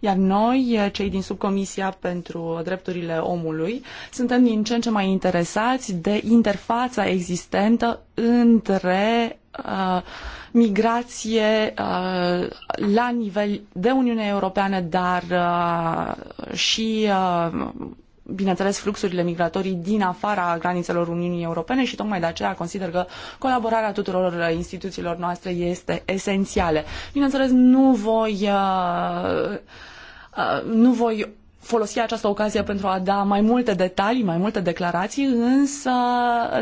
Iar noi, cei din subcomisia pentru drepturile omului, suntem din ce în ce mai interesați de interfața existentă între uh, migrație uh, la nivel de Uniune Europeană, dar uh, și uh, bineînțeles, fluxurile migratorii din afara granițelor Uniunii Europene și tocmai de aceea consider că colaborarea tuturor instituțiilor noastre este esențială. Bineînțeles, nu voi, uh, uh, nu voi folosi această ocazie pentru a da mai multe detalii, mai multe declarații, însă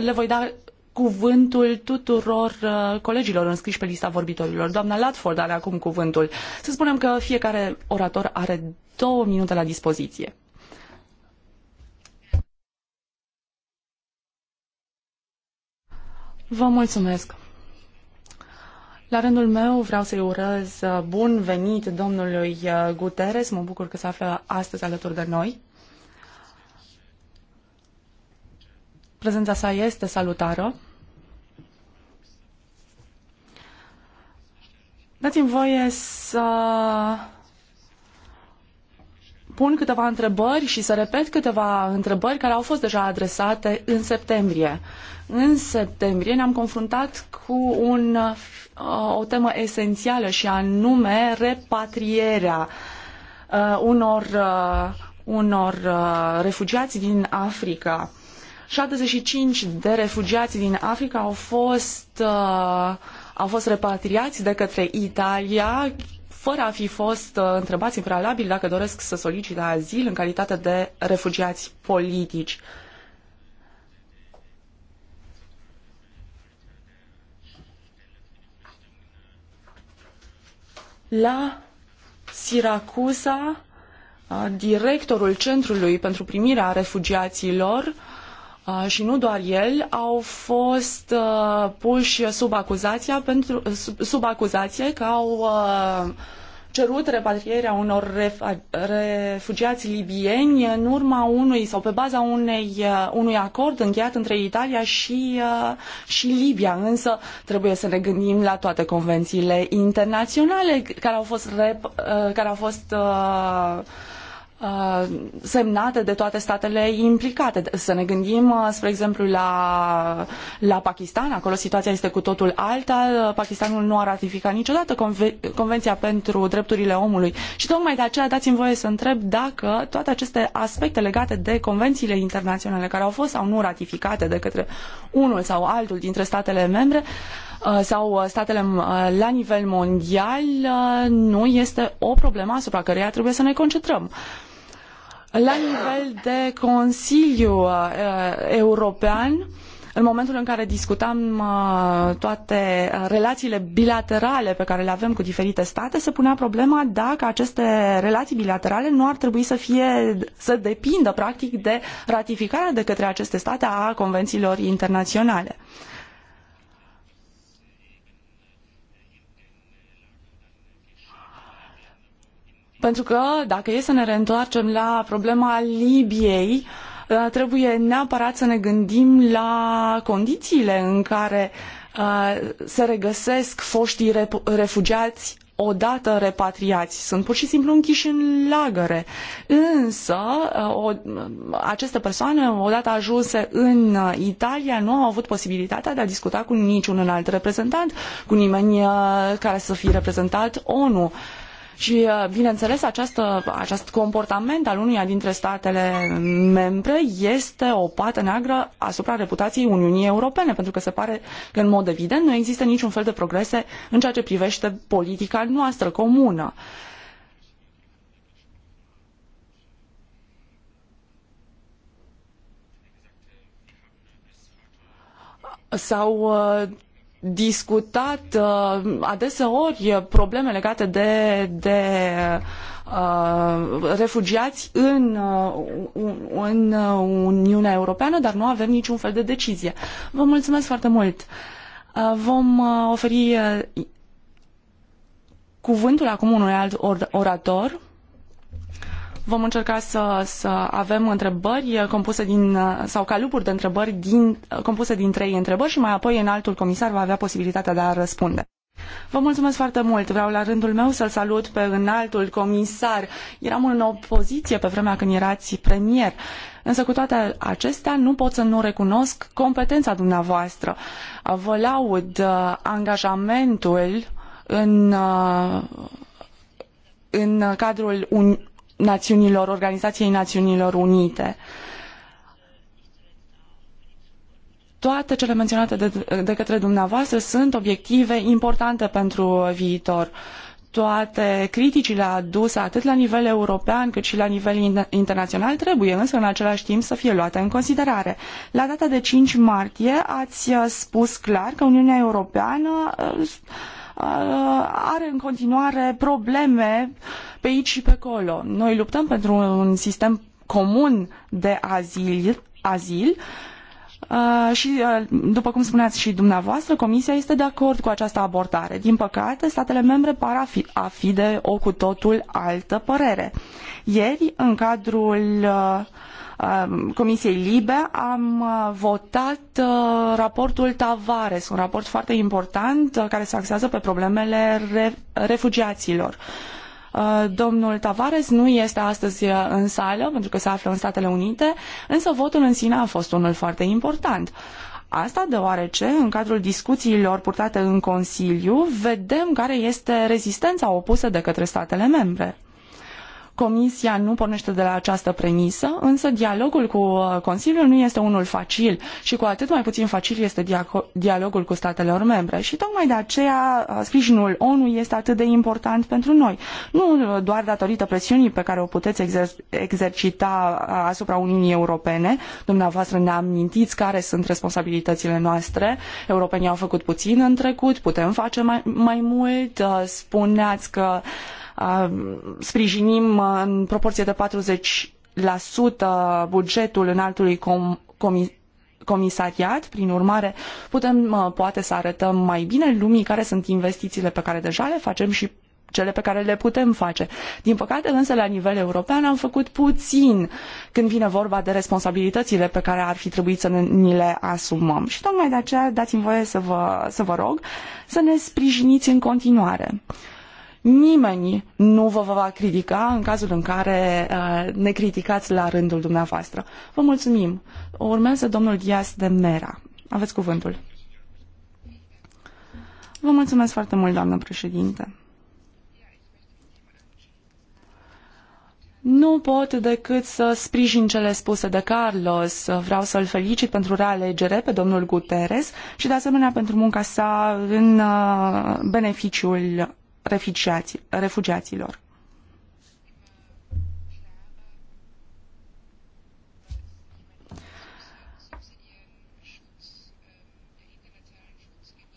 le voi da cuvântul tuturor uh, colegilor înscriși pe lista vorbitorilor. Doamna Latford are acum cuvântul. Să spunem că fiecare orator are două minute la dispoziție. Vă mulțumesc. La rândul meu vreau să-i urez uh, bun venit domnului uh, Guterres. Mă bucur că se află astăzi alături de noi. Prezența sa este salutară. Dați-mi voie să pun câteva întrebări și să repet câteva întrebări care au fost deja adresate în septembrie. În septembrie ne-am confruntat cu un, uh, o temă esențială și anume repatrierea uh, unor, uh, unor refugiați din Africa. 75 de refugiați din Africa au fost, uh, au fost repatriați de către Italia fără a fi fost uh, întrebați în prealabil dacă doresc să solicite azil în calitate de refugiați politici. La Siracusa, uh, directorul Centrului pentru Primirea Refugiaților și nu doar el, au fost puși sub acuzația, pentru, sub, sub acuzație că au cerut repatrierea unor ref- refugiați libieni în urma unui sau pe baza unei, unui acord încheiat între Italia și, și Libia. Însă trebuie să ne gândim la toate convențiile internaționale care au fost, rep- care au fost uh, Uh, semnate de toate statele implicate. Să ne gândim, uh, spre exemplu, la, la Pakistan, acolo situația este cu totul alta. Uh, Pakistanul nu a ratificat niciodată Conve Convenția pentru Drepturile Omului și tocmai de aceea dați-mi voie să întreb dacă toate aceste aspecte legate de convențiile internaționale care au fost sau nu ratificate de către unul sau altul dintre statele membre sau statele la nivel mondial nu este o problemă asupra căreia trebuie să ne concentrăm. La nivel de Consiliu uh, uh, European, în momentul în care discutam uh, toate relațiile bilaterale pe care le avem cu diferite state, se punea problema dacă aceste relații bilaterale nu ar trebui să fie să depindă practic de ratificarea de către aceste state a convențiilor internaționale. Uh, Pentru că dacă e să ne reîntoarcem la problema Libiei, uh, trebuie neapărat să ne gândim la condițiile în care uh, se regăsesc foștii refugiați odată repatriați. Sunt pur și simplu închiși în lagăre. Însă, uh, o, aceste persoane, odată ajunse în Italia, nu au avut posibilitatea de a discuta cu niciun alt reprezentant, cu nimeni care să fie reprezentat ONU. Uh, și, uh, bineînțeles, această, acest comportament al unuia dintre statele membre este o pată neagră asupra reputației Uniunii Europene, pentru că se pare că, în mod evident, nu există niciun fel de progrese în ceea ce privește politica noastră comună. sau uh, discutat uh, adeseori uh, probleme legate de, de uh, refugiați în, uh, în Uniunea Europeană, dar nu avem niciun fel de decizie. Vă mulțumesc foarte mult! Vom oferi cuvântul acum unui alt orator. Vom încerca să, să avem întrebări compuse din, sau calupuri de întrebări din, compuse din trei întrebări și mai apoi în altul comisar va avea posibilitatea de a răspunde. Vă mulțumesc foarte mult. Vreau la rândul meu să-l salut pe înaltul comisar. Eram în opoziție pe vremea când erați premier. Însă cu toate acestea nu pot să nu recunosc competența dumneavoastră. Vă laud uh, angajamentul în, uh, în cadrul națiunilor, Organizației Națiunilor Unite. Toate cele menționate de, de către dumneavoastră sunt obiective importante pentru viitor. Toate criticile aduse atât la nivel european cât și la nivel internațional trebuie însă în același timp să fie luate în considerare. La data de 5 martie ați spus clar că Uniunea Europeană uh, Uh, are în continuare probleme pe aici și pe acolo. Noi luptăm pentru un sistem comun de azil, azil uh, și, uh, după cum spuneați și dumneavoastră, Comisia este de acord cu această abordare. Din păcate, statele membre par a fi, a fi de o cu totul altă părere. Ieri, în cadrul uh, Comisiei Libe am uh, votat uh, raportul Tavares, un raport foarte important uh, care se axează pe problemele refugiaților. Domnul Tavares nu este astăzi în sală pentru că se află în Statele Unite, însă votul în sine a fost unul foarte important. Asta deoarece, în cadrul discuțiilor purtate în Consiliu, vedem care este rezistența opusă de către statele membre. Comisia nu pornește de la această premisă, însă dialogul cu uh, Consiliul nu este unul facil și cu atât mai puțin facil este dialogul cu statele membre. Și tocmai de aceea uh, sprijinul ONU este atât de important pentru noi. Nu uh, doar datorită presiunii pe care o puteți exer- exercita asupra Uniunii Europene. Dumneavoastră ne amintiți care sunt responsabilitățile noastre. Europenii au făcut puțin în trecut, putem face mai, mai mult. Spuneați că sprijinim în proporție de 40% bugetul înaltului com- comis comisariat, prin urmare putem poate să arătăm mai bine lumii care sunt investițiile pe care deja le facem și cele pe care le putem face. Din păcate, însă, la nivel european am făcut puțin când vine vorba de responsabilitățile pe care ar fi trebuit să ni le asumăm. Și tocmai de aceea dați-mi voie să vă, să vă rog să ne sprijiniți în continuare nimeni nu vă va critica în cazul în care uh, ne criticați la rândul dumneavoastră. Vă mulțumim. Urmează domnul Dias de Mera. Aveți cuvântul. Vă mulțumesc foarte mult, doamnă președinte. Nu pot decât să sprijin cele spuse de Carlos. Vreau să-l felicit pentru realegere pe domnul Guterres și de asemenea pentru munca sa în uh, beneficiul refugiaților.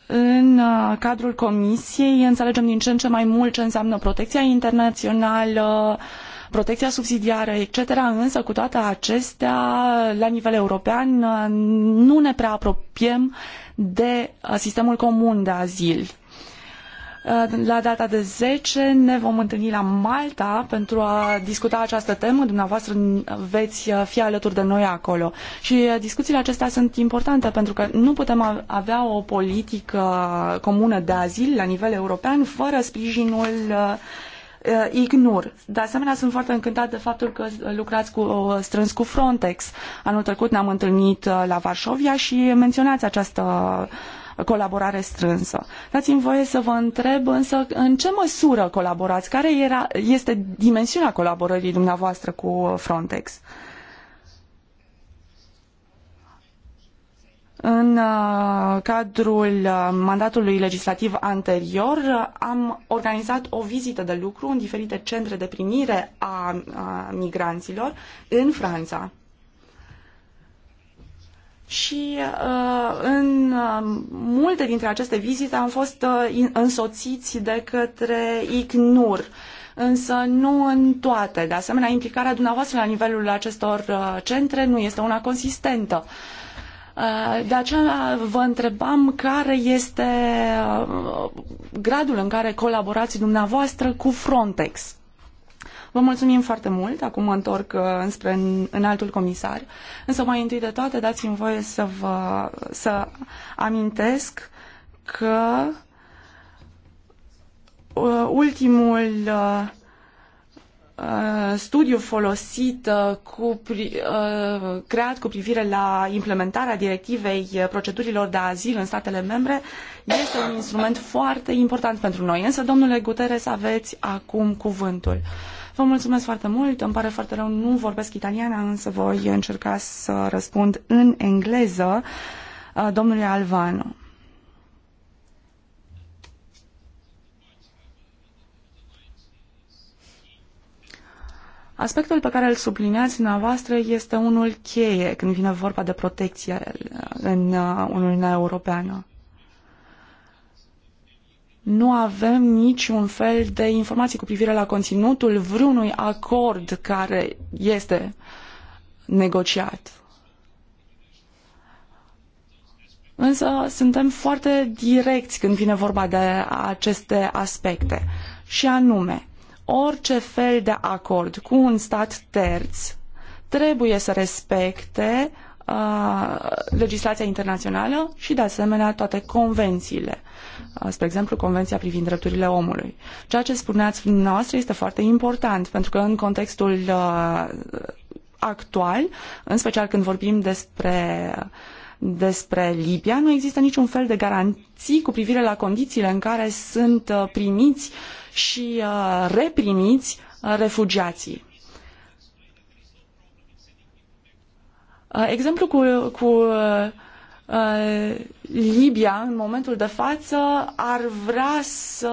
în uh, cadrul Comisiei înțelegem din ce în ce mai mult ce înseamnă protecția internațională, protecția subsidiară, etc. Însă, cu toate acestea, la nivel european, uh, nu ne prea apropiem de uh, sistemul comun de azil. Uh, la data de 10 ne vom întâlni la Malta pentru a discuta această temă. Dumneavoastră veți uh, fi alături de noi acolo. Și uh, discuțiile acestea sunt importante pentru că nu putem avea o politică comună de azil la nivel european fără sprijinul ignor. De asemenea, sunt foarte încântat de faptul că lucrați cu, strâns cu Frontex. Anul trecut ne-am întâlnit la Varșovia și menționați această colaborare strânsă. Dați-mi voie să vă întreb însă în ce măsură colaborați? Care era, este dimensiunea colaborării dumneavoastră cu Frontex? În uh, cadrul uh, mandatului legislativ anterior uh, am organizat o vizită de lucru în diferite centre de primire a, a migranților în Franța și uh, în uh, multe dintre aceste vizite am fost uh, însoțiți de către ICNUR, însă nu în toate. De asemenea, implicarea dumneavoastră la nivelul acestor uh, centre nu este una consistentă. Uh, de aceea vă întrebam care este uh, gradul în care colaborați dumneavoastră cu Frontex. Vă mulțumim foarte mult. Acum mă întorc uh, înspre înaltul comisar. Însă mai întâi de toate dați-mi voie să vă să amintesc că uh, ultimul uh, studiu folosit cu, creat cu privire la implementarea directivei procedurilor de azil în statele membre este un instrument foarte important pentru noi. Însă, domnule Guterres, aveți acum cuvântul. Vă mulțumesc foarte mult, îmi pare foarte rău, nu vorbesc italiana, însă voi încerca să răspund în engleză uh, domnului Alvano. Aspectul pe care îl subliniați dumneavoastră este unul cheie când vine vorba de protecție uh, în uh, Uniunea Europeană nu avem niciun fel de informații cu privire la conținutul vreunui acord care este negociat. Însă suntem foarte direcți când vine vorba de aceste aspecte. Și anume, orice fel de acord cu un stat terț trebuie să respecte uh, legislația internațională și, de asemenea, toate convențiile spre exemplu, Convenția privind drepturile omului. Ceea ce spuneați dumneavoastră este foarte important, pentru că în contextul actual, în special când vorbim despre despre Libia, nu există niciun fel de garanții cu privire la condițiile în care sunt primiți și reprimiți refugiații. Exemplul cu, cu Uh, Libia, în momentul de față, ar vrea să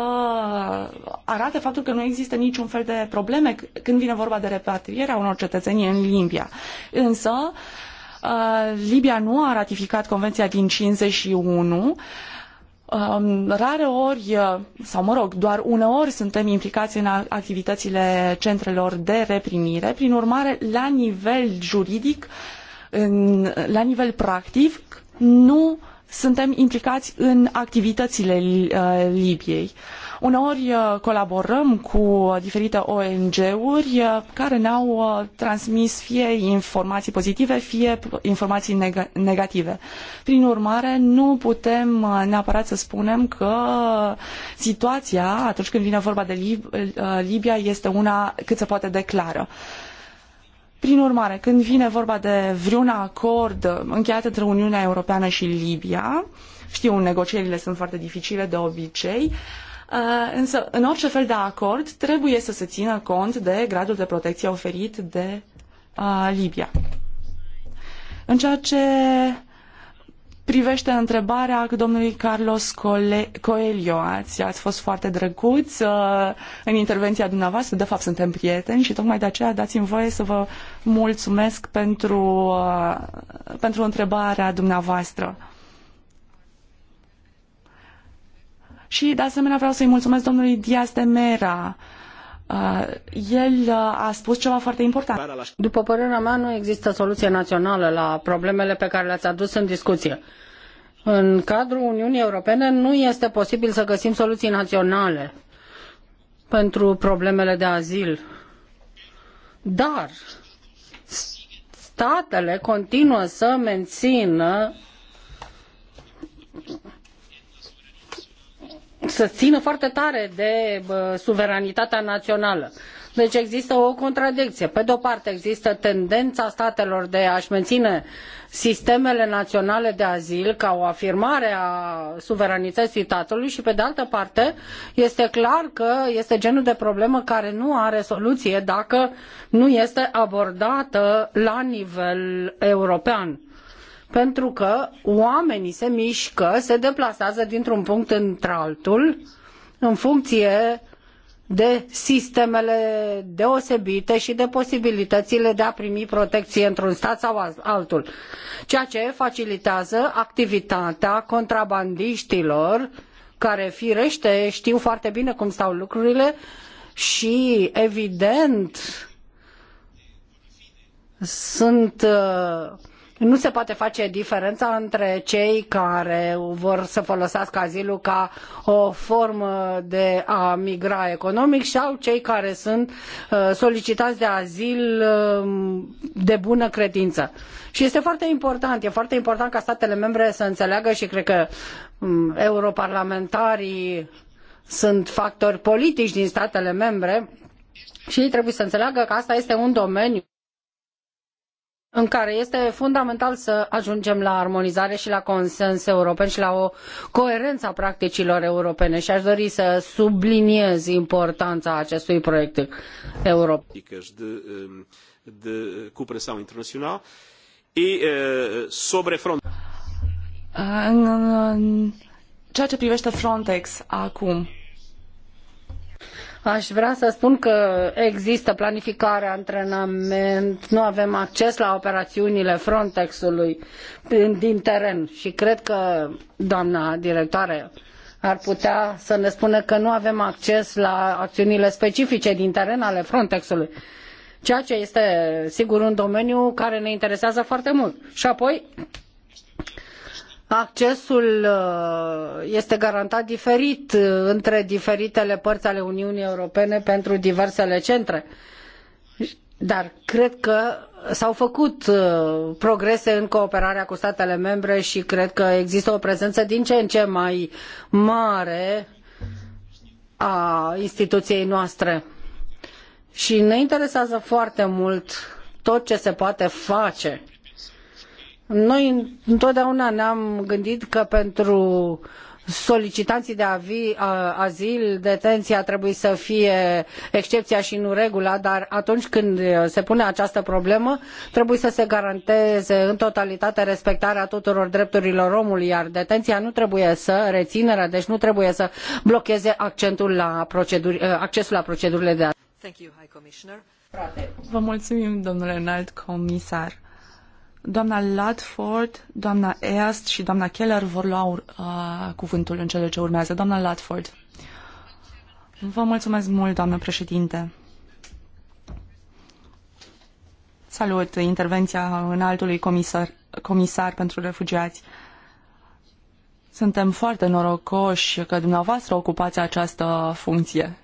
arate faptul că nu există niciun fel de probleme când vine vorba de repatrierea unor cetățenii în Libia. Însă, uh, Libia nu a ratificat Convenția din 51 um, rare ori, uh, sau mă rog, doar uneori suntem implicați în activitățile centrelor de reprimire. Prin urmare, la nivel juridic, la nivel practic, nu suntem implicați în activitățile uh, Libiei. Uneori uh, colaborăm cu diferite ONG-uri uh, care ne-au transmis fie informații pozitive, fie informații neg negative. Prin urmare, nu putem neapărat să spunem că situația, atunci când vine vorba de Lib Libia, este una cât se poate de clară. Prin urmare, când vine vorba de vreun acord încheiat între Uniunea Europeană și Libia, știu, negocierile sunt foarte dificile de obicei, uh, însă în orice fel de acord trebuie să se țină cont de gradul de protecție oferit de uh, Libia. În ceea ce privește întrebarea domnului Carlos Coelho. Ați, ați fost foarte drăguț uh, în intervenția dumneavoastră. De fapt, suntem prieteni și tocmai de aceea dați-mi voie să vă mulțumesc pentru, uh, pentru întrebarea dumneavoastră. Și, de asemenea, vreau să-i mulțumesc domnului Diaz de Mera Uh, el uh, a spus ceva foarte important. După părerea mea, nu există soluție națională la problemele pe care le-ați adus în discuție. În cadrul Uniunii Europene nu este posibil să găsim soluții naționale pentru problemele de azil. Dar statele continuă să mențină să țină foarte tare de suveranitatea națională. Deci există o contradicție. Pe de o parte există tendența statelor de a-și menține sistemele naționale de azil ca o afirmare a suveranității statului și pe de altă parte este clar că este genul de problemă care nu are soluție dacă nu este abordată la nivel european pentru că oamenii se mișcă, se deplasează dintr-un punct într-altul în funcție de sistemele deosebite și de posibilitățile de a primi protecție într-un stat sau altul, ceea ce facilitează activitatea contrabandiștilor care firește știu foarte bine cum stau lucrurile și evident sunt uh, nu se poate face diferența între cei care vor să folosească azilul ca o formă de a migra economic sau cei care sunt uh, solicitați de azil um, de bună credință. Și este foarte important, e foarte important ca statele membre să înțeleagă și cred că um, europarlamentarii sunt factori politici din statele membre și ei trebuie să înțeleagă că asta este un domeniu în care este fundamental să ajungem la armonizare și la consens european și la o coerență a practicilor europene și aș dori să subliniez importanța acestui proiect european. de cooperação internacional sobre În ceea ce privește Frontex acum, Aș vrea să spun că există planificare, antrenament, nu avem acces la operațiunile Frontex-ului din teren și cred că doamna directoare ar putea să ne spună că nu avem acces la acțiunile specifice din teren ale Frontex-ului, ceea ce este sigur un domeniu care ne interesează foarte mult. Și apoi accesul uh, este garantat diferit uh, între diferitele părți ale Uniunii Europene pentru diversele centre. Dar cred că s-au făcut uh, progrese în cooperarea cu statele membre și cred că există o prezență din ce în ce mai mare a instituției noastre. Și ne interesează foarte mult tot ce se poate face noi întotdeauna ne-am gândit că pentru solicitanții de avi, a, azil, detenția trebuie să fie excepția și nu regula, dar atunci când se pune această problemă, trebuie să se garanteze în totalitate respectarea tuturor drepturilor omului, iar detenția nu trebuie să, reținerea, deci nu trebuie să blocheze accentul la proceduri, accesul la procedurile de azil. Vă mulțumim, domnule înalt comisar. Doamna Latford, doamna East și doamna Keller vor lua uh, cuvântul în cele ce urmează. Doamna Latford. Vă mulțumesc mult, doamnă președinte. Salut intervenția înaltului comisar, comisar pentru refugiați. Suntem foarte norocoși că dumneavoastră ocupați această funcție.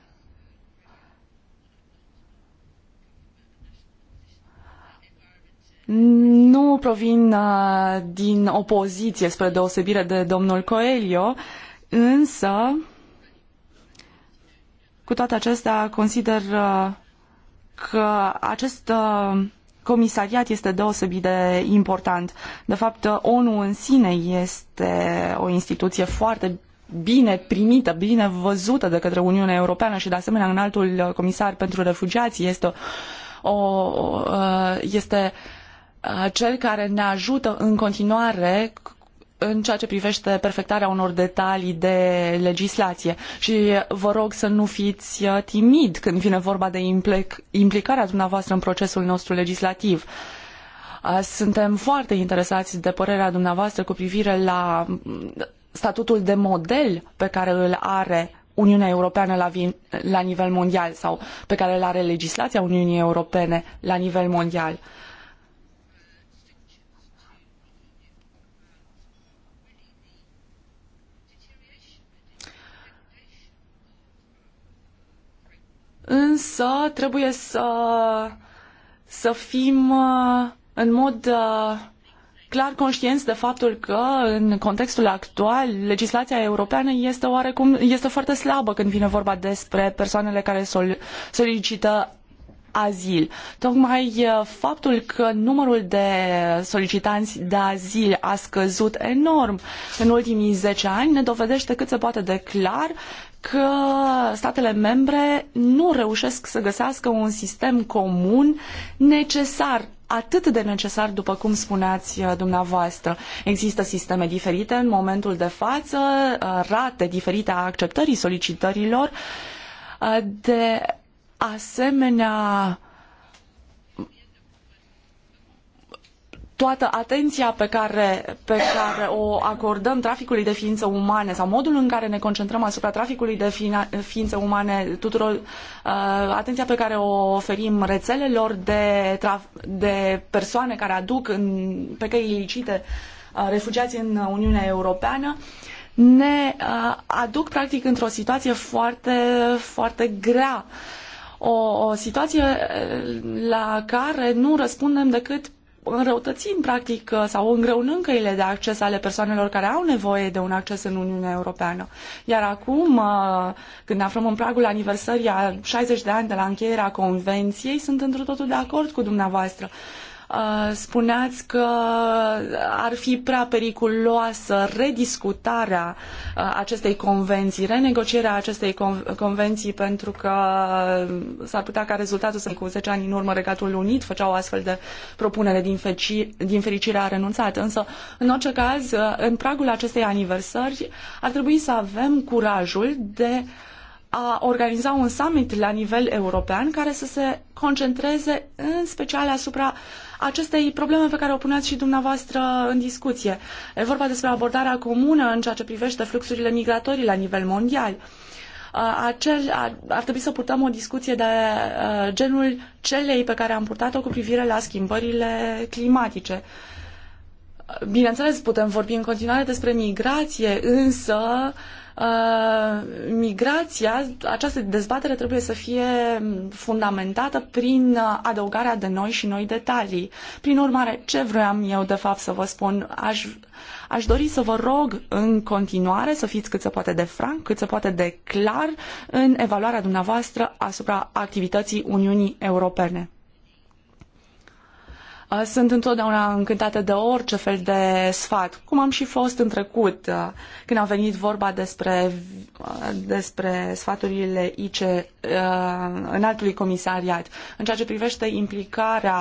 nu provin uh, din opoziție, spre deosebire de domnul Coelho, însă, cu toate acestea, consider uh, că acest uh, comisariat este deosebit de important. De fapt, ONU în sine este o instituție foarte bine primită, bine văzută de către Uniunea Europeană și, de asemenea, înaltul comisar pentru refugiați este o, este Uh, cel care ne ajută în continuare în ceea ce privește perfectarea unor detalii de legislație. Și vă rog să nu fiți uh, timid când vine vorba de implicarea dumneavoastră în procesul nostru legislativ. Uh, suntem foarte interesați de părerea dumneavoastră cu privire la mm, statutul de model pe care îl are Uniunea Europeană la, la nivel mondial sau pe care îl are legislația Uniunii Europene la nivel mondial. Uh, însă trebuie să, să fim uh, în mod uh, clar conștienți de faptul că în contextul actual legislația europeană este oarecum este foarte slabă când vine vorba despre persoanele care sol, solicită azil. Tocmai uh, faptul că numărul de solicitanți de azil a scăzut enorm în ultimii zece ani ne dovedește cât se poate de clar că statele membre nu reușesc să găsească un sistem comun necesar atât de necesar, după cum spuneați uh, dumneavoastră. Există sisteme diferite în momentul de față, uh, rate diferite a acceptării solicitărilor. Uh, de asemenea, toată atenția pe care, pe care o acordăm traficului de ființe umane sau modul în care ne concentrăm asupra traficului de ființe umane, tuturor, uh, atenția pe care o oferim rețelelor de, de persoane care aduc în, pe căi ilicite uh, refugiații în Uniunea Europeană, ne uh, aduc practic într-o situație foarte, foarte grea. O, o situație uh, la care nu răspundem decât înrăutățim, practic, uh, sau îngreunând căile de acces ale persoanelor care au nevoie de un acces în Uniunea Europeană. Iar acum, uh, când ne aflăm în pragul aniversării a 60 de ani de la încheierea Convenției, sunt într totul de acord cu dumneavoastră. Uh, spuneați că ar fi prea periculoasă rediscutarea uh, acestei convenții, renegocierea acestei convenții pentru că s-ar putea ca rezultatul să cu 10 ani în urmă Regatul Unit făcea o astfel de propunere, din, feci, din fericire a renunțat. Însă, în orice caz, uh, în pragul acestei aniversări ar trebui să avem curajul de a organiza un summit la nivel european care să se concentreze în special asupra uh, acestei probleme pe care o puneați și dumneavoastră în discuție. E vorba despre abordarea comună în ceea ce privește fluxurile migratorii la nivel mondial. Acel, ar, ar trebui să purtăm o discuție de uh, genul celei pe care am purtat-o cu privire la schimbările climatice. Bineînțeles, putem vorbi în continuare despre migrație, însă uh, Uh, migrația, această dezbatere trebuie să fie fundamentată prin uh, adăugarea de noi și noi detalii. Prin urmare, ce vreau eu de fapt să vă spun? Aș, aș dori să vă rog în continuare să fiți cât se poate de franc, cât se poate de clar în evaluarea dumneavoastră asupra activității Uniunii Europene. Uh, sunt întotdeauna încântată de orice fel de sfat, cum am și fost în trecut, uh, când a venit vorba despre, uh, despre sfaturile IC în altului comisariat. În ceea ce privește implicarea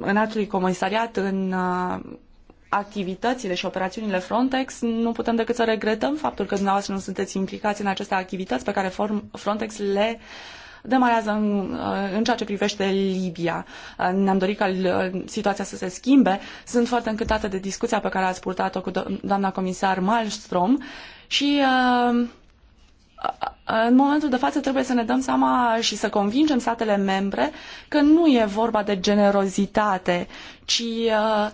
în altului comisariat în activitățile și operațiunile Frontex, nu putem decât să regretăm faptul că dumneavoastră nu sunteți implicați în aceste activități pe care Frontex le uh, demarează în, uh, în ceea ce privește Libia. Uh, ne-am dorit ca uh, situația să se schimbe. Sunt foarte încântată de discuția pe care ați purtat-o cu do- doamna comisar Malmström și în momentul de față trebuie să ne dăm seama și să convingem statele membre că nu e vorba de generozitate, ci uh,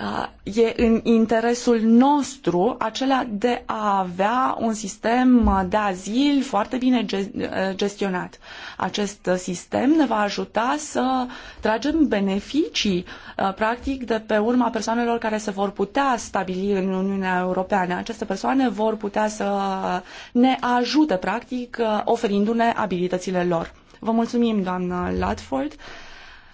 Uh, e în interesul nostru acela de a avea un sistem de azil foarte bine uh, gestionat. Acest sistem ne va ajuta să tragem beneficii, uh, practic, de pe urma persoanelor care se vor putea stabili în Uniunea Europeană. Aceste persoane vor putea să ne ajute, practic, oferindu-ne abilitățile lor. Vă mulțumim, doamnă Latford.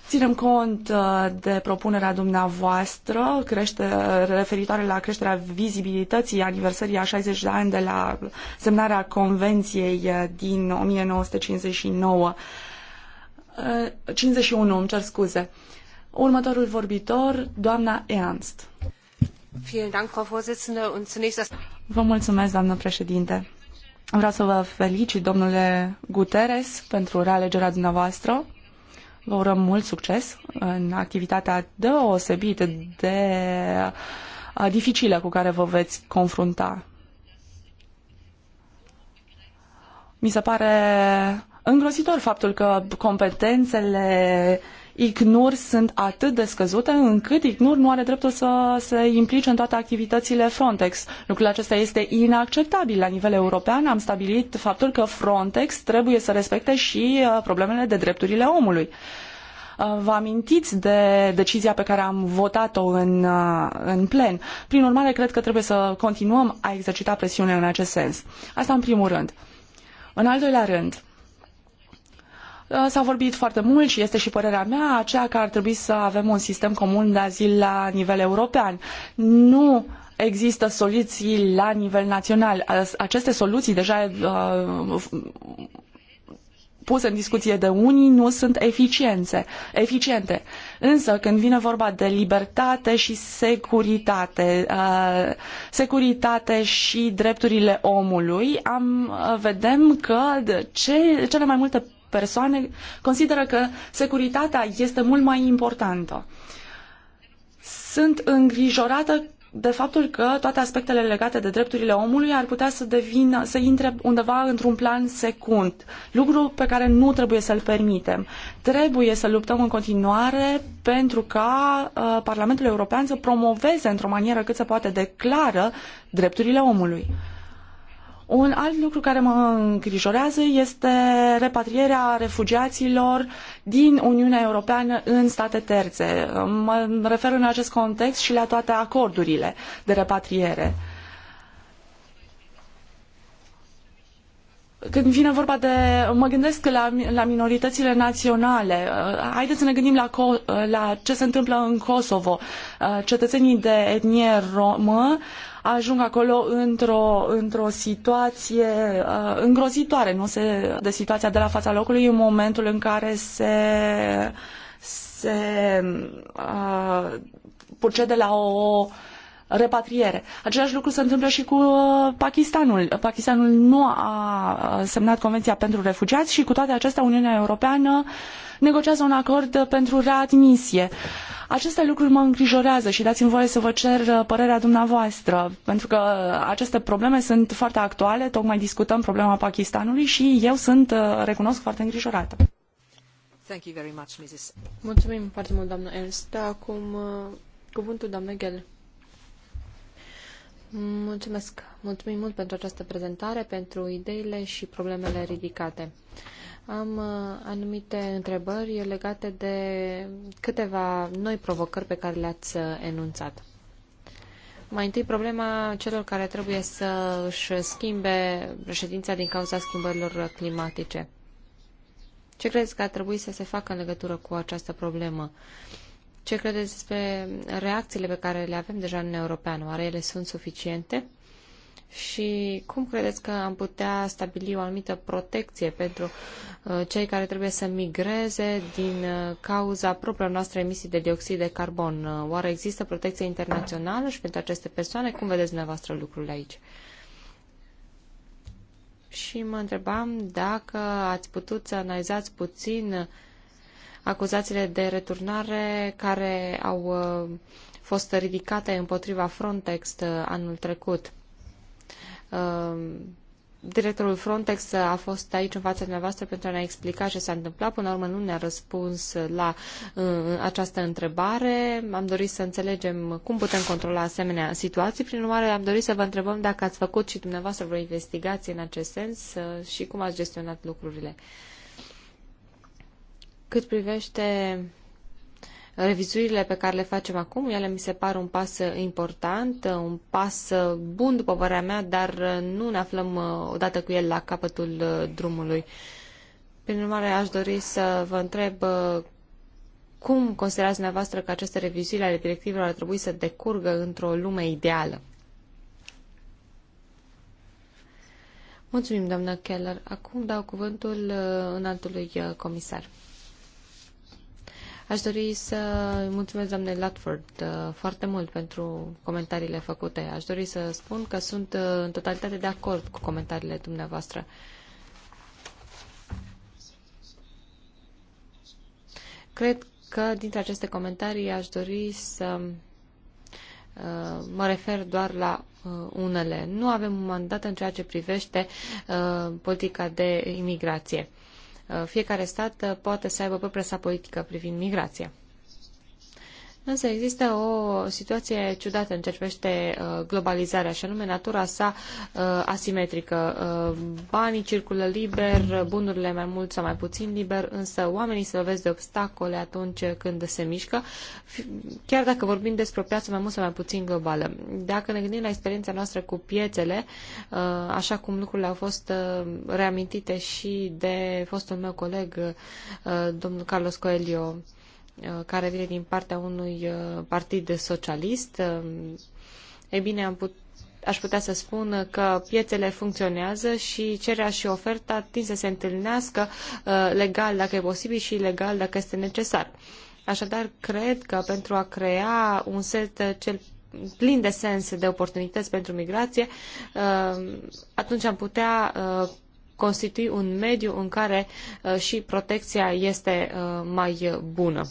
Ținem cont uh, de propunerea dumneavoastră crește, referitoare la creșterea vizibilității aniversării a 60 de ani de la semnarea Convenției uh, din 1959. 51, uh, îmi cer scuze. Următorul vorbitor, doamna Ernst. Vă mulțumesc, doamnă președinte. Vreau să vă felicit, domnule Guterres, pentru realegerea dumneavoastră Vă urăm mult succes în activitatea deosebit de dificilă cu care vă veți confrunta. Mi se pare îngrozitor faptul că competențele ICNUR sunt atât de scăzute încât ICNUR nu are dreptul să se implice în toate activitățile Frontex. Lucrul acesta este inacceptabil. La nivel european am stabilit faptul că Frontex trebuie să respecte și uh, problemele de drepturile omului. Uh, vă amintiți de decizia pe care am votat-o în, uh, în plen. Prin urmare, cred că trebuie să continuăm a exercita presiune în acest sens. Asta în primul rând. În al doilea rând, Uh, S-a vorbit foarte mult și este și părerea mea aceea că ar trebui să avem un sistem comun de azil la nivel european. Nu există soluții la nivel național. Aceste soluții deja uh, puse în discuție de unii nu sunt eficiențe, eficiente. Însă când vine vorba de libertate și securitate, uh, securitate și drepturile omului, am, uh, vedem că ce, cele mai multe persoane consideră că securitatea este mult mai importantă. Sunt îngrijorată de faptul că toate aspectele legate de drepturile omului ar putea să devină, să intre undeva într-un plan secund, lucru pe care nu trebuie să-l permitem. Trebuie să luptăm în continuare pentru ca uh, Parlamentul European să promoveze într-o manieră cât se poate de clară drepturile omului. Un alt lucru care mă îngrijorează este repatrierea refugiaților din Uniunea Europeană în state terțe. Mă refer în acest context și la toate acordurile de repatriere. Când vine vorba de... mă gândesc la, la minoritățile naționale. Haideți să ne gândim la, la ce se întâmplă în Kosovo. Cetățenii de etnie romă uh, ajung acolo într-o, într-o situație uh, îngrozitoare, nu se, de situația de la fața locului în momentul în care se, se uh, procede la o repatriere. Același lucru se întâmplă și cu uh, Pakistanul. Pakistanul nu a uh, semnat Convenția pentru Refugiați și cu toate acestea Uniunea Europeană uh, negociază un acord pentru readmisie. Aceste lucruri mă îngrijorează și dați-mi voie să vă cer uh, părerea dumneavoastră, pentru că uh, aceste probleme sunt foarte actuale, tocmai discutăm problema Pakistanului și eu sunt, uh, recunosc, foarte îngrijorată. Thank you very much, Mrs. Mulțumim foarte mult, doamnă Ernst. Acum, cuvântul doamnei Gell. Mulțumesc. Mulțumim mult pentru această prezentare, pentru ideile și problemele ridicate. Am uh, anumite întrebări legate de câteva noi provocări pe care le-ați uh, enunțat. Mai întâi problema celor care trebuie să își schimbe reședința din cauza schimbărilor climatice. Ce crezi că ar trebui să se facă în legătură cu această problemă? Uh, ce credeți despre reacțiile pe care le avem deja în european? Oare ele sunt suficiente? Și cum credeți că am putea stabili o anumită protecție pentru uh, cei care trebuie să migreze din uh, cauza propriilor noastre emisii de dioxid de carbon? Uh, oare există protecție internațională și pentru aceste persoane? Cum vedeți dumneavoastră lucrurile aici? Și mă întrebam dacă ați putut să analizați puțin acuzațiile de returnare care au uh, fost ridicate împotriva Frontex uh, anul trecut. Uh, directorul Frontex a fost aici în fața dumneavoastră pentru a ne explica ce s-a întâmplat. Până la urmă nu ne-a răspuns la uh, această întrebare. Am dorit să înțelegem cum putem controla asemenea situații. Prin urmare, am dorit să vă întrebăm dacă ați făcut și dumneavoastră vreo investigație în acest sens uh, și cum ați gestionat lucrurile. Uh, cât privește revizuirile pe care le facem acum, ele mi se par un pas important, un pas bun după părerea mea, dar nu ne aflăm uh, odată cu el la capătul uh, drumului. Prin urmare, aș dori să vă întreb uh, cum considerați dumneavoastră că aceste revizuiri ale directivelor ar trebui să decurgă într-o lume ideală? Mulțumim, doamnă Keller. Acum dau cuvântul înaltului comisar. Aș dori să mulțumesc doamnei Latford uh, foarte mult pentru comentariile făcute. Aș dori să spun că sunt uh, în totalitate de acord cu comentariile dumneavoastră. Cred că dintre aceste comentarii aș dori să uh, mă refer doar la unele. Nu avem un mandat în ceea ce privește politica de imigrație fiecare stat poate să aibă propria sa politică privind migrația. Însă există o situație ciudată în ce privește uh, globalizarea, și anume natura sa uh, asimetrică. Uh, banii circulă liber, bunurile mai mult sau mai puțin liber, însă oamenii se lovesc de obstacole atunci când se mișcă, chiar dacă vorbim despre o piață mai mult sau mai puțin globală. Dacă ne gândim la experiența noastră cu piețele, așa cum lucrurile au fost reamintite și de fostul meu coleg, domnul Carlos Coelho, Uh, care vine din partea unui uh, partid socialist, uh, e bine, am put- aș putea să spun că piețele funcționează și cererea și oferta tind să se întâlnească legal dacă e posibil și legal dacă este necesar. Așadar, cred că pentru a crea un set cel plin de sens de oportunități pentru migrație, atunci am putea constitui un mediu în care și protecția este mai bună.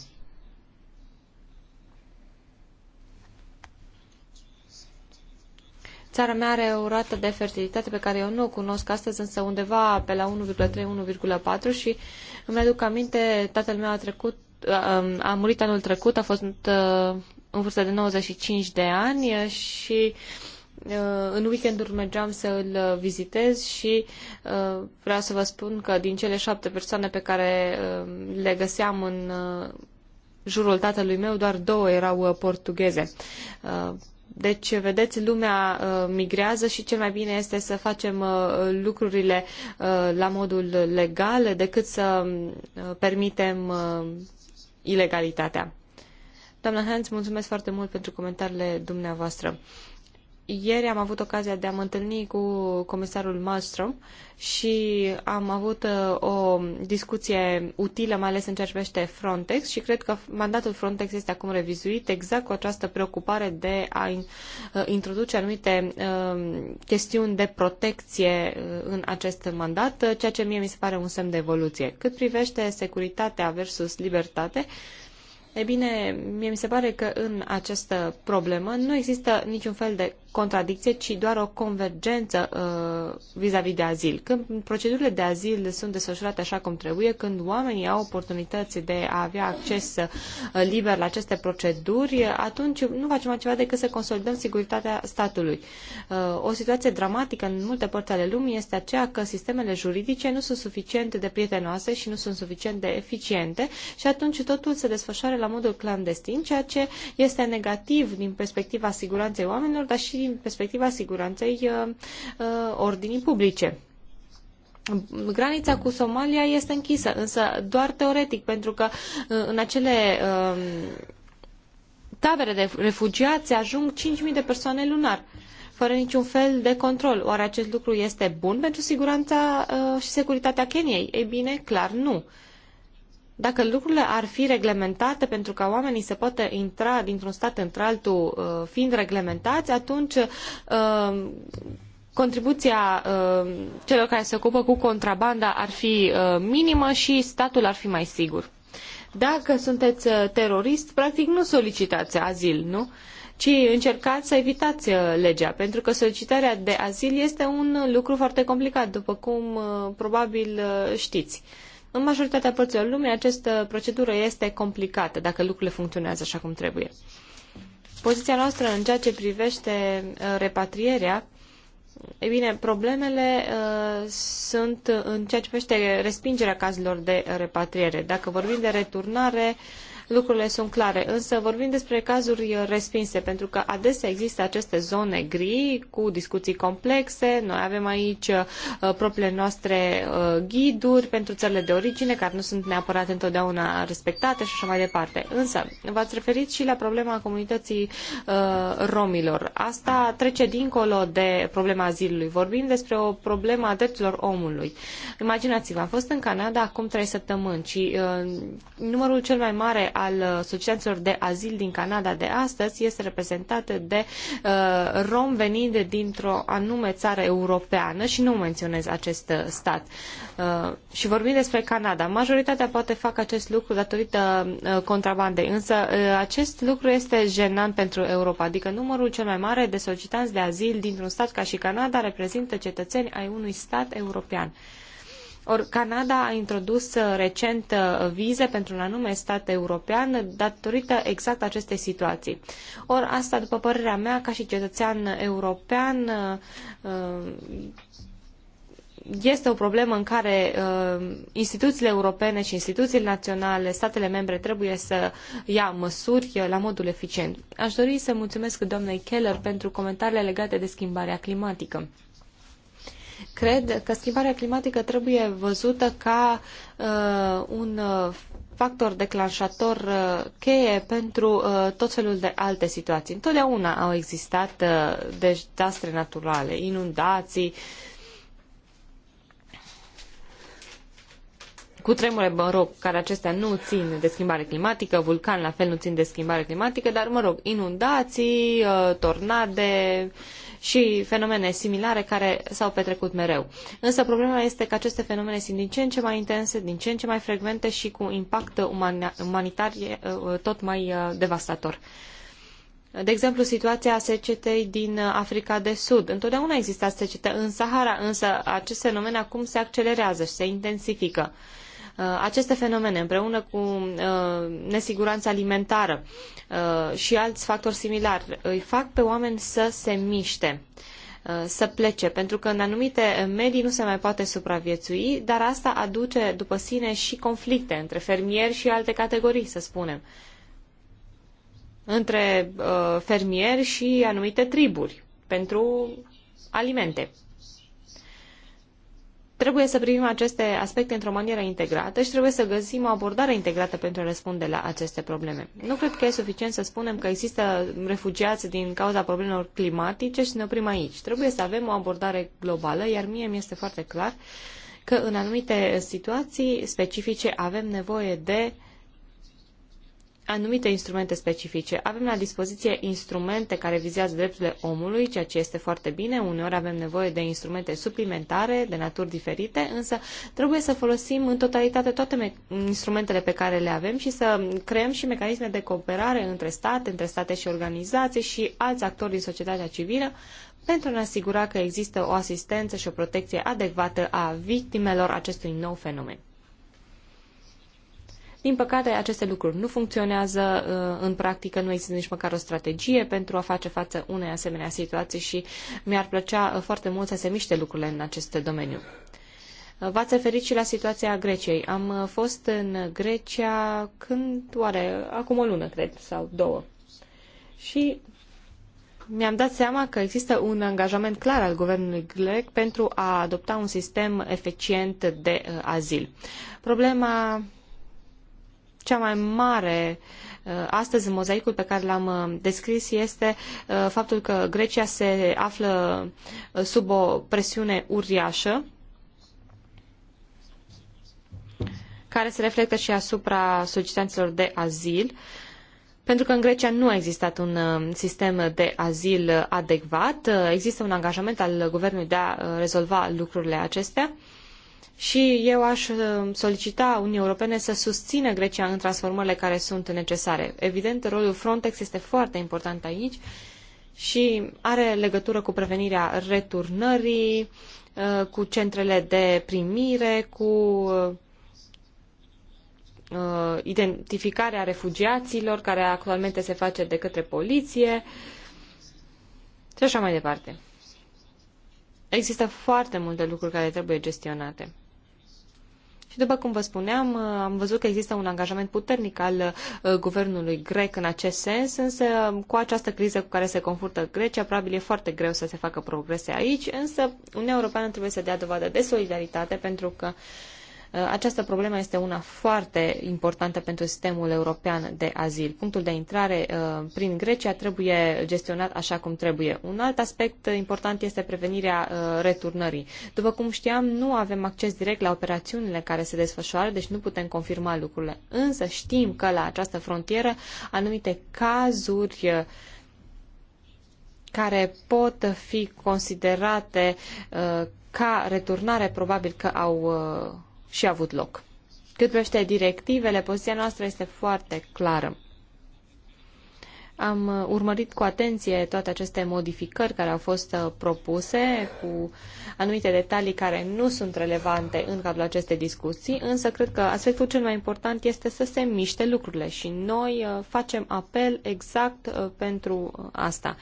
Țara mea are o rată de fertilitate pe care eu nu o cunosc astăzi, însă undeva pe la 1,3-1,4 și îmi aduc aminte, tatăl meu a trecut, a murit anul trecut, a fost uh, în vârstă de 95 de ani și uh, în weekend mergeam să îl vizitez și uh, vreau să vă spun că din cele șapte persoane pe care le găseam în jurul tatălui meu, doar două erau portugheze. Deci, vedeți, lumea uh, migrează și cel mai bine este să facem uh, lucrurile uh, la modul legal decât să permitem ilegalitatea. Doamna Hans, mulțumesc foarte mult pentru comentariile dumneavoastră. Ieri am avut ocazia de a mă întâlni cu comisarul Malmström și am avut uh, o discuție utilă, mai ales în ceea ce privește Frontex și cred că mandatul Frontex este acum revizuit exact cu această preocupare de a uh, introduce anumite uh, chestiuni de protecție în acest mandat, ceea ce mie mi se pare un semn de evoluție. Cât privește securitatea versus libertate, E bine, mie mi se pare că în această problemă nu există niciun fel de contradicție, ci doar o convergență uh, vis-a-vis -vis de azil. Când procedurile de azil sunt desfășurate așa cum trebuie, când oamenii au oportunități de a avea acces uh, liber la aceste proceduri, atunci nu facem altceva decât să consolidăm securitatea statului. Uh, o situație dramatică în multe părți ale lumii este aceea că sistemele juridice nu sunt suficient de prietenoase și nu sunt suficient de eficiente și atunci totul se desfășoară la modul clandestin, ceea ce este negativ din perspectiva siguranței oamenilor, dar și din perspectiva siguranței uh, uh, ordinii publice. Granița cu Somalia este închisă, însă doar teoretic, pentru că uh, în acele um, tabere de refugiați ajung 5.000 de persoane lunar fără niciun fel de control. Oare acest lucru este bun pentru siguranța uh, și securitatea Keniei? Ei bine, clar nu. Uh, dacă lucrurile ar fi reglementate pentru ca oamenii să poată intra dintr-un stat într-altul uh, fiind reglementați, atunci uh, contribuția uh, celor care se ocupă cu contrabanda ar fi minimă și statul ar fi mai sigur. Dacă sunteți terorist, practic nu solicitați azil, nu? ci încercați să evitați legea, pentru că solicitarea de azil este un lucru foarte complicat, după cum probabil știți. În majoritatea părților lumii, această procedură este complicată dacă lucrurile funcționează așa cum trebuie. Poziția noastră în ceea ce privește uh, repatrierea, e bine, problemele uh, sunt în ceea ce privește respingerea cazurilor de repatriere. Dacă vorbim de returnare, uh, lucrurile sunt clare. Însă vorbim despre cazuri uh, respinse, pentru că adesea există aceste zone gri cu discuții complexe. Noi avem aici uh, propriile noastre uh, ghiduri pentru țările de origine, care nu sunt neapărat întotdeauna respectate și așa mai departe. Însă, v-ați referit și la problema comunității uh, romilor. Asta trece dincolo de problema azilului. Vorbim despre o problemă a drepturilor omului. Imaginați-vă, am fost în Canada acum trei săptămâni și uh, numărul cel mai mare al solicitanților de azil din Canada de astăzi este reprezentată de uh, rom venind dintr-o anume țară europeană și nu menționez acest uh, stat. Uh, și vorbim despre Canada. Majoritatea poate fac acest lucru datorită uh, contrabandei, însă uh, acest lucru este jenant pentru Europa, adică numărul cel mai mare de solicitanți de azil dintr-un stat ca și Canada reprezintă cetățeni ai unui stat european. Or, Canada a introdus uh, recent uh, vize pentru un anume stat european datorită exact acestei situații. Or, asta, după părerea mea, ca și cetățean european, uh, este o problemă în care uh, instituțiile europene și instituțiile naționale, statele membre, trebuie să ia măsuri la modul eficient. Aș dori să mulțumesc doamnei Keller pentru comentariile legate de schimbarea climatică. Cred că schimbarea climatică trebuie văzută ca uh, un uh, factor declanșator uh, cheie pentru uh, tot felul de alte situații. Întotdeauna au existat uh, dezastre naturale, inundații, cu tremure, mă rog, care acestea nu țin de schimbare climatică, vulcan la fel nu țin de schimbare climatică, dar, mă rog, inundații, uh, tornade, uh, și fenomene similare care s-au petrecut mereu. Însă problema este că aceste fenomene sunt din ce în ce mai intense, din ce în ce mai frecvente și cu impact umanitar tot mai devastator. De exemplu, situația secetei din Africa de Sud. Întotdeauna exista secetă în Sahara, însă acest fenomen acum se accelerează și se intensifică. Uh, aceste fenomene, împreună cu uh, nesiguranța alimentară uh, și alți factori similari, îi fac pe oameni să se miște să plece, pentru că în anumite medii nu se mai poate supraviețui, dar asta aduce după sine și conflicte între fermieri și alte categorii, să spunem, între uh, fermieri și anumite triburi pentru alimente. Trebuie să privim aceste aspecte într-o manieră integrată și trebuie să găsim o abordare integrată pentru a răspunde la aceste probleme. Nu cred că e suficient să spunem că există refugiați din cauza problemelor climatice și să ne oprim aici. Trebuie să avem o abordare globală, iar mie mi este foarte clar că în anumite situații specifice avem nevoie de uh, anumite instrumente specifice. Avem la dispoziție instrumente care vizează drepturile omului, ceea ce este foarte bine. Uneori avem nevoie de instrumente suplimentare, de naturi diferite, însă trebuie să folosim în totalitate toate instrumentele pe care le avem și să creăm și mecanisme de cooperare între state, între state și organizații și alți actori din societatea civilă pentru a ne asigura că există o asistență și o protecție adecvată a victimelor acestui nou fenomen. Din păcate, aceste lucruri nu funcționează uh, în practică, nu există nici măcar o strategie pentru a face față unei asemenea situații și mi-ar plăcea uh, foarte mult să se miște lucrurile în acest domeniu. Uh, v-ați referit și la situația Greciei. Am fost în Grecia când, oare, acum o lună, cred, sau două. Și mi-am dat seama că există un angajament clar al guvernului grec pentru a adopta un sistem eficient de azil. Problema cea mai mare uh, astăzi în mozaicul pe care l-am uh, descris este uh, faptul că Grecia se află sub o presiune uriașă care se reflectă și asupra solicitanților de azil, pentru că în Grecia nu a existat un sistem de azil adecvat, există un angajament al guvernului de a rezolva lucrurile acestea și eu aș uh, solicita Uniunii Europene să susțină Grecia în transformările care sunt necesare. Evident, rolul Frontex este foarte important aici și are legătură cu prevenirea returnării, uh, cu centrele de primire, cu uh, identificarea refugiaților, care actualmente se face de către poliție și așa mai departe. Există foarte multe lucruri care trebuie gestionate. Și după cum vă spuneam, uh, am văzut că există un angajament puternic al uh, guvernului grec în acest sens, însă um, cu această criză cu care se confruntă Grecia, probabil e foarte greu să se facă progrese aici, însă Uniunea Europeană trebuie să dea dovadă de solidaritate pentru că uh, Uh, această problemă este una foarte importantă pentru sistemul european de azil. Punctul de intrare uh, prin Grecia trebuie gestionat așa cum trebuie. Un alt aspect important este prevenirea uh, returnării. După cum știam, nu avem acces direct la operațiunile care se desfășoară, deci nu putem confirma lucrurile. Însă știm că la această frontieră anumite cazuri care pot fi considerate ca returnare, probabil că au și a avut loc. Cât privește directivele, poziția noastră este foarte clară. Am uh, urmărit cu atenție toate aceste modificări care au fost uh, propuse, cu anumite detalii care nu sunt relevante în cadrul acestei discuții, însă cred că aspectul cel mai important este să se miște lucrurile și noi uh, facem apel exact pentru asta.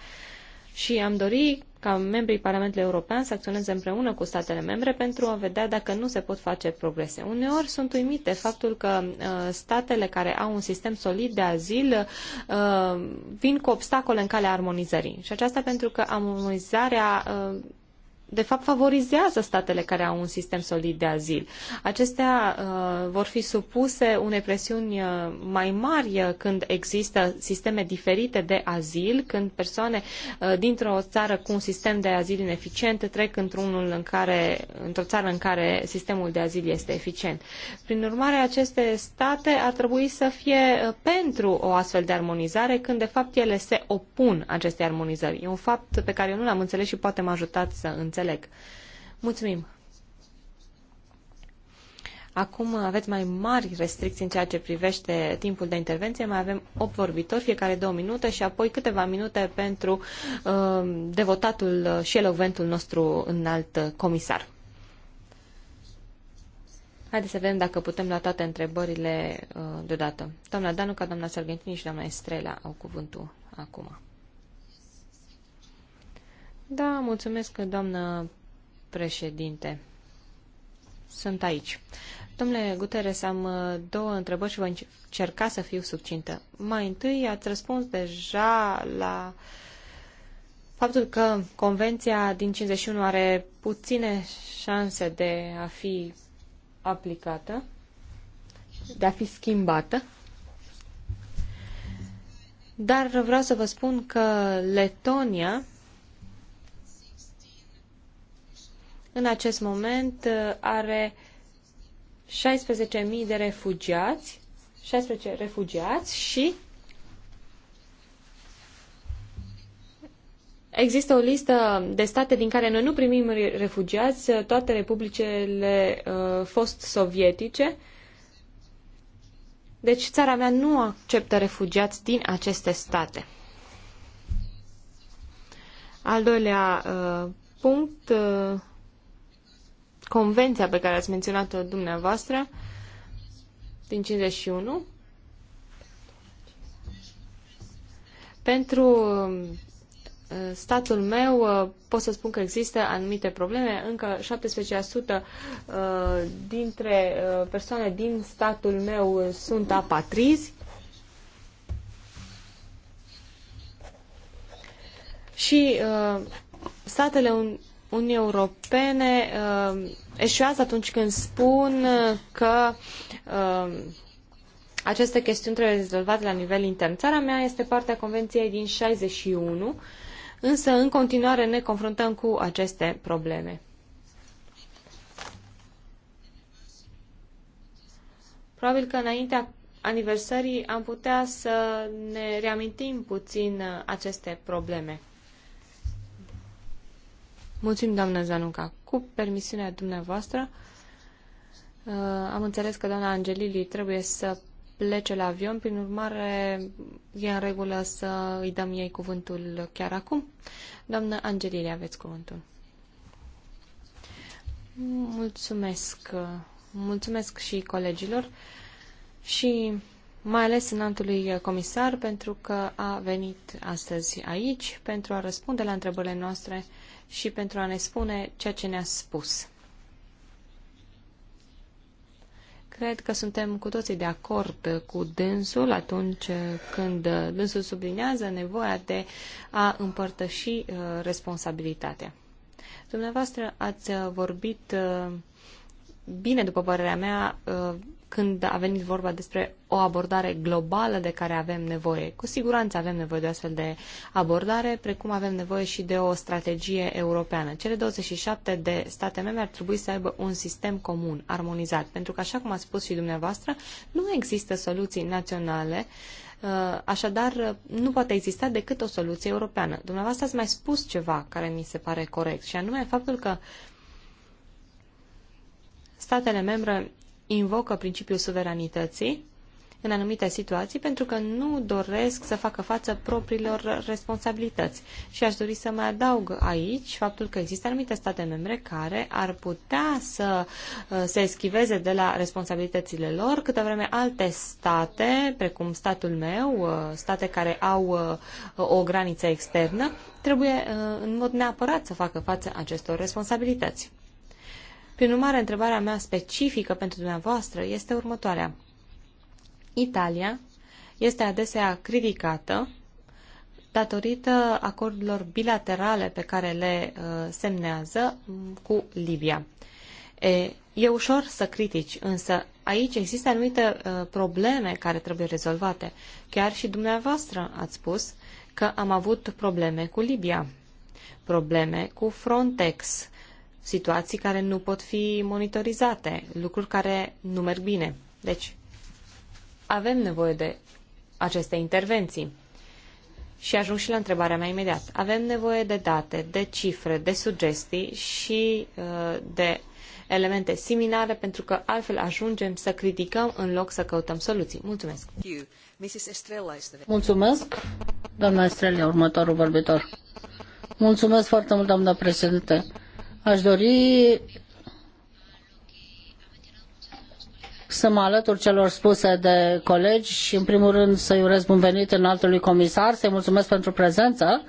Și am dorit ca membrii Parlamentului European să acționeze împreună cu statele membre pentru a vedea dacă nu se pot face progrese. Uneori sunt uimite faptul că uh, statele care au un sistem solid de azil uh, vin cu obstacole în calea armonizării. Și aceasta pentru că armonizarea uh, de fapt, favorizează statele care au un sistem solid de azil. Acestea uh, vor fi supuse unei presiuni uh, mai mari uh, când există sisteme diferite de azil, când persoane uh, dintr-o țară cu un sistem de azil ineficient trec într-unul în care, într-o țară în care sistemul de azil este eficient. Prin urmare, aceste state ar trebui să fie uh, pentru o astfel de armonizare, când de fapt ele se opun acestei armonizări. E un fapt pe care eu nu l-am înțeles și poate mă ajutat să înțeleg înțeleg. Mulțumim! Acum aveți mai mari restricții în ceea ce privește timpul de intervenție. Mai avem 8 vorbitori, fiecare două minute și apoi câteva minute pentru uh, devotatul și eloventul nostru înalt comisar. Haideți să vedem dacă putem lua toate întrebările uh, deodată. Doamna Danuca, doamna Sărgentini și doamna Estrela au cuvântul acum. Da, mulțumesc, doamnă președinte. Sunt aici. Domnule Guterres, am uh, două întrebări și voi încerca să fiu succintă. Mai întâi, ați răspuns deja la faptul că Convenția din 51 are puține șanse de a fi aplicată, de a fi schimbată. Dar vreau să vă spun că Letonia în acest moment uh, are 16.000 de refugiați, 16 refugiați și Există o listă de state din care noi nu primim refugiați, toate republicile uh, fost sovietice. Deci țara mea nu acceptă refugiați din aceste state. Al doilea uh, punct uh, convenția pe care ați menționat-o dumneavoastră din 51 pentru uh, statul meu uh, pot să spun că există anumite probleme. Încă 17% uh, dintre persoane din statul meu sunt apatrizi. Și Statele unii Europene uh, eșuează atunci când spun uh, că uh, aceste chestiuni trebuie rezolvate la nivel intern. Țara mea este parte a Convenției din 61, însă în continuare ne confruntăm cu aceste probleme. Probabil că înaintea aniversării am putea să ne reamintim puțin uh, aceste probleme. Mulțumim, doamnă Zanunca. Cu permisiunea dumneavoastră, uh, am înțeles că doamna Angelili trebuie să plece la avion, prin urmare e în regulă să îi dăm ei cuvântul chiar acum. Doamnă Angelili, aveți cuvântul. Mulțumesc. Uh, mulțumesc și colegilor și mai ales înaltului comisar pentru că a venit astăzi aici pentru a răspunde la întrebările noastre și pentru a ne spune ceea ce ne-a spus. Cred că suntem cu toții de acord cu dânsul atunci când dânsul sublinează nevoia de a împărtăși uh, responsabilitatea. Dumneavoastră ați vorbit uh, bine, după părerea mea, uh, când a venit vorba despre o abordare globală de care avem nevoie. Cu siguranță avem nevoie de astfel de abordare, precum avem nevoie și de o strategie europeană. Cele 27 de state membre ar trebui să aibă un sistem comun, armonizat, pentru că, așa cum a spus și dumneavoastră, nu există soluții naționale uh, Așadar, nu poate exista decât o soluție europeană. Dumneavoastră ați mai spus ceva care mi se pare corect, și anume faptul că statele membre invocă principiul suveranității în anumite situații pentru că nu doresc să facă față propriilor responsabilități. Și aș dori să mai adaug aici faptul că există anumite state membre care ar putea să uh, se eschiveze de la responsabilitățile lor, câte vreme alte state, precum statul meu, uh, state care au uh, o graniță externă, trebuie în mod neapărat să facă față acestor responsabilități. Prin urmare, întrebarea mea specifică pentru dumneavoastră este următoarea. Italia este adesea criticată datorită acordurilor bilaterale pe care le uh, semnează cu Libia. E, e ușor să critici, însă aici există anumite uh, probleme care trebuie rezolvate. Chiar și dumneavoastră ați spus că am avut probleme cu Libia, probleme cu Frontex, situații care nu pot fi monitorizate, lucruri care nu merg bine. Deci, avem nevoie de aceste intervenții. Și ajung și la întrebarea mea imediat. Avem nevoie de date, de cifre, de sugestii și uh, de elemente similare, pentru că altfel ajungem să criticăm în loc să căutăm soluții. Mulțumesc! Mulțumesc! Doamna Estrela, următorul vorbitor. Mulțumesc foarte mult, doamna președinte. Aș dori să mă alătur celor spuse de colegi și, în primul rând, să-i urez bun venit înaltului comisar, să-i mulțumesc pentru prezență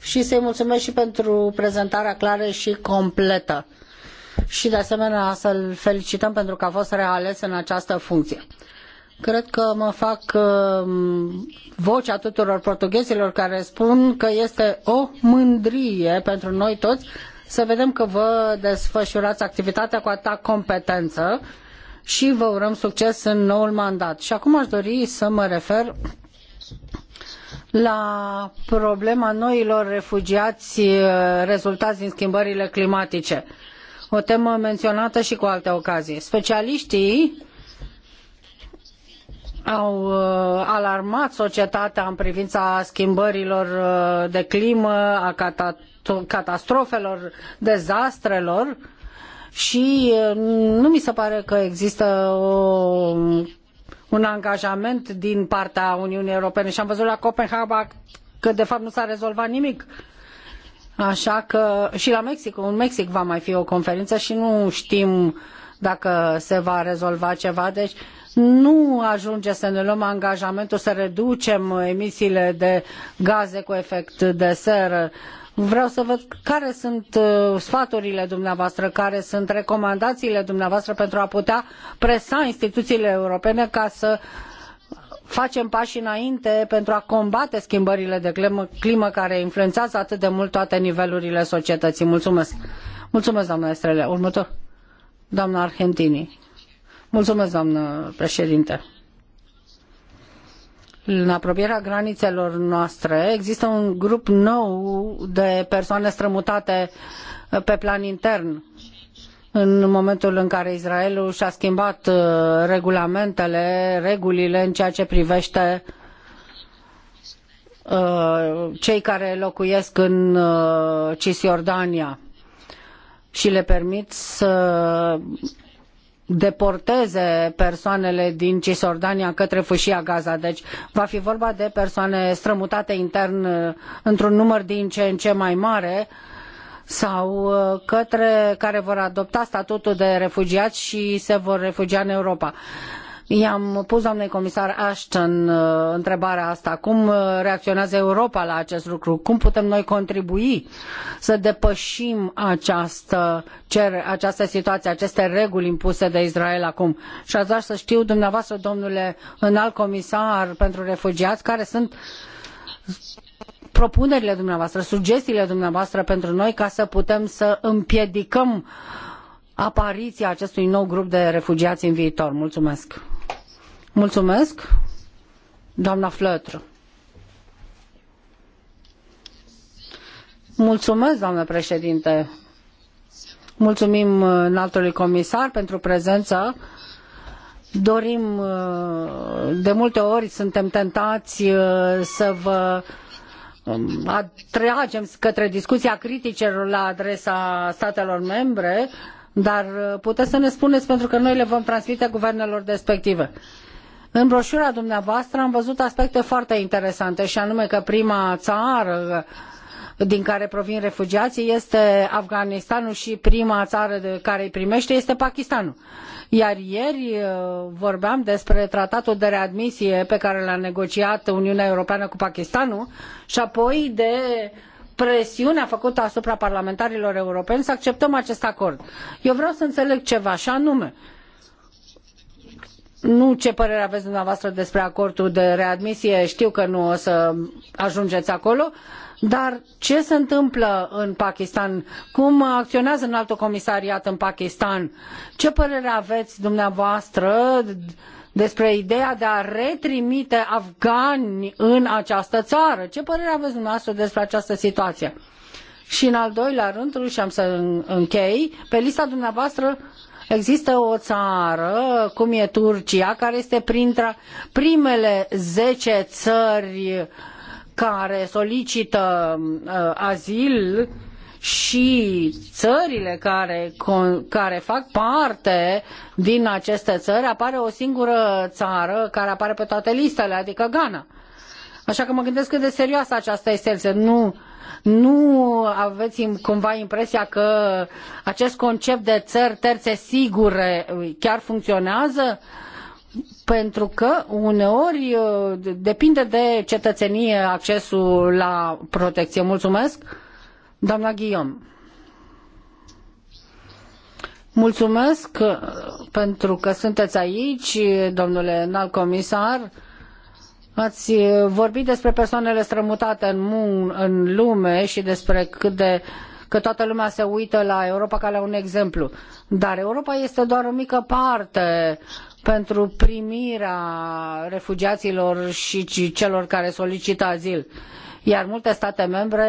și să-i mulțumesc și pentru prezentarea clară și completă. Și, de asemenea, să-l felicităm pentru că a fost reales în această funcție. Cred că mă fac um, vocea tuturor portughezilor care spun că este o mândrie pentru noi toți să vedem că vă desfășurați activitatea cu atâta competență și vă urăm succes în noul mandat. Și acum aș dori să mă refer la problema noilor refugiați eh, rezultați din schimbările climatice. O temă menționată și cu alte ocazii. Specialiștii au eh, alarmat societatea în privința schimbărilor eh, de climă, a catastrofelor, dezastrelor și nu mi se pare că există o un angajament din partea Uniunii Europene și am văzut la Copenhaga că de fapt nu s-a rezolvat nimic. Așa că și la Mexic, în Mexic va mai fi o conferință și nu știm dacă se va rezolva ceva. Deci nu ajunge să ne luăm angajamentul să reducem emisiile de gaze cu efect de seră. Vreau să văd care sunt uh, sfaturile dumneavoastră, care sunt recomandațiile dumneavoastră pentru a putea presa instituțiile europene ca să facem pași înainte pentru a combate schimbările de climă, climă care influențează atât de mult toate nivelurile societății. Mulțumesc. Mulțumesc, doamna Estrele. Următor. Doamna Argentini. Mulțumesc, doamnă președinte în apropierea granițelor noastre există un grup nou de persoane strămutate uh, pe plan intern în momentul în care Israelul și-a schimbat uh, regulamentele, regulile în ceea ce privește uh, cei care locuiesc în Cisjordania și le permit să deporteze persoanele din Cisjordania către fâșia Gaza. Deci va fi vorba de persoane strămutate intern uh, într-un număr din ce în ce mai mare sau uh, către care vor adopta statutul de refugiați și se vor refugia în Europa. I-am pus doamnei comisar Ashton uh, întrebarea asta. Cum uh, reacționează Europa la acest lucru? Cum putem noi contribui să depășim această, cer, această situație, aceste reguli impuse de Israel acum? Și aș vrea să știu, dumneavoastră, domnule înalt comisar pentru refugiați, care sunt propunerile dumneavoastră, sugestiile dumneavoastră pentru noi ca să putem să împiedicăm apariția acestui nou grup de refugiați în viitor. Mulțumesc! Mulțumesc, doamna Flătră. Mulțumesc, doamnă președinte. Mulțumim uh, înaltului comisar pentru prezență. Dorim, uh, de multe ori suntem tentați uh, să vă um, atragem către discuția criticelor la adresa statelor membre, dar puteți să ne spuneți pentru că noi le vom transmite guvernelor respective. În broșura dumneavoastră am văzut aspecte foarte interesante și anume că prima țară din care provin refugiații este Afganistanul și prima țară de care îi primește este Pakistanul. Iar ieri uh, vorbeam despre tratatul de readmisie pe care l-a negociat Uniunea Europeană cu Pakistanul și apoi de presiunea făcută asupra parlamentarilor europeni să acceptăm acest acord. Eu vreau să înțeleg ceva și anume, nu ce părere aveți dumneavoastră despre acordul de readmisie, știu că nu o să ajungeți acolo, dar ce se întâmplă în Pakistan? Cum acționează în altul comisariat în Pakistan? Ce părere aveți dumneavoastră despre ideea de a retrimite afgani în această țară? Ce părere aveți dumneavoastră despre această situație? Și în al doilea rând, și am să închei, pe lista dumneavoastră Există o țară, cum e Turcia, care este printre primele zece țări care solicită uh, azil și țările care, care fac parte din aceste țări, apare o singură țară care apare pe toate listele, adică Ghana. Așa că mă gândesc cât de serioasă aceasta este. Nu nu aveți cumva impresia că acest concept de țări terțe sigure uh, chiar funcționează? Pentru că uneori uh, depinde de cetățenie accesul la protecție. Mulțumesc. Doamna Guillaume. Mulțumesc uh, pentru că sunteți aici, domnule înalt comisar. Ați eh, vorbit despre persoanele strămutate în, în lume și despre cât de că toată lumea se uită la Europa ca la un exemplu. Dar Europa este doar o mică parte pentru primirea refugiaților și celor care solicită azil. Uh, iar multe state membre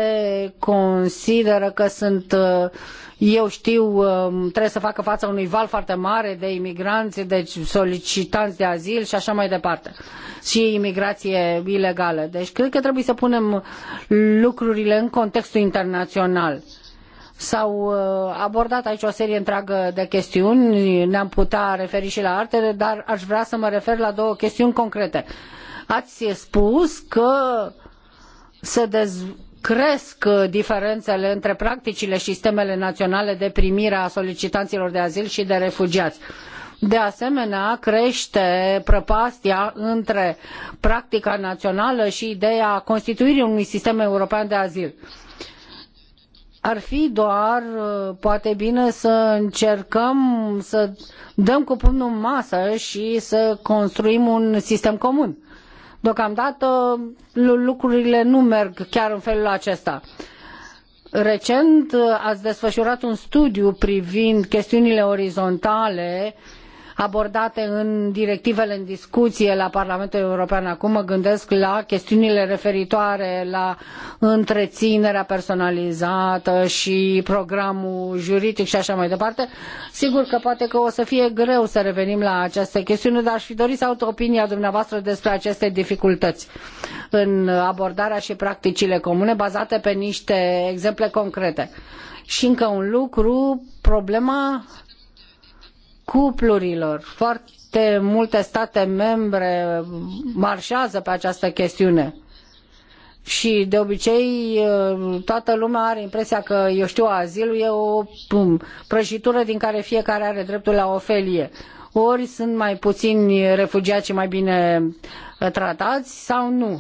consideră că sunt, uh, eu știu, um, trebuie să facă față unui val foarte mare de imigranți, de deci solicitanți de azil și așa mai departe, și imigrație ilegală. Deci cred că trebuie să punem lucrurile în contextul internațional. S-au uh, abordat aici o serie întreagă de chestiuni, ne-am putea referi și la altele, dar aș vrea să mă refer la două chestiuni concrete. Ați spus că uh, să dezvolte cresc uh, diferențele între practicile și sistemele naționale de primire a solicitanților de azil și de refugiați. De asemenea, crește prăpastia între practica națională și ideea constituirii unui sistem european de azil. Ar fi doar, uh, poate bine, să încercăm să dăm cu pumnul în masă și să construim un sistem comun Deocamdată lucrurile nu merg chiar în felul acesta. Recent eh, ați desfășurat un studiu privind chestiunile orizontale abordate în directivele în discuție la Parlamentul European acum, mă gândesc la chestiunile referitoare la întreținerea personalizată și programul juridic și așa mai departe. Sigur că poate că o să fie greu să revenim la această chestiune, dar aș fi dorit să aud opinia dumneavoastră despre aceste dificultăți în abordarea și practicile comune bazate pe niște exemple concrete. Și încă un lucru, problema cuplurilor. Foarte multe state membre marșează pe această chestiune. Și de obicei toată lumea are impresia că, eu știu, azilul e o prăjitură din care fiecare are dreptul la o felie. Ori sunt mai puțini refugiați mai bine tratați sau nu.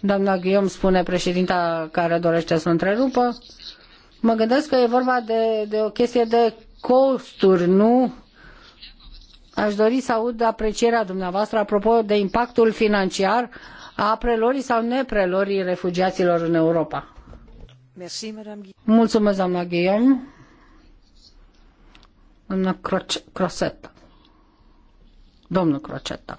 Doamna Guillaume spune președinta care dorește să o întrerupă. Mă gândesc că e vorba de, de o chestie de costuri, nu Aș dori să aud aprecierea dumneavoastră apropo de impactul financiar a prelorii sau neprelorii refugiaților în Europa. Mulțumesc, doamna Guillaume. Doamna Crocetta. Domnul Crocetta.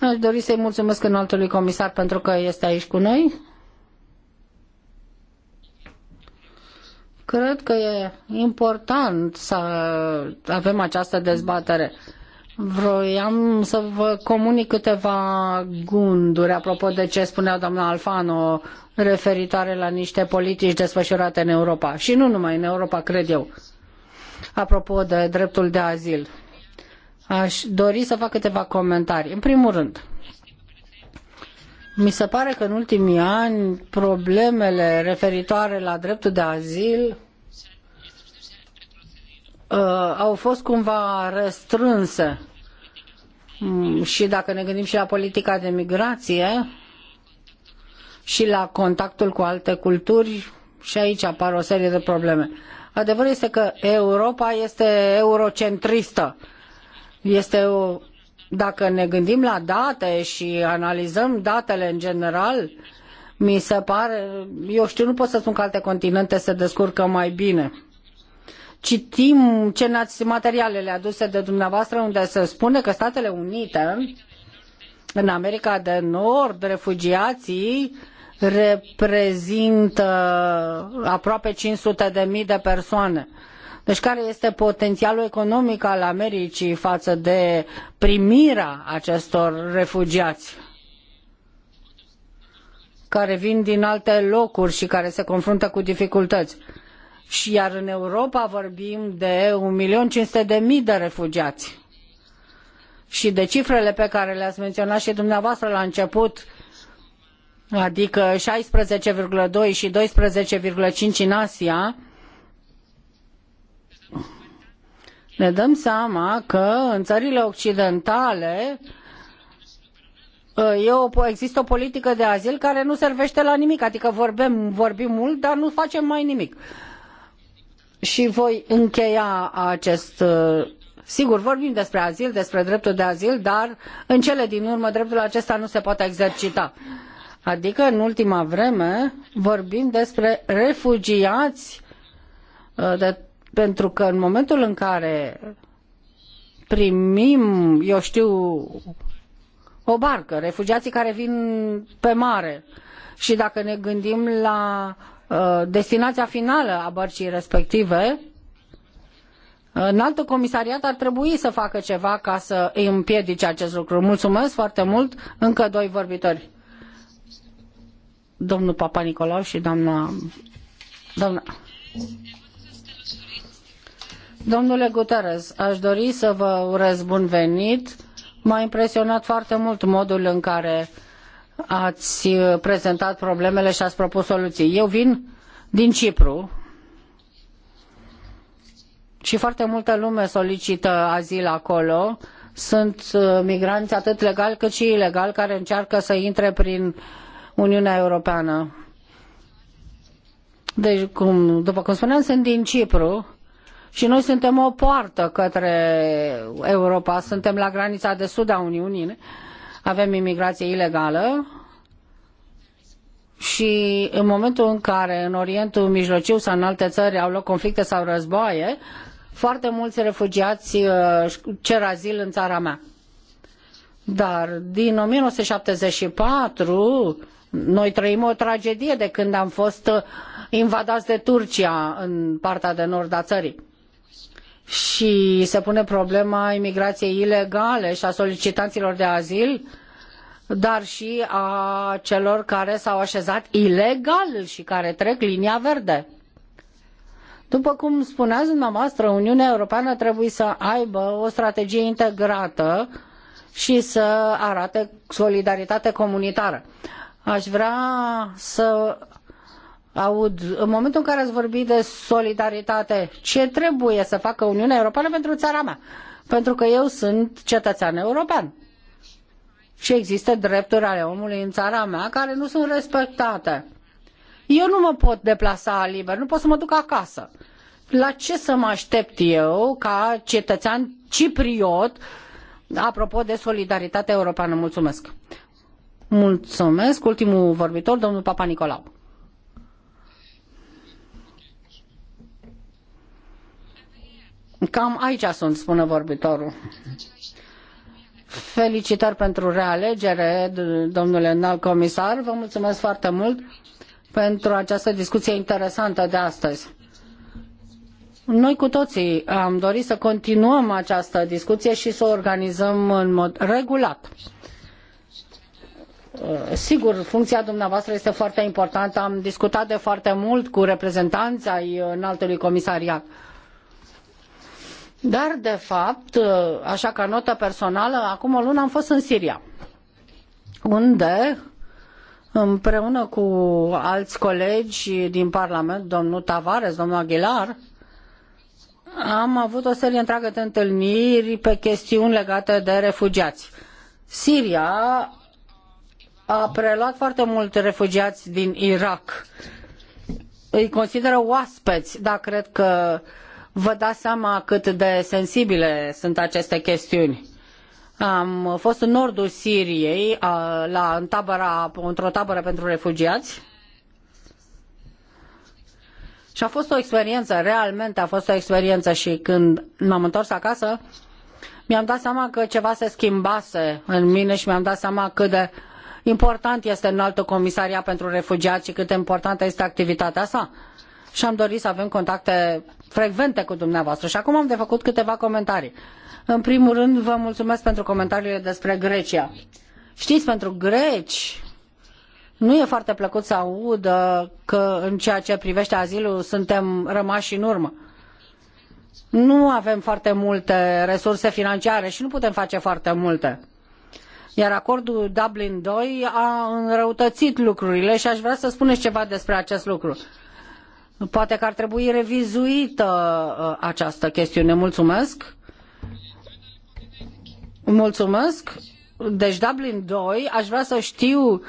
Aș dori să-i mulțumesc înaltului comisar pentru că este aici cu noi Cred că e important să avem această dezbatere. Vroiam să vă comunic câteva gânduri apropo de ce spunea doamna Alfano referitoare la niște politici desfășurate în Europa și nu numai în Europa, cred eu. Apropo de dreptul de azil, aș dori să fac câteva comentarii. În primul rând, mi se pare că în ultimii ani problemele referitoare la dreptul de azil uh, au fost cumva restrânse. Mm, și dacă ne gândim și la politica de migrație și la contactul cu alte culturi, și aici apar o serie de probleme. Adevărul este că Europa este eurocentristă. Este o dacă ne gândim la date și analizăm datele în general, mi se pare, eu știu, nu pot să spun că alte continente se descurcă mai bine. Citim ce ne materialele aduse de dumneavoastră unde se spune că Statele Unite în America de Nord, refugiații reprezintă aproape 500 de mii de persoane. Deci care este potențialul economic al Americii față de primirea acestor refugiați care vin din alte locuri și care se confruntă cu dificultăți? Și iar în Europa vorbim de 1.500.000 de refugiați. Și de cifrele pe care le-ați menționat și dumneavoastră la început, adică 16,2 și 12,5 în Asia, ne dăm seama că în țările occidentale ă, o, există o politică de azil care nu servește la nimic, adică vorbim, vorbim mult, dar nu facem mai nimic. Și voi încheia acest ă, Sigur, vorbim despre azil, despre dreptul de azil, dar în cele din urmă dreptul acesta nu se poate exercita. Adică, în ultima vreme, vorbim despre refugiați ă, de pentru că în momentul în care primim, eu știu, o barcă, refugiații care vin pe mare și dacă ne gândim la uh, destinația finală a bărcii respective, în altă comisariat ar trebui să facă ceva ca să îi împiedice acest lucru. Mulțumesc foarte mult. Încă doi vorbitori. Domnul Papa Nicolau și doamna... doamna. Domnule Guterres, aș dori să vă urez bun venit. M-a impresionat foarte mult modul în care ați prezentat problemele și ați propus soluții. Eu vin din Cipru și foarte multă lume solicită azil acolo. Sunt uh, migranți atât legal cât și ilegal care încearcă să intre prin Uniunea Europeană. Deci, cum, după cum spuneam, sunt din Cipru și noi suntem o poartă către Europa, suntem la granița de sud a Uniunii, avem imigrație ilegală și în momentul în care în Orientul Mijlociu sau în alte țări au loc conflicte sau războaie, foarte mulți refugiați uh, cer azil în țara mea. Dar din 1974 noi trăim o tragedie de când am fost uh, invadați de Turcia în partea de nord a țării și se pune problema imigrației ilegale și a solicitanților de azil, dar și a celor care s-au așezat ilegal și care trec linia verde. După cum spuneați dumneavoastră, Uniunea Europeană trebuie să aibă o strategie integrată și să arate solidaritate comunitară. Aș vrea să aud, în momentul în care ați vorbit de solidaritate, ce trebuie să facă Uniunea Europeană pentru țara mea? Pentru că eu sunt cetățean european. Și există drepturi ale omului în țara mea care nu sunt respectate. Eu nu mă pot deplasa liber, nu pot să mă duc acasă. La ce să mă aștept eu ca cetățean cipriot apropo de solidaritatea europeană? Mulțumesc! Mulțumesc! Ultimul vorbitor, domnul Papa Nicolau. Cam aici sunt, spune vorbitorul. Felicitări pentru realegere, domnule înalt comisar. Vă mulțumesc foarte mult pentru această discuție interesantă de astăzi. Noi cu toții am dorit să continuăm această discuție și să o organizăm în mod regulat. Sigur, funcția dumneavoastră este foarte importantă. Am discutat de foarte mult cu reprezentanții ai înaltului comisariat. Dar, de fapt, așa ca notă personală, acum o lună am fost în Siria, unde împreună cu alți colegi din Parlament, domnul Tavares, domnul Aguilar, am avut o serie întreagă de întâlniri pe chestiuni legate de refugiați. Siria a preluat foarte mult refugiați din Irak. Îi consideră oaspeți, dar cred că Vă dați seama cât de sensibile sunt aceste chestiuni. Am fost în nordul Siriei, la, în tabăra, într-o tabără pentru refugiați. Și a fost o experiență, realmente a fost o experiență și când m-am întors acasă, mi-am dat seama că ceva se schimbase în mine și mi-am dat seama cât de important este înaltul comisariat pentru refugiați și cât de importantă este activitatea sa și am dorit să avem contacte frecvente cu dumneavoastră. Și acum am de făcut câteva comentarii. În primul rând, vă mulțumesc pentru comentariile despre Grecia. Știți, pentru greci, nu e foarte plăcut să aud că în ceea ce privește azilul suntem rămași în urmă. Nu avem foarte multe resurse financiare și nu putem face foarte multe. Iar acordul Dublin 2 a înrăutățit lucrurile și aș vrea să spuneți ceva despre acest lucru. Poate că ar trebui revizuită uh, această chestiune. Mulțumesc. Mulțumesc. Deci Dublin 2, aș vrea să știu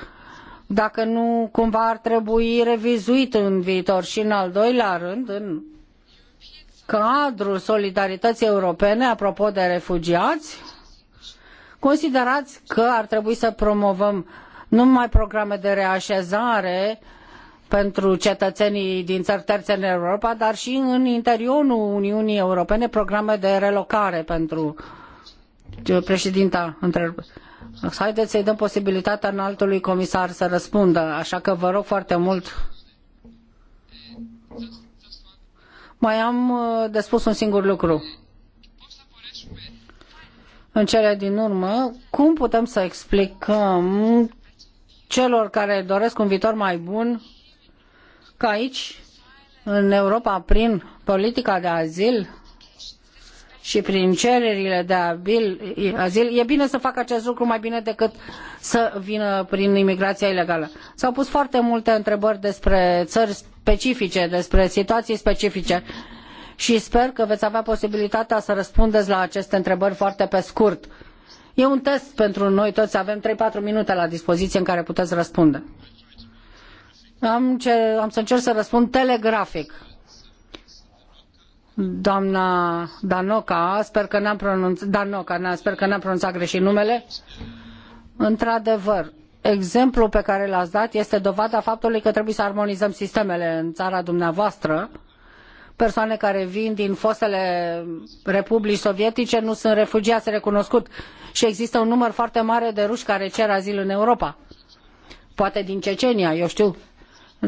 dacă nu cumva ar trebui revizuit în viitor și în al doilea rând, în cadrul solidarității europene, apropo de refugiați, considerați că ar trebui să promovăm numai programe de reașezare uh, pentru cetățenii din țări terțe în Europa, dar și în interiorul Uniunii Europene programe de relocare pentru președinta întrerupe. Haideți să-i dăm posibilitatea înaltului comisar să răspundă, așa că vă rog foarte mult. Mai am uh, de spus un singur lucru. În cele din urmă, cum putem să explicăm celor care doresc un viitor mai bun că aici, în Europa, prin politica de azil și prin cererile de azil, e bine să facă acest lucru mai bine decât să vină prin imigrația ilegală. S-au pus foarte multe întrebări despre țări specifice, despre situații specifice și sper că veți avea posibilitatea să răspundeți la aceste întrebări foarte pe scurt. E un test pentru noi toți, avem trei patru minute la dispoziție în care puteți răspunde. Am, ce, am să încerc să răspund telegrafic. Doamna Danoca, sper că n-am pronunțat, Danoca, sper că n-am pronunțat greșit numele. Într-adevăr, exemplul pe care l-ați dat este dovada faptului că trebuie să armonizăm sistemele în țara dumneavoastră. Persoane care vin din fostele republici sovietice nu sunt refugiați recunoscut și există un număr foarte mare de ruși care cer azil în Europa. Poate din Cecenia, eu știu.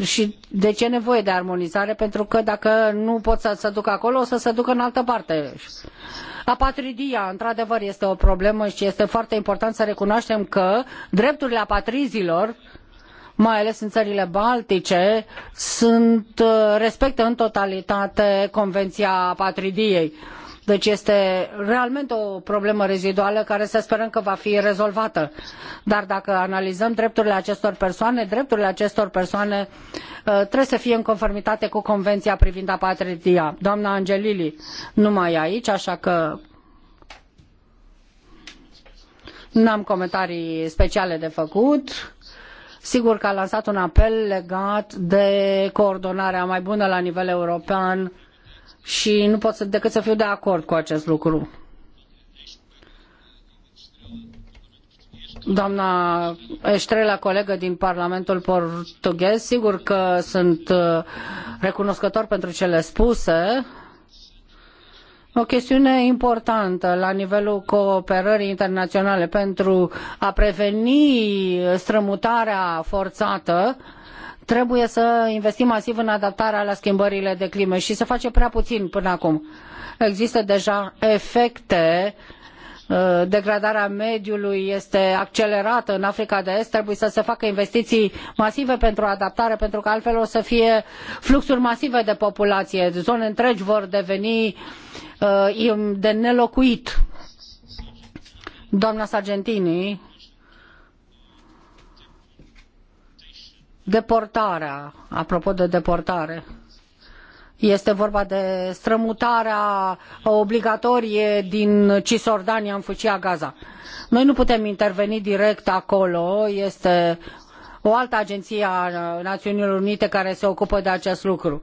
Și de ce e nevoie de armonizare? Pentru că dacă nu pot să se ducă acolo, o să se ducă în altă parte. Apatridia, într-adevăr, este o problemă și este foarte important să recunoaștem că drepturile apatrizilor, mai ales în țările baltice, sunt, uh, respectă în totalitate Convenția Apatridiei. Deci este realmente o problemă reziduală care să sperăm că va fi rezolvată. Dar dacă analizăm drepturile acestor persoane, drepturile acestor persoane uh, trebuie să fie în conformitate cu Convenția privind apatridia. Doamna Angelili nu mai e aici, așa că nu am comentarii speciale de făcut. Sigur că a lansat un apel legat de coordonarea mai bună la nivel european și nu pot decât să fiu de acord cu acest lucru. doamna Estrela, colegă din Parlamentul portughez, sigur că sunt uh, recunoscător pentru cele spuse. O chestiune importantă la nivelul cooperării internaționale pentru a preveni strămutarea forțată Trebuie să investim masiv în adaptarea la schimbările de climă și se face prea puțin până acum. Există deja efecte uh, degradarea mediului este accelerată în Africa de Est, trebuie să se facă investiții masive pentru adaptare, pentru că altfel o să fie fluxuri masive de populație. Zone întregi vor deveni uh, de nelocuit. Doamna Sargentini deportarea, apropo de deportare, este vorba de strămutarea obligatorie din Cisordania în Fâcia Gaza. Noi nu putem interveni direct acolo, este o altă agenție a Națiunilor Unite care se ocupă de acest lucru.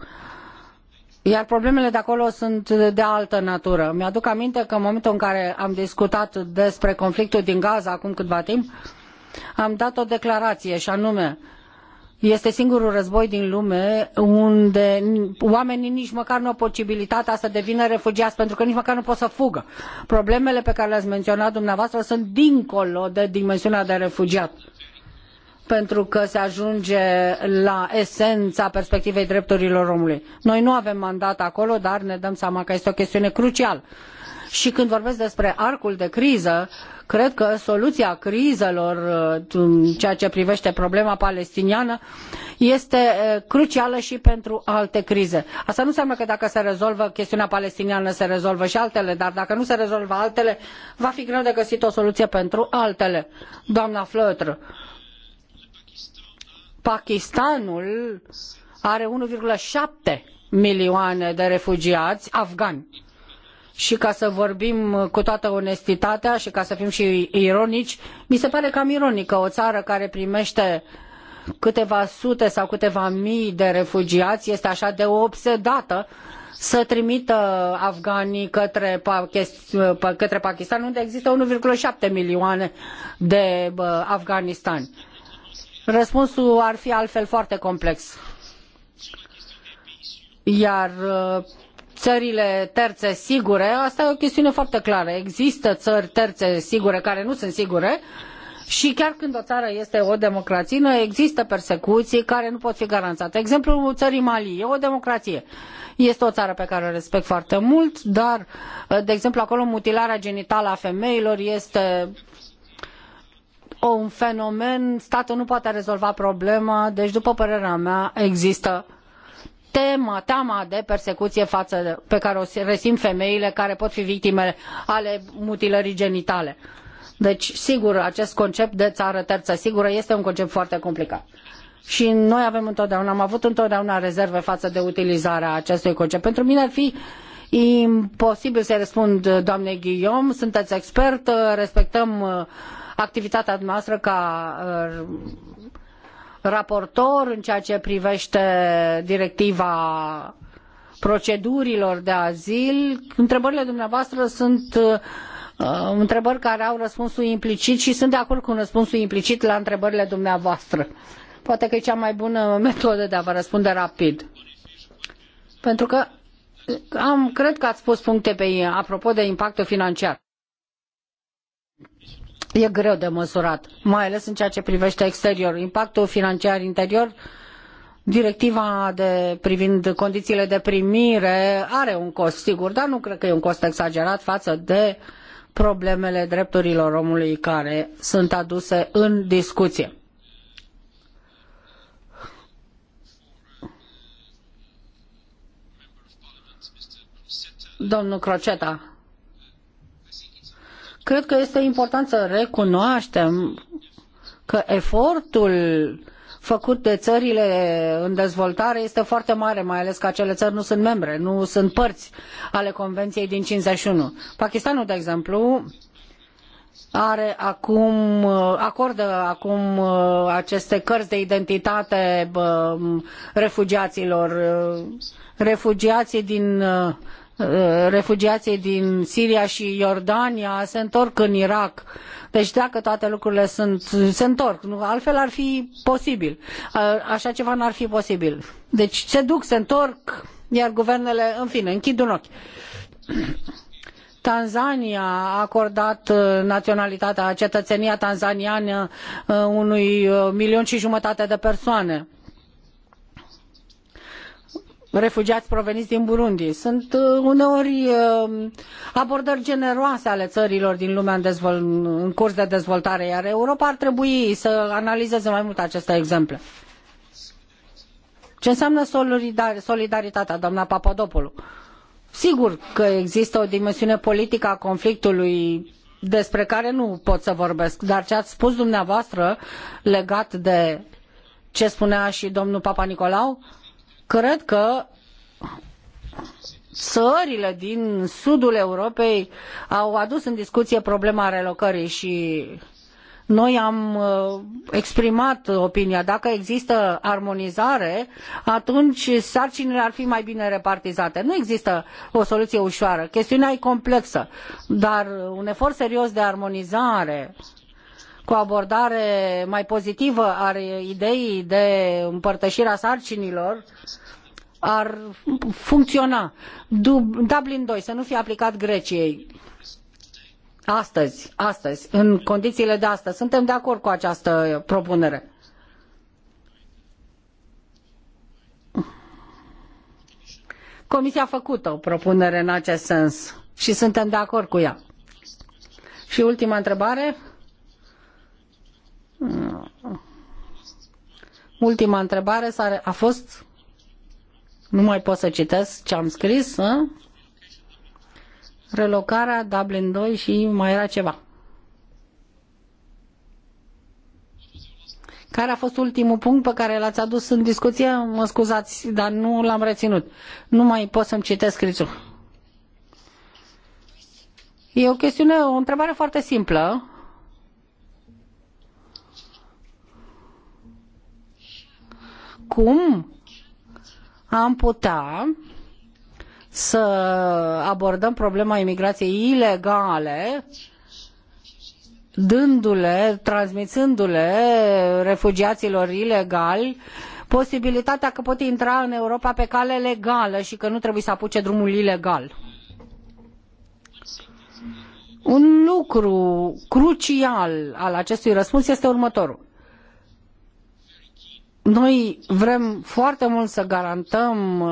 Iar problemele de acolo sunt de altă natură. Mi-aduc aminte că în momentul în care am discutat despre conflictul din Gaza acum câtva timp, am dat o declarație și anume este singurul război din lume unde oamenii nici măcar nu au posibilitatea să devină refugiați, pentru că nici măcar nu pot să fugă. Problemele pe care le-ați menționat dumneavoastră sunt dincolo de dimensiunea de refugiat pentru că se ajunge la esența perspectivei drepturilor omului. Noi nu avem mandat acolo, dar ne dăm seama că este o chestiune crucială și când vorbesc despre arcul de criză, cred că soluția crizelor, uh, în ceea ce privește problema palestiniană, este uh, crucială și pentru alte crize. Asta nu înseamnă că dacă se rezolvă chestiunea palestiniană, se rezolvă și altele, dar dacă nu se rezolvă altele, va fi greu de găsit o soluție pentru altele. Doamna Flătr, Pakistanul are 1,7 milioane de refugiați afgani și ca să vorbim cu toată onestitatea și ca să fim și ironici, mi se pare cam ironică o țară care primește câteva sute sau câteva mii de refugiați este așa de obsedată să trimită afganii către, către Pakistan, unde există 1,7 milioane de afganistani. Răspunsul ar fi altfel foarte complex. Iar ările terțe sigure, asta e o chestiune foarte clară. Există țări terțe sigure care nu sunt sigure și chiar când o țară este o democrație, există persecuții care nu pot fi garantate. Exemplul țării Mali e o democrație. Este o țară pe care o respect foarte mult, dar, de exemplu, acolo mutilarea genitală a femeilor este un fenomen, statul nu poate rezolva problema, deci, după părerea mea, există tema, teama de persecuție față, pe care o resimt femeile care pot fi victime ale mutilării genitale. Deci, sigur, acest concept de țară terță sigură este un concept foarte complicat. Și noi avem întotdeauna, am avut întotdeauna rezerve față de utilizarea acestui concept. Pentru mine ar fi imposibil să-i răspund doamnei Guillaume, sunteți expert, respectăm uh, activitatea noastră ca uh, raportor în ceea ce privește directiva procedurilor de azil. Întrebările dumneavoastră sunt uh, întrebări care au răspunsul implicit și sunt de acord cu răspunsul implicit la întrebările dumneavoastră. Poate că e cea mai bună metodă de a vă răspunde rapid. Pentru că am, cred că ați spus puncte pe ei, apropo de impactul financiar e greu de măsurat, mai ales în ceea ce privește exteriorul. Impactul financiar interior, directiva de, privind condițiile de primire are un cost, sigur, dar nu cred că e un cost exagerat față de problemele drepturilor omului care sunt aduse în discuție. Domnul Croceta, Cred că este important să recunoaștem că efortul făcut de țările în dezvoltare este foarte mare, mai ales că acele țări nu sunt membre, nu sunt părți ale Convenției din 51. Pakistanul, de exemplu, are acum, acordă acum uh, aceste cărți de identitate uh, refugiaților. Uh, refugiații din Uh, refugiații din Siria și Iordania se întorc în Irak. Deci dacă toate lucrurile sunt, se întorc, nu, altfel ar fi posibil. Uh, așa ceva n-ar fi posibil. Deci se duc, se întorc, iar guvernele, în fine, închid un ochi. Tanzania a acordat uh, naționalitatea, cetățenia tanzaniană unui milion și jumătate de persoane refugiați proveniți din Burundi. Sunt uh, uneori uh, abordări generoase ale țărilor din lumea în, în curs de dezvoltare, iar Europa ar trebui să analizeze mai mult aceste exemple. Ce înseamnă solidar solidaritatea, doamna Papadopoulou? Sigur că există o dimensiune politică a conflictului despre care nu pot să vorbesc, dar ce ați spus dumneavoastră legat de ce spunea și domnul Papa Nicolau, Cred că țările din sudul Europei au adus în discuție problema relocării și noi am uh, exprimat opinia. Dacă există armonizare, atunci sarcinile ar fi mai bine repartizate. Nu există o soluție ușoară. Chestiunea e complexă, dar un efort serios de armonizare uh, cu o abordare mai pozitivă a ideii de împărtășire a sarcinilor, ar funcționa. Dublin 2 să nu fie aplicat Greciei. Astăzi, astăzi, în condițiile de astăzi, suntem de acord cu această propunere. Comisia a făcut o propunere în acest sens și suntem de acord cu ea. Și ultima întrebare. Ultima întrebare a fost nu mai pot să citesc ce am scris, a? relocarea Dublin 2 și mai era ceva. Care a fost ultimul punct pe care l-ați adus în discuție? Mă scuzați, dar nu l-am reținut. Nu mai pot să-mi citesc scrisul. E o chestiune, o întrebare foarte simplă. cum am putea să abordăm problema imigrației ilegale dându-le, transmițându-le refugiaților ilegali posibilitatea că pot intra în Europa pe cale legală și că nu trebuie să apuce drumul ilegal. Un lucru crucial al acestui răspuns este următorul. Noi vrem foarte mult să garantăm